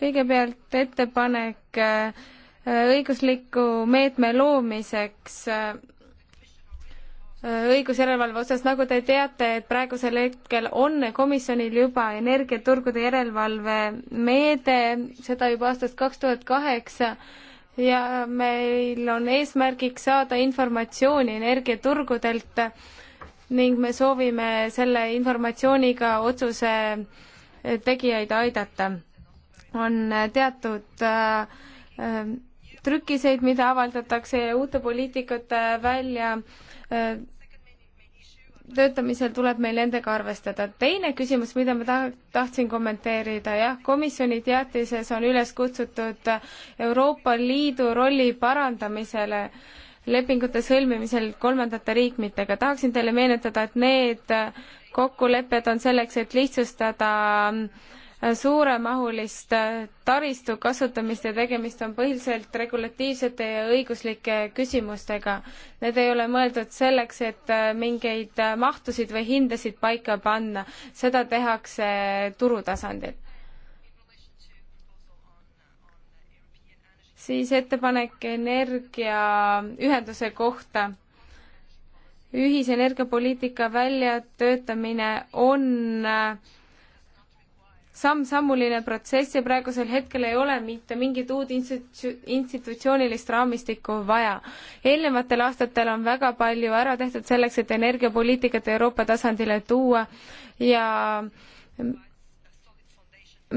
kõigepealt ettepanek äh, õigusliku meetme loomiseks äh, Äh, õigusjärelevalve osas, nagu te teate, et praegusel hetkel on komisjonil juba energiaturgude järelevalve meede, seda juba aastast kaks tuhat kaheksa, ja meil on eesmärgiks saada informatsiooni energiaturgudelt ning me soovime selle informatsiooniga otsuse äh, tegijaid aidata. on äh, teatud äh, trükiseid, mida avaldatakse ja uute poliitikate välja äh, Äh, töötamisel tuleb meil nendega arvestada. teine küsimus, mida ma ta-, tahtsin kommenteerida, jah, komisjoni teatises on üles kutsutud Euroopa Liidu rolli parandamisele lepingute sõlmimisel kolmandate riikmetega. tahaksin teile meenutada, et need kokkulepped on selleks, et lihtsustada äh, suuremahulist äh, taristu kasutamist ja tegemist on põhiliselt regulatiivsete ja õiguslike küsimustega. Need ei ole mõeldud selleks, et äh, mingeid äh, mahtusid või hindasid paika panna, seda tehakse turu tasandil. siis ettepanek energiaühenduse kohta ühise energiapoliitika väljatöötamine on samm-sammuline protsess ja praegusel hetkel ei ole mitte mingit uut institu-, institutsioonilist raamistikku vaja. eelnevatel aastatel on väga palju ära tehtud selleks, et energiapoliitikat Euroopa tasandile tuua ja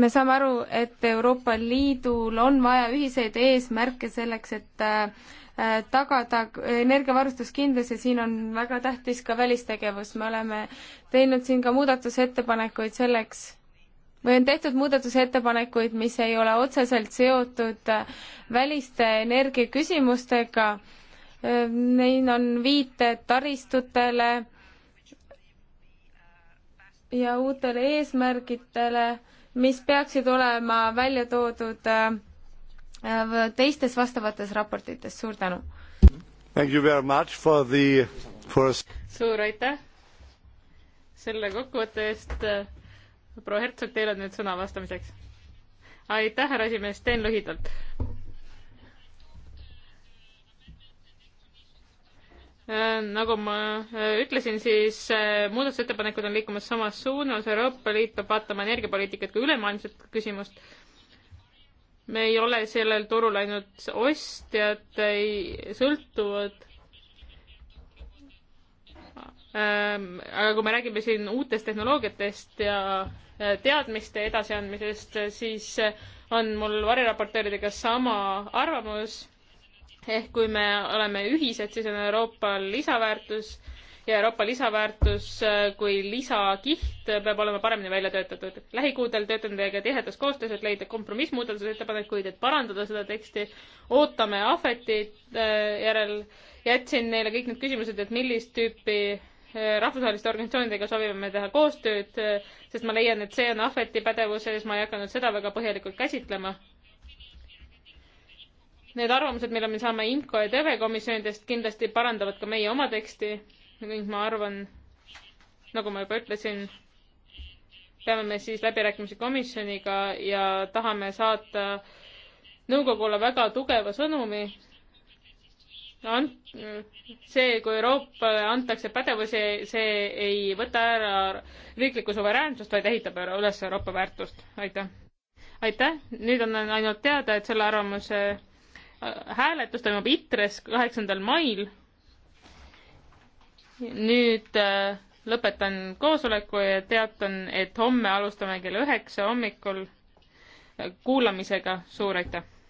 me saame aru, et Euroopa Liidul on vaja ühiseid eesmärke selleks, et äh, tagada energiavarustuskindlus ja siin on väga tähtis ka välistegevus. me oleme teinud siin ka muudatusettepanekuid selleks, või on tehtud muudatusettepanekuid, mis ei ole otseselt seotud väliste energiaküsimustega. Neil on viited taristutele ja uutele eesmärgitele, mis peaksid olema välja toodud äh, teistes vastavates raportites. suur tänu! For the, for... suur aitäh selle kokkuvõtte eest äh, proua Hertsog, teil on nüüd sõna vastamiseks. aitäh, härra esimees, teen lühidalt. Äh, nagu ma äh, ütlesin, siis äh, muudatusettepanekud on liikumas samas suunas, Euroopa Liit peab vaatama energiapoliitikat kui ülemaailmset küsimust me ei ole sellel turul ainult ostjad, sõltuvad Ehm, aga kui me räägime siin uutest tehnoloogiatest ja eh, teadmiste edasiandmisest, eh, siis eh, on mul variraportööridega sama arvamus. ehk kui me oleme ühised, siis on Euroopal lisaväärtus ja Euroopa lisaväärtus kui lisakiht peab olema paremini välja töötatud. lähikuudel töötame teiega tihedas koostöös, et leida kompromiss muudatusettepanekuid, et parandada seda teksti. ootame ahvetit järel. jätsin neile kõik need küsimused, et millist tüüpi Eh, rahvusvaheliste organisatsioonidega soovime me teha koostööd, eh, sest ma leian, et see on ahveti pädevuses, ma ei hakanud seda väga põhjalikult käsitlema. Need arvamused, mille me saame IMCO ja TV komisjonidest, kindlasti parandavad ka meie oma teksti ning ma arvan, nagu ma juba ütlesin, peame me siis läbirääkimisi komisjoniga ja tahame saata nõukogule väga tugeva sõnumi ant-, see, kui Euroopale antakse pädevusi, see ei võta ära riiklikku suveräänsust, vaid ehitab üles Euroopa väärtust. aitäh! aitäh, nüüd on ainult teada, et selle arvamuse äh, hääletus toimub ITRES kaheksandal mail. nüüd äh, lõpetan koosoleku ja teatan, et homme alustame kell üheksa hommikul äh, kuulamisega, suur aitäh!